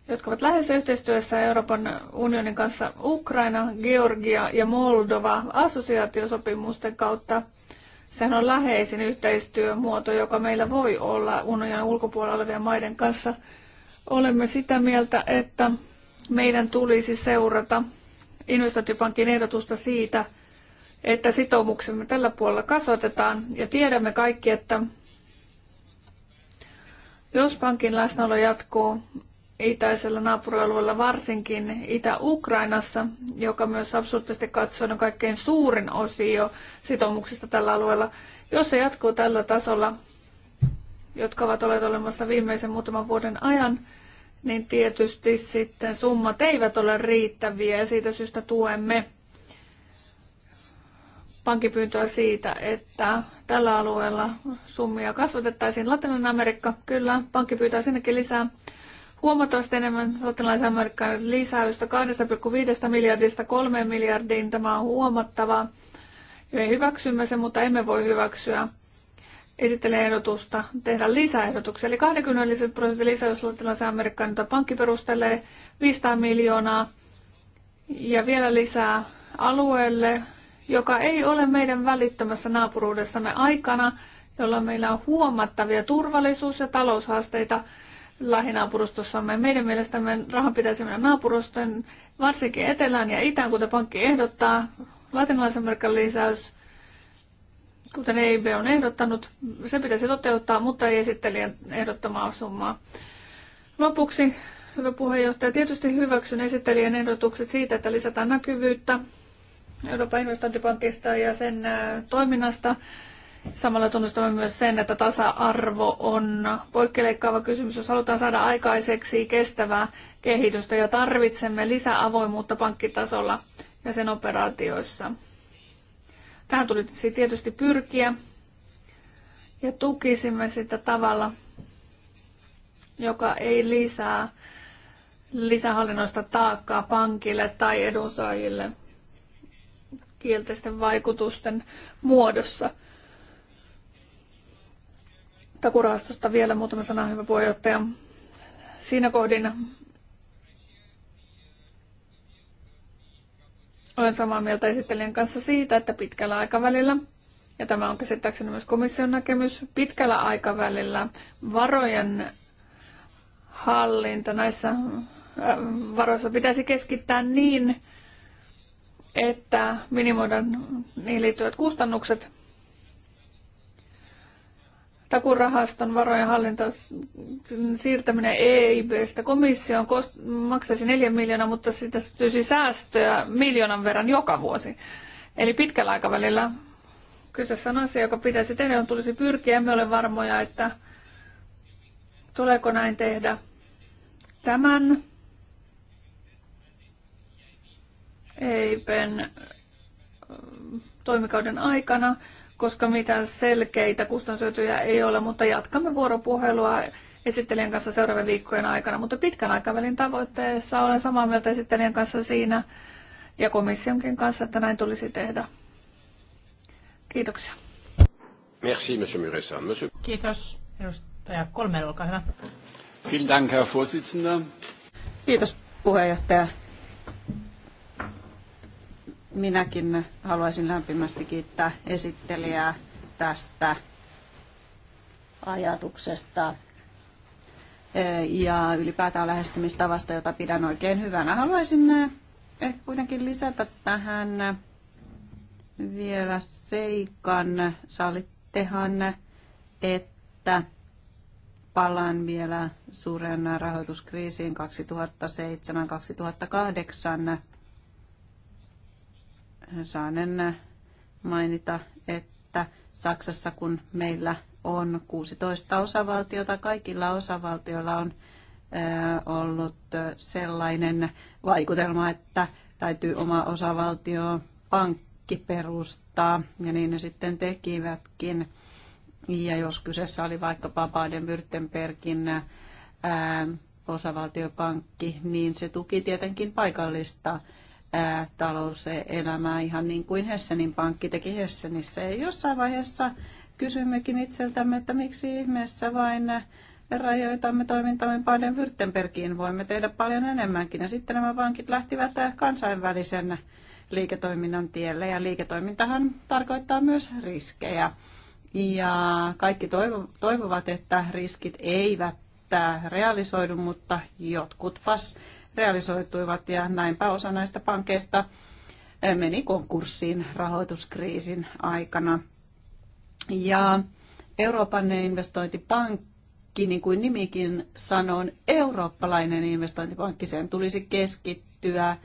jotka ovat lähes yhteistyössä Euroopan unionin kanssa Ukraina, Georgia ja Moldova assosiaatiosopimusten kautta. Sehän on läheisin yhteistyömuoto, joka meillä voi olla unionin ulkopuolella olevien maiden kanssa. Olemme sitä mieltä, että meidän tulisi seurata investointipankin ehdotusta siitä, että sitoumuksemme tällä puolella kasvatetaan ja tiedämme kaikki, että jos pankin läsnäolo jatkuu itäisellä naapurialueella, varsinkin Itä-Ukrainassa, joka myös absoluuttisesti katsoen on kaikkein suurin osio sitoumuksista tällä alueella, jos se jatkuu tällä tasolla, jotka ovat olleet olemassa viimeisen muutaman vuoden ajan, niin tietysti sitten summat eivät ole riittäviä ja siitä syystä tuemme pankipyyntöä siitä, että tällä alueella summia kasvatettaisiin. Latinalainen Amerikka, kyllä, pankki pyytää sinnekin lisää huomattavasti enemmän latinalaisen Amerikan lisäystä 2,5 miljardista 3 miljardiin. Tämä on huomattava. Me hyväksymme sen, mutta emme voi hyväksyä esittelee ehdotusta tehdä lisäehdotuksia. Eli 20 prosentin lisä, jos luotellaan se Amerikkaan, jota pankki perustelee 500 miljoonaa ja vielä lisää alueelle, joka ei ole meidän välittömässä naapuruudessamme aikana, jolloin meillä on huomattavia turvallisuus- ja taloushaasteita lähinaapurustossamme. Meidän mielestämme rahan pitäisi mennä naapurusten, varsinkin etelään ja itään, kuten pankki ehdottaa. Latinalaisen merkan lisäys kuten EIB on ehdottanut, se pitäisi toteuttaa, mutta ei esittelijän ehdottamaa summaa. Lopuksi, hyvä puheenjohtaja, tietysti hyväksyn esittelijän ehdotukset siitä, että lisätään näkyvyyttä Euroopan investointipankista ja sen äh, toiminnasta. Samalla tunnustamme myös sen, että tasa-arvo on poikkeleikkaava kysymys, jos halutaan saada aikaiseksi kestävää kehitystä ja tarvitsemme lisäavoimuutta pankkitasolla ja sen operaatioissa. Tähän tulisi tietysti pyrkiä ja tukisimme sitä tavalla, joka ei lisää lisähallinnoista taakkaa pankille tai edunsaajille kielteisten vaikutusten muodossa. Takurahastosta vielä muutama sana, hyvä puheenjohtaja. Siinä kohdin Olen samaa mieltä esittelijän kanssa siitä, että pitkällä aikavälillä, ja tämä on käsittääkseni myös komission näkemys, pitkällä aikavälillä varojen hallinta näissä äh, varoissa pitäisi keskittää niin, että minimoidaan niihin liittyvät kustannukset takurahaston varojen hallinta siirtäminen EIBstä komissioon maksaisi neljä miljoonaa, mutta siitä syntyisi säästöjä miljoonan verran joka vuosi. Eli pitkällä aikavälillä kyseessä on asia, joka pitäisi tehdä, on tulisi pyrkiä. Emme ole varmoja, että tuleeko näin tehdä tämän EIB:n toimikauden aikana koska mitään selkeitä kustannushyötyjä ei ole, mutta jatkamme vuoropuhelua esittelijän kanssa seuraavien viikkojen aikana. Mutta pitkän aikavälin tavoitteessa olen samaa mieltä esittelijän kanssa siinä ja komissionkin kanssa, että näin tulisi tehdä. Kiitoksia. Merci, monsieur Muressa. Monsieur... Kiitos. Edustaja kolme olkaa hyvä. Vielen Dank, Herr Vorsitzender. Kiitos, puheenjohtaja. Minäkin haluaisin lämpimästi kiittää esittelijää tästä ajatuksesta e, ja ylipäätään lähestymistavasta, jota pidän oikein hyvänä. Haluaisin e, ehkä kuitenkin lisätä tähän vielä seikan. Sallittehan, että palaan vielä suuren rahoituskriisiin 2007-2008 saanen mainita, että Saksassa kun meillä on 16 osavaltiota, kaikilla osavaltioilla on ollut sellainen vaikutelma, että täytyy oma osavaltio pankki perustaa, ja niin ne sitten tekivätkin. Ja jos kyseessä oli vaikkapa Baden-Württembergin osavaltiopankki, niin se tuki tietenkin paikallista talouselämää ihan niin kuin Hessenin pankki teki Hessenissä. Ja jossain vaiheessa kysymmekin itseltämme, että miksi ihmeessä vain rajoitamme toimintamme Baden-Württembergiin, voimme tehdä paljon enemmänkin. Ja sitten nämä pankit lähtivät kansainvälisen liiketoiminnan tielle ja liiketoimintahan tarkoittaa myös riskejä. Ja kaikki toivovat, että riskit eivät realisoidu, mutta jotkutpas realisoituivat ja näinpä osa näistä pankeista eh, meni konkurssiin rahoituskriisin aikana. Ja Euroopan investointipankki, niin kuin nimikin sanoo, eurooppalainen investointipankki. Sen tulisi keskittyä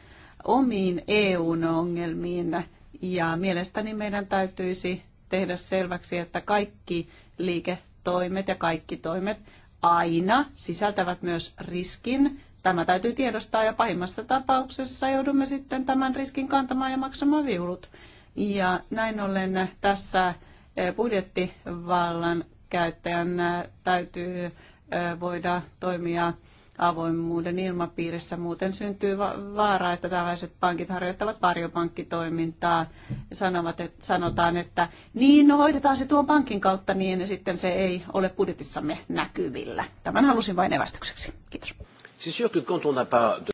omiin EUn ongelmiin ja mielestäni meidän täytyisi tehdä selväksi, että kaikki liiketoimet ja kaikki toimet aina sisältävät myös riskin Tämä täytyy tiedostaa ja pahimmassa tapauksessa joudumme sitten tämän riskin kantamaan ja maksamaan viulut. Ja näin ollen tässä eh, budjettivallan käyttäjän eh, täytyy eh, voida toimia avoimuuden ilmapiirissä. Muuten syntyy vaara, että tällaiset pankit harjoittavat varjopankkitoimintaa. Sanovat, että, sanotaan, että niin no, hoidetaan se tuon pankin kautta, niin sitten se ei ole budjetissamme näkyvillä. Tämän halusin vain evästykseksi. Kiitos. C'est sûr que quand on n'a pas de...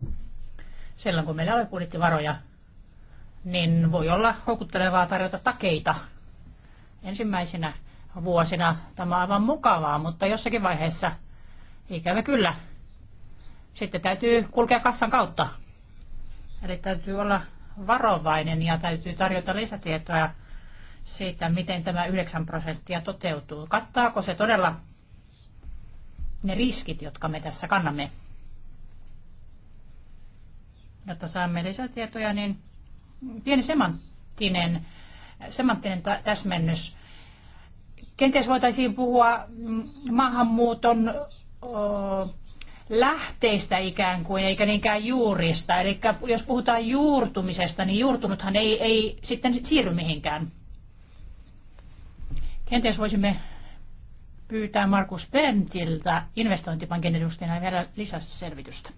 Silloin kun meillä ei ole budjettivaroja, niin voi olla houkuttelevaa tarjota takeita. Ensimmäisenä vuosina tämä on aivan mukavaa, mutta jossakin vaiheessa ikävä kyllä. Sitten täytyy kulkea kassan kautta. Eli täytyy olla varovainen ja täytyy tarjota lisätietoja siitä, miten tämä 9 prosenttia toteutuu. Kattaako se todella ne riskit, jotka me tässä kannamme? jotta saamme lisätietoja, niin pieni semanttinen, semanttinen täsmennys. Kenties voitaisiin puhua maahanmuuton lähteistä ikään kuin, eikä niinkään juurista. Eli jos puhutaan juurtumisesta, niin juurtunuthan ei, ei sitten siirry mihinkään. Kenties voisimme pyytää Markus Pentiltä investointipankin edustajana vielä lisäselvitystä.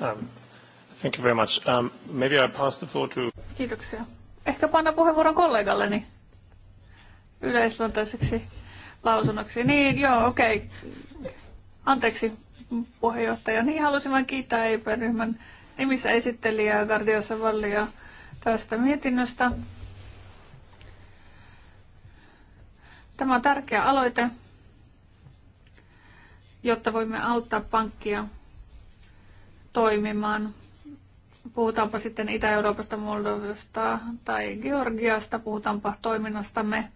Um, thank you very much. Um, maybe I pass the floor to... Kiitoksia. Ehkä panna puheenvuoron kollegalleni yleisluontoiseksi lausunnoksi. Niin, joo, okei. Okay. Anteeksi, puheenjohtaja. Niin, halusin vain kiittää EIP-ryhmän nimissä esittelijää Gardia Savallia tästä mietinnöstä. Tämä on tärkeä aloite, jotta voimme auttaa pankkia toimimaan. Puhutaanpa sitten Itä-Euroopasta, Moldovasta tai Georgiasta, puhutaanpa toiminnastamme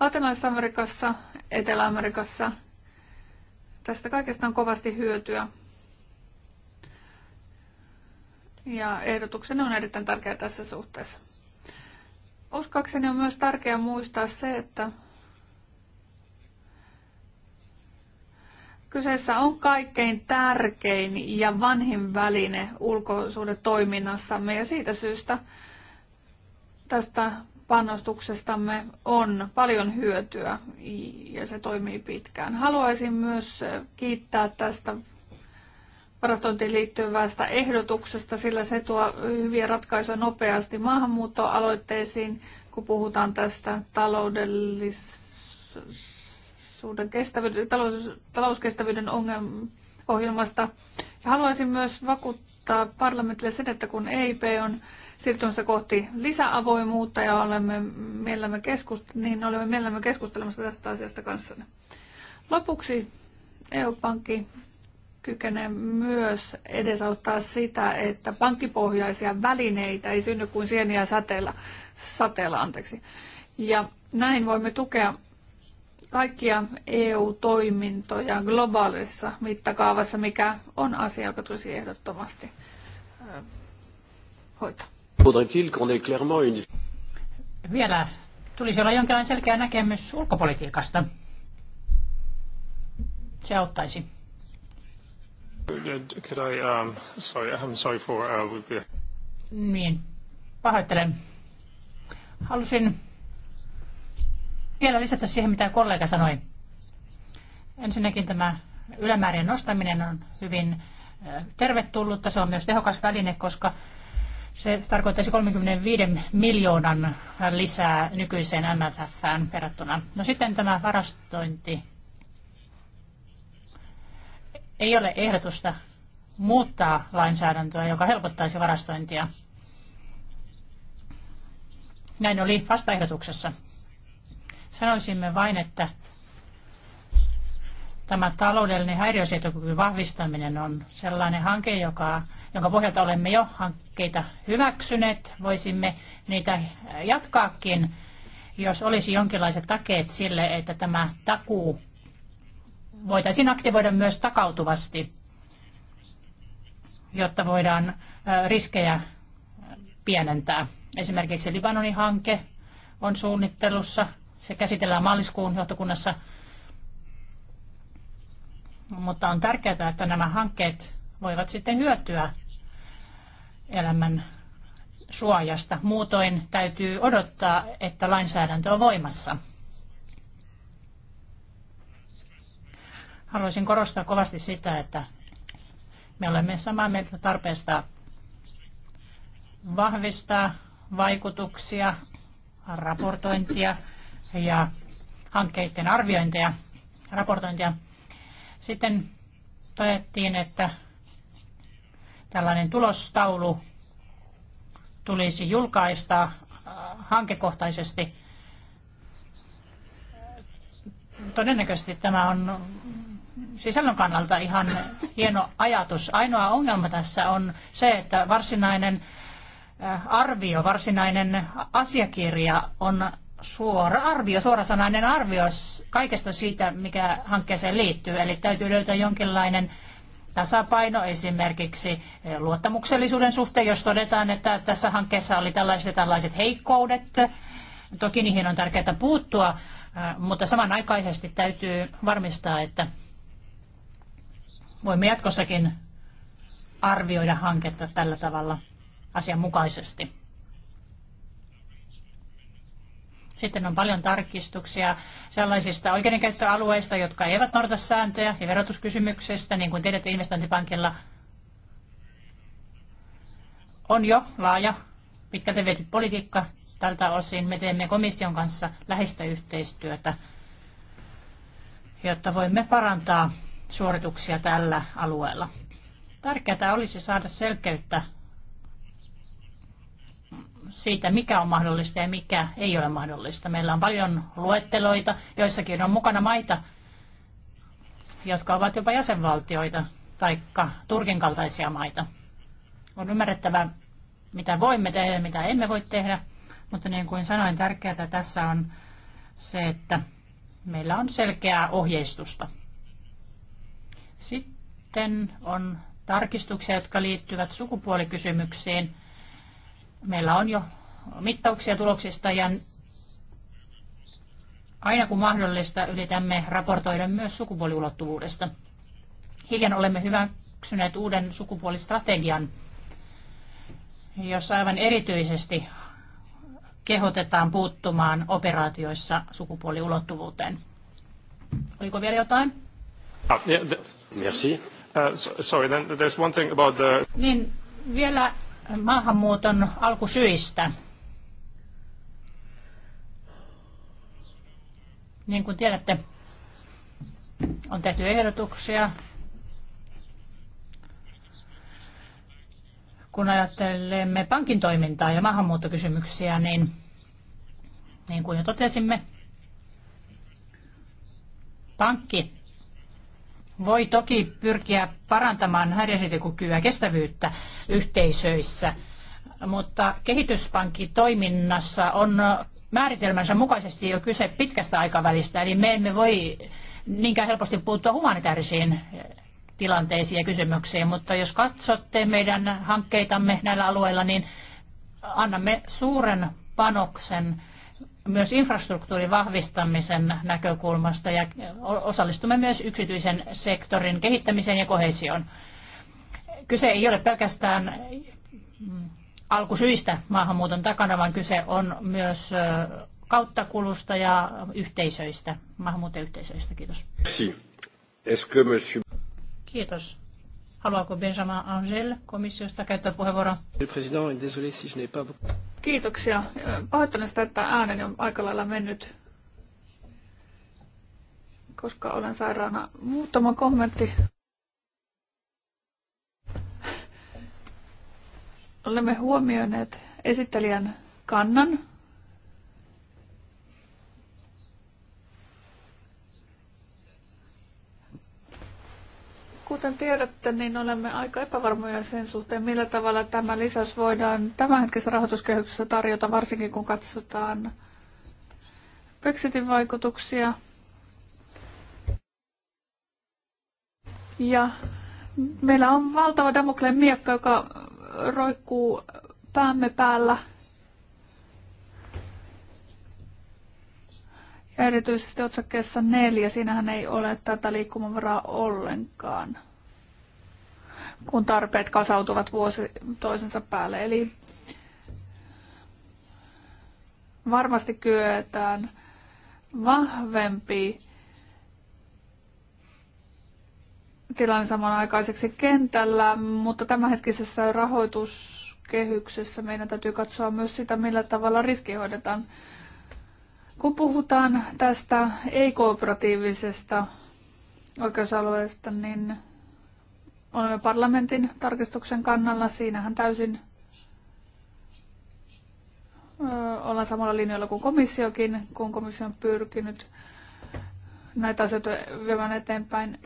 Latinalais-Amerikassa, Etelä-Amerikassa. Tästä kaikesta on kovasti hyötyä. Ja ehdotukseni on erittäin tärkeä tässä suhteessa. Uskoakseni on myös tärkeää muistaa se, että Kyseessä on kaikkein tärkein ja vanhin väline ulkosuhdetoiminnassamme ja siitä syystä tästä panostuksestamme on paljon hyötyä ja se toimii pitkään. Haluaisin myös kiittää tästä varastointiin liittyvästä ehdotuksesta, sillä se tuo hyviä ratkaisuja nopeasti maahanmuuttoaloitteisiin, kun puhutaan tästä taloudellisesta taloussuuden kestävyyden, talous, talouskestävyyden ongelma, ohjelmasta. Ja haluaisin myös vakuuttaa parlamentille sen, että kun EIP on siirtymässä kohti lisäavoimuutta ja olemme mielellämme, keskust- niin olemme mielellämme keskustelemassa tästä asiasta kanssanne. Lopuksi EU-pankki kykenee myös edesauttaa sitä, että pankkipohjaisia välineitä ei synny kuin sieniä sateella, sateella anteeksi. Ja näin voimme tukea kaikkia EU-toimintoja globaalissa mittakaavassa, mikä on asia, joka tulisi ehdottomasti äh, hoitaa. Vielä tulisi olla jonkinlainen selkeä näkemys ulkopolitiikasta. Se auttaisi. Could I, um, sorry, I'm sorry for, uh, Niin, pahoittelen. Halusin vielä lisätä siihen, mitä kollega sanoi. Ensinnäkin tämä ylämäärien nostaminen on hyvin tervetullutta. Se on myös tehokas väline, koska se tarkoittaisi 35 miljoonan lisää nykyiseen MFFään verrattuna. No sitten tämä varastointi. Ei ole ehdotusta muuttaa lainsäädäntöä, joka helpottaisi varastointia. Näin oli vastaehdotuksessa. Sanoisimme vain, että tämä taloudellinen häiriösietokyvyn vahvistaminen on sellainen hanke, joka, jonka pohjalta olemme jo hankkeita hyväksyneet. Voisimme niitä jatkaakin, jos olisi jonkinlaiset takeet sille, että tämä takuu voitaisiin aktivoida myös takautuvasti, jotta voidaan riskejä pienentää. Esimerkiksi Libanonin hanke on suunnittelussa se käsitellään maaliskuun johtokunnassa. Mutta on tärkeää, että nämä hankkeet voivat sitten hyötyä elämän suojasta. Muutoin täytyy odottaa, että lainsäädäntö on voimassa. Haluaisin korostaa kovasti sitä, että me olemme samaa mieltä tarpeesta vahvistaa vaikutuksia, raportointia ja hankkeiden arviointeja, raportointia. Sitten todettiin, että tällainen tulostaulu tulisi julkaista äh, hankekohtaisesti. Todennäköisesti tämä on sisällön kannalta ihan hieno ajatus. Ainoa ongelma tässä on se, että varsinainen äh, arvio, varsinainen asiakirja on suora arvio, suorasanainen arvio kaikesta siitä, mikä hankkeeseen liittyy. Eli täytyy löytää jonkinlainen tasapaino esimerkiksi luottamuksellisuuden suhteen, jos todetaan, että tässä hankkeessa oli tällaiset tällaiset heikkoudet. Toki niihin on tärkeää puuttua, mutta samanaikaisesti täytyy varmistaa, että voimme jatkossakin arvioida hanketta tällä tavalla asianmukaisesti. Sitten on paljon tarkistuksia sellaisista oikeudenkäyttöalueista, jotka eivät noudata sääntöjä ja verotuskysymyksestä, niin kuin tiedätte, investointipankilla on jo laaja pitkälti viety politiikka tältä osin. Me teemme komission kanssa läheistä yhteistyötä, jotta voimme parantaa suorituksia tällä alueella. Tärkeää olisi saada selkeyttä siitä, mikä on mahdollista ja mikä ei ole mahdollista. Meillä on paljon luetteloita, joissakin on mukana maita, jotka ovat jopa jäsenvaltioita tai Turkin kaltaisia maita. On ymmärrettävä, mitä voimme tehdä ja mitä emme voi tehdä, mutta niin kuin sanoin, tärkeää tässä on se, että meillä on selkeää ohjeistusta. Sitten on tarkistuksia, jotka liittyvät sukupuolikysymyksiin – Meillä on jo mittauksia tuloksista ja aina kun mahdollista yritämme raportoida myös sukupuoliulottuvuudesta. Hiljan olemme hyväksyneet uuden sukupuolistrategian, jossa aivan erityisesti kehotetaan puuttumaan operaatioissa sukupuoliulottuvuuteen. Oliko vielä jotain? Ah, Merci. Uh, sorry, then there's one thing about the... Niin, vielä maahanmuuton alkusyistä. Niin kuin tiedätte, on tehty ehdotuksia. Kun ajattelemme pankin toimintaa ja maahanmuuttokysymyksiä, niin niin kuin jo totesimme, pankki voi toki pyrkiä parantamaan häiriönsietokykyä kestävyyttä yhteisöissä, mutta kehityspankkitoiminnassa on määritelmänsä mukaisesti jo kyse pitkästä aikavälistä, eli me emme voi niinkään helposti puuttua humanitaarisiin tilanteisiin ja kysymyksiin, mutta jos katsotte meidän hankkeitamme näillä alueilla, niin annamme suuren panoksen myös infrastruktuurin vahvistamisen näkökulmasta ja osallistumme myös yksityisen sektorin kehittämiseen ja kohesioon. Kyse ei ole pelkästään alkusyistä maahanmuuton takana, vaan kyse on myös kauttakulusta ja yhteisöistä, maahanmuuttoyhteisöistä. Kiitos. Kiitos. Haluaako Benjamin Angel komissiosta käyttää puheenvuoron? Kiitoksia. Pahoittelen sitä, että ääneni on aika lailla mennyt, koska olen sairaana. Muutama kommentti. Olemme huomioineet esittelijän kannan Kuten tiedätte, niin olemme aika epävarmoja sen suhteen, millä tavalla tämä lisäys voidaan tämänhetkisessä rahoituskehyksessä tarjota, varsinkin kun katsotaan Brexitin vaikutuksia. Ja meillä on valtava Damokleen miekka, joka roikkuu päämme päällä Ja erityisesti otsakkeessa neljä, siinähän ei ole tätä liikkumavaraa ollenkaan, kun tarpeet kasautuvat vuosi toisensa päälle. Eli varmasti kyetään vahvempi tilanne samanaikaiseksi kentällä, mutta tämänhetkisessä rahoituskehyksessä meidän täytyy katsoa myös sitä, millä tavalla riski hoidetaan. Kun puhutaan tästä ei-kooperatiivisesta oikeusalueesta, niin olemme parlamentin tarkistuksen kannalla. Siinähän täysin ollaan samalla linjalla kuin komissiokin, kun komissio on pyrkinyt näitä asioita viemään eteenpäin.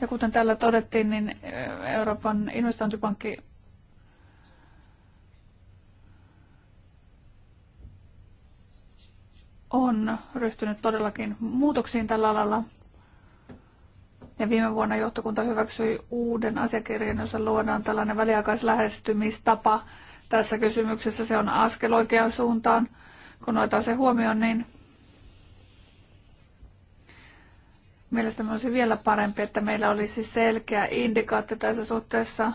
Ja kuten täällä todettiin, niin Euroopan investointipankki on ryhtynyt todellakin muutoksiin tällä alalla. Ja viime vuonna johtokunta hyväksyi uuden asiakirjan, jossa luodaan tällainen väliaikaislähestymistapa. Tässä kysymyksessä se on askel oikeaan suuntaan. Kun otetaan se huomioon, niin mielestäni olisi vielä parempi, että meillä olisi selkeä indikaatti tässä suhteessa,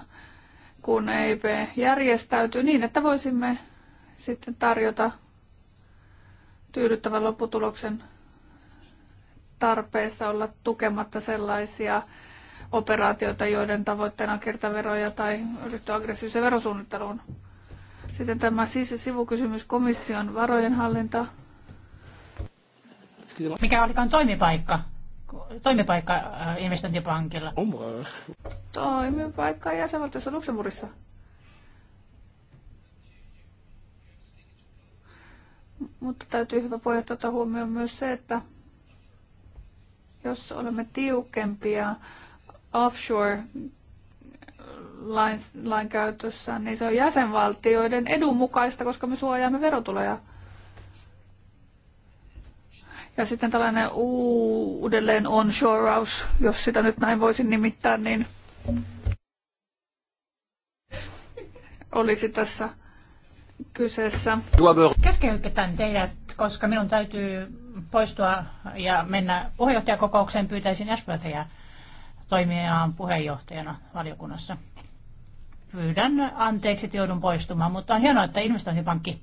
kun EIP järjestäytyy niin, että voisimme sitten tarjota tyydyttävän lopputuloksen tarpeessa olla tukematta sellaisia operaatioita, joiden tavoitteena on kertaveroja tai ryhtyä aggressiiviseen verosuunnitteluun. Sitten tämä sivukysymys komission varojen hallinta. Mikä olikaan toimipaikka? Toimipaikka äh, investointipankilla. Toimipaikka jäsenvaltiossa Luxemburgissa. Mutta täytyy hyvä puheenjohtaja ottaa huomioon myös se, että jos olemme tiukempia offshore lain käytössä, niin se on jäsenvaltioiden edun mukaista, koska me suojaamme verotuloja. Ja sitten tällainen uudelleen onshoreaus, jos sitä nyt näin voisin nimittää, niin olisi tässä kyseessä. Keskeytetään teidät, koska minun täytyy poistua ja mennä puheenjohtajakokoukseen. Pyytäisin Ashworthia toimijaan puheenjohtajana valiokunnassa. Pyydän anteeksi, että joudun poistumaan, mutta on hienoa, että investointipankki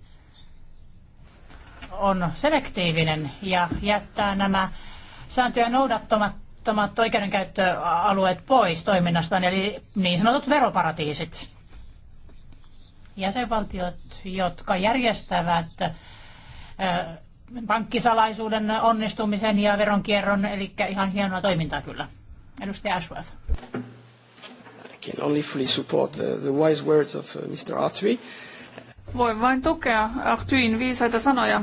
on selektiivinen ja jättää nämä sääntöjä noudattomat oikeudenkäyttöalueet pois toiminnastaan, eli niin sanotut veroparatiisit. Jäsenvaltiot, jotka järjestävät pankkisalaisuuden onnistumisen ja veronkierron, eli ihan hienoa toimintaa kyllä. Edustaja Ashworth. I can only fully support uh, the wise words of uh, Mr. Artui. Voin vain tukea Artuin viisaita sanoja.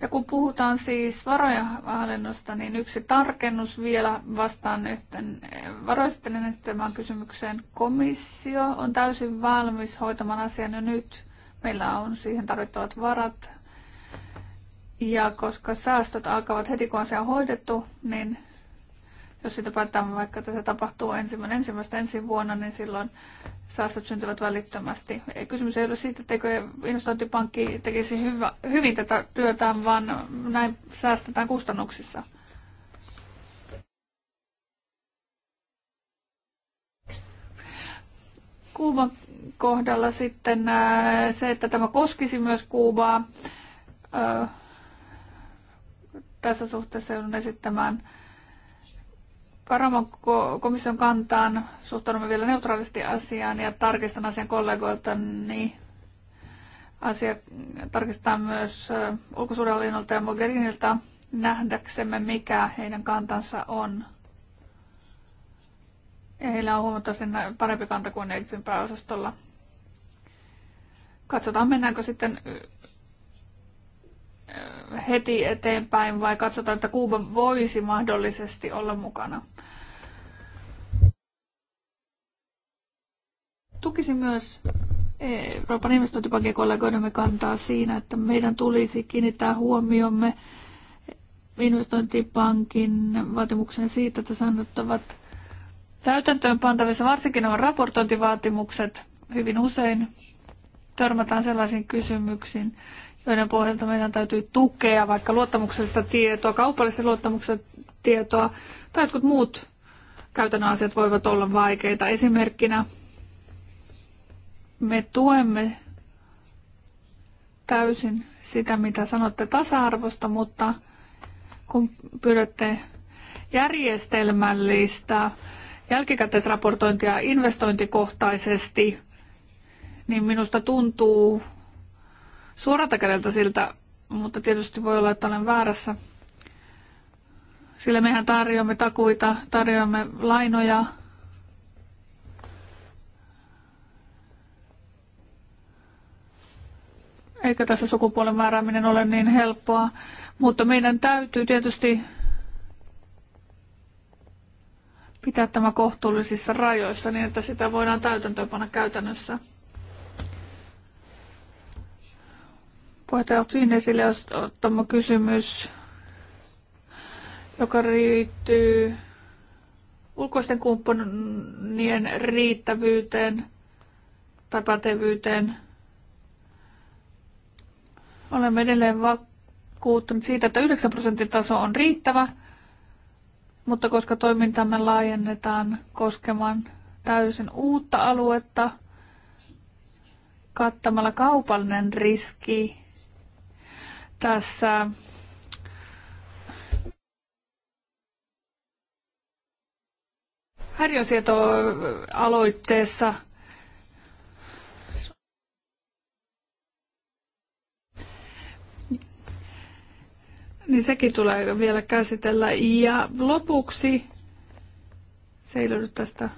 Ja kun puhutaan siis varojen hallinnosta, niin yksi tarkennus vielä vastaan yhteen varoistelinen esittämään kysymykseen. Komissio on täysin valmis hoitamaan asian jo nyt. Meillä on siihen tarvittavat varat. Ja koska säästöt alkavat heti kun asia on hoidettu, niin jos sitä päätetään vaikka, että se tapahtuu ensimmäinen ensimmäistä ensi vuonna, niin silloin säästöt syntyvät välittömästi. Kysymys ei ole siitä, etteikö investointipankki tekisi hyvä, hyvin tätä työtään, vaan näin säästetään kustannuksissa. Kuuban kohdalla sitten äh, se, että tämä koskisi myös Kuubaa. Äh, tässä suhteessa joudun esittämään Karamon komission kantaan suhtaudumme vielä neutraalisti asiaan ja tarkistan asian kollegoilta, niin asia tarkistetaan myös ulkosuudenhallinnolta ja Mogherinilta nähdäksemme, mikä heidän kantansa on. Ja heillä on huomattavasti parempi kanta kuin Egyptin pääosastolla. Katsotaan, mennäänkö sitten heti eteenpäin vai katsotaan, että Kuuba voisi mahdollisesti olla mukana? Tukisi myös eh, Euroopan investointipankin kollegoidemme kantaa siinä, että meidän tulisi kiinnittää huomiomme investointipankin vaatimukseen siitä, että sanottavat täytäntöön pantavissa varsinkin nämä raportointivaatimukset hyvin usein törmätään sellaisiin kysymyksiin, joiden pohjalta meidän täytyy tukea vaikka luottamuksellista tietoa, kaupallista luottamuksellista tietoa tai jotkut muut käytännön asiat voivat olla vaikeita. Esimerkkinä me tuemme täysin sitä, mitä sanotte tasa-arvosta, mutta kun pyydätte järjestelmällistä jälkikäteisraportointia investointikohtaisesti, niin minusta tuntuu suoralta kädeltä siltä, mutta tietysti voi olla, että olen väärässä. Sillä mehän tarjoamme takuita, tarjoamme lainoja. Eikä tässä sukupuolen määrääminen ole niin helppoa, mutta meidän täytyy tietysti pitää tämä kohtuullisissa rajoissa niin, että sitä voidaan täytäntöönpana käytännössä. Poeta otin esille ottama kysymys, joka riittyy ulkoisten kumppanien riittävyyteen tai pätevyyteen. Olemme edelleen vakuuttuneet siitä, että 9 prosentin taso on riittävä, mutta koska toimintamme laajennetaan koskemaan täysin uutta aluetta, kattamalla kaupallinen riski tässä häiriönsietoaloitteessa niin sekin tulee vielä käsitellä. Ja lopuksi, se ei löydy tästä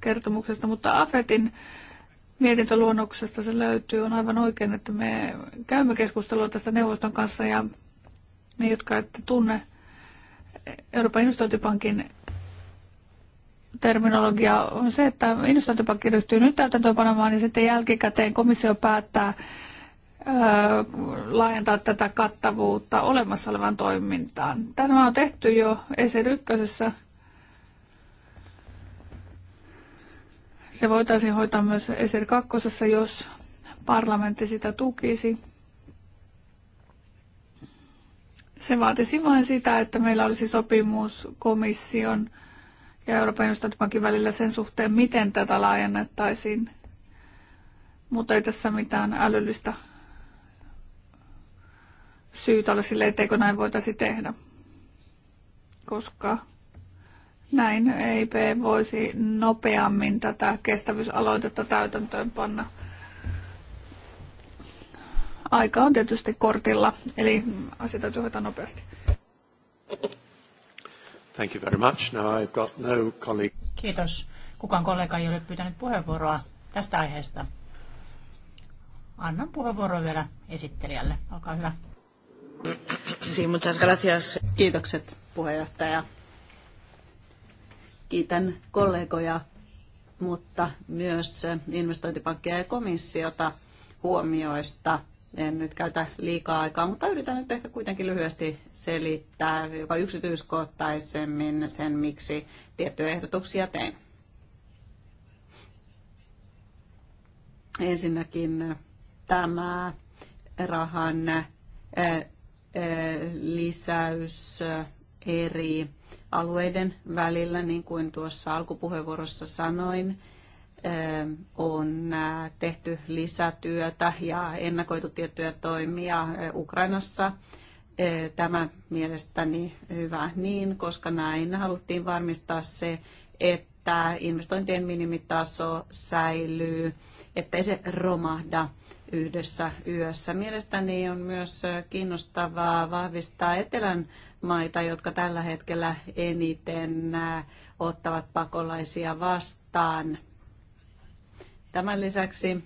kertomuksesta, mutta AFETin mietintöluonnoksesta se löytyy. On aivan oikein, että me käymme keskustelua tästä neuvoston kanssa ja ne, jotka ette tunne Euroopan investointipankin terminologia on se, että investointipankki ryhtyy nyt täytäntöönpanemaan, niin sitten jälkikäteen komissio päättää öö, laajentaa tätä kattavuutta olemassa olevan toimintaan. Tämä on tehty jo ESER 1 Se voitaisiin hoitaa myös ESER 2, jos parlamentti sitä tukisi. Se vaatisi vain sitä, että meillä olisi sopimus komission ja Euroopan investointipankin välillä sen suhteen, miten tätä laajennettaisiin. Mutta ei tässä mitään älyllistä syytä ole sille, etteikö näin voitaisi tehdä, koska näin EIP voisi nopeammin tätä kestävyysaloitetta täytäntöön panna. Aika on tietysti kortilla, eli asia täytyy hoitaa nopeasti. Thank you very much. Now I've got no colleague. Kiitos. Kukaan kollega ei ole pyytänyt puheenvuoroa tästä aiheesta. Annan puheenvuoron vielä esittelijälle. Olkaa hyvä. Sí, muchas gracias. Kiitokset puheenjohtaja. Kiitän kollegoja, mutta myös investointipankkia ja komissiota huomioista. En nyt käytä liikaa aikaa, mutta yritän nyt ehkä kuitenkin lyhyesti selittää joka yksityiskohtaisemmin sen, miksi tiettyjä ehdotuksia tein. Ensinnäkin tämä rahan eh, eh, lisäys eri alueiden välillä, niin kuin tuossa alkupuheenvuorossa sanoin, on äh, tehty lisätyötä ja ennakoitu tiettyjä toimia äh, Ukrainassa. Tämä mielestäni hyvä niin, koska näin haluttiin varmistaa se, että investointien minimitaso säilyy, ettei se romahda yhdessä yössä. Mielestäni on myös äh, kiinnostavaa vahvistaa etelän maita, jotka tällä hetkellä eniten äh, ottavat pakolaisia vastaan. Tämän lisäksi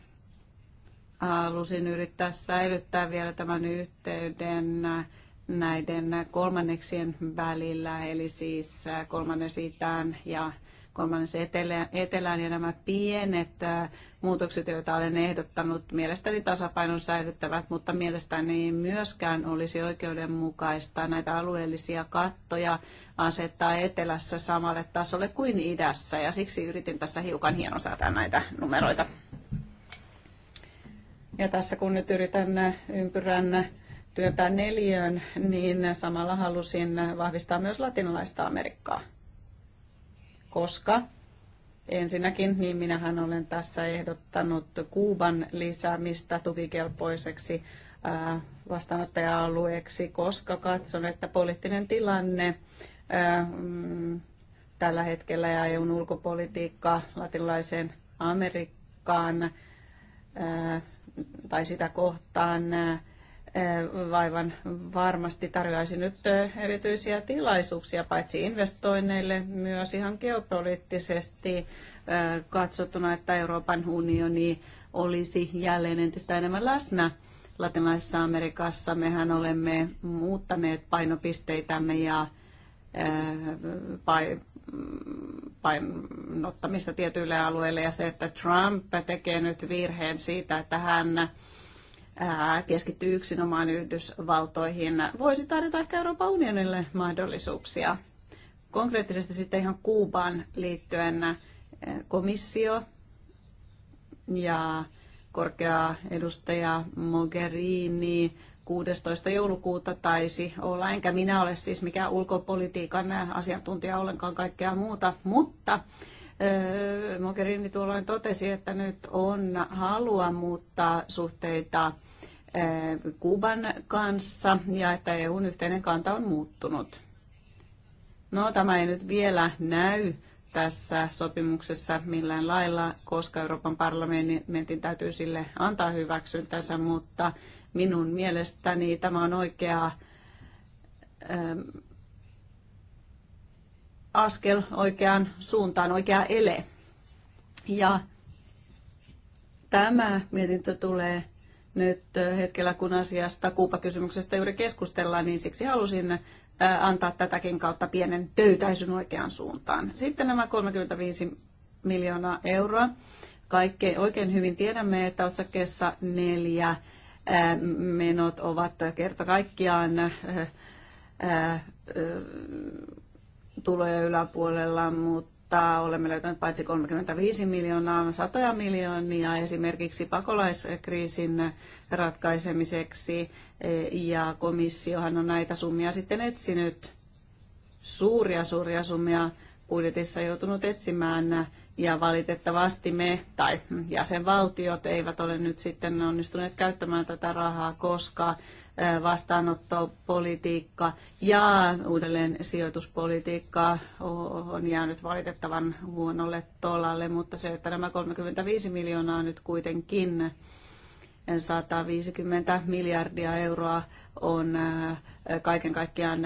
halusin yrittää säilyttää vielä tämän yhteyden äh, näiden kolmanneksien välillä, eli siis äh, kolmannes itään ja kolmannessa etelään, etelään ja nämä pienet äh, muutokset, joita olen ehdottanut, mielestäni tasapainon säilyttävät, mutta mielestäni ei myöskään olisi oikeudenmukaista näitä alueellisia kattoja asettaa etelässä samalle tasolle kuin idässä ja siksi yritin tässä hiukan hienosäätää näitä numeroita. Ja tässä kun nyt yritän äh, ympyrän äh, työntää neljöön, niin samalla halusin vahvistaa myös latinalaista Amerikkaa koska ensinnäkin niin minähän olen tässä ehdottanut Kuuban lisäämistä tukikelpoiseksi vastaanottaja-alueeksi, koska katson, että poliittinen tilanne mm, tällä hetkellä ja EUn ulkopolitiikka latinalaiseen Amerikkaan tai sitä kohtaan vaivan varmasti tarjoaisi nyt erityisiä tilaisuuksia paitsi investoinneille myös ihan geopoliittisesti katsottuna, että Euroopan unioni olisi jälleen entistä enemmän läsnä Latinalaisessa Amerikassa. Mehän olemme muuttaneet painopisteitämme ja painottamista tietyille alueille ja se, että Trump tekee nyt virheen siitä, että hän keskittyy yksinomaan Yhdysvaltoihin, voisi tarjota ehkä Euroopan unionille mahdollisuuksia. Konkreettisesti sitten ihan Kuubaan liittyen komissio ja korkea edustaja Mogherini 16. joulukuuta taisi olla, enkä minä ole siis mikään ulkopolitiikan asiantuntija ollenkaan kaikkea muuta, mutta Mogherini tuolloin totesi, että nyt on halua muuttaa suhteita Äh, Kuuban kanssa ja että EUn yhteinen kanta on muuttunut. No, tämä ei nyt vielä näy tässä sopimuksessa millään lailla, koska Euroopan parlamentin täytyy sille antaa hyväksyntänsä, mutta minun mielestäni tämä on oikea ähm, askel oikeaan suuntaan, oikea ele. Ja tämä mietintö tulee nyt äh, hetkellä, kun asiasta kuupakysymyksestä juuri keskustellaan, niin siksi halusin äh, antaa tätäkin kautta pienen töytäisyn oikeaan suuntaan. Sitten nämä 35 miljoonaa euroa. Kaikki oikein hyvin tiedämme, että otsakkeessa neljä äh, menot ovat kerta kaikkiaan tuloja yläpuolella, mutta mutta olemme löytäneet paitsi 35 miljoonaa, satoja miljoonia esimerkiksi pakolaiskriisin ratkaisemiseksi. Ja komissiohan on näitä summia sitten etsinyt, suuria suuria summia budjetissa joutunut etsimään ja valitettavasti me tai jäsenvaltiot eivät ole nyt sitten onnistuneet käyttämään tätä rahaa, koska vastaanottopolitiikka ja uudelleen sijoituspolitiikka on jäänyt valitettavan huonolle tolalle, mutta se, että nämä 35 miljoonaa nyt kuitenkin 150 miljardia euroa on kaiken kaikkiaan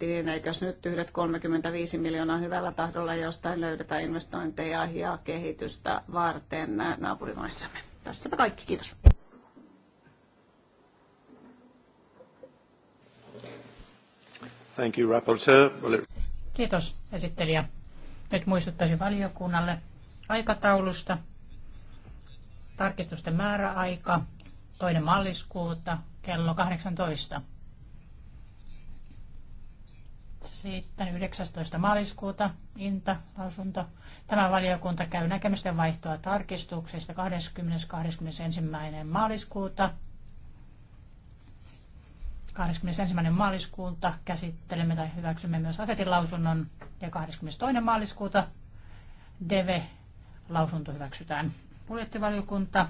niin eikös nyt yhdet 35 miljoonaa hyvällä tahdolla jostain löydetä investointeja ja kehitystä varten naapurimaissamme. Tässäpä kaikki, kiitos. Thank you, Kiitos esittelijä. Nyt muistuttaisin valiokunnalle aikataulusta. Tarkistusten määräaika toinen maaliskuuta kello 18. Sitten 19. maaliskuuta Inta lausunto. Tämä valiokunta käy näkemysten vaihtoa tarkistuksista 20. 21. maaliskuuta 21. maaliskuuta käsittelemme tai hyväksymme myös Afetin lausunnon ja 22. maaliskuuta DEVE-lausunto hyväksytään. Budjettivaliokunta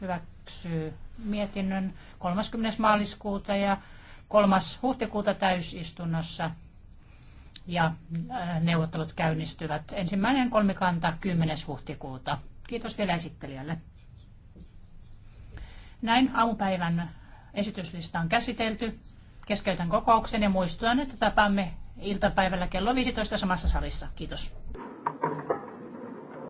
hyväksyy mietinnön 30. maaliskuuta ja 3. huhtikuuta täysistunnossa ja äh, neuvottelut käynnistyvät ensimmäinen kolmikanta 10. huhtikuuta. Kiitos vielä esittelijälle. Näin aamupäivän Esityslista on käsitelty. Keskeytän kokouksen ja muistutan, että tapaamme iltapäivällä kello 15 samassa salissa. Kiitos.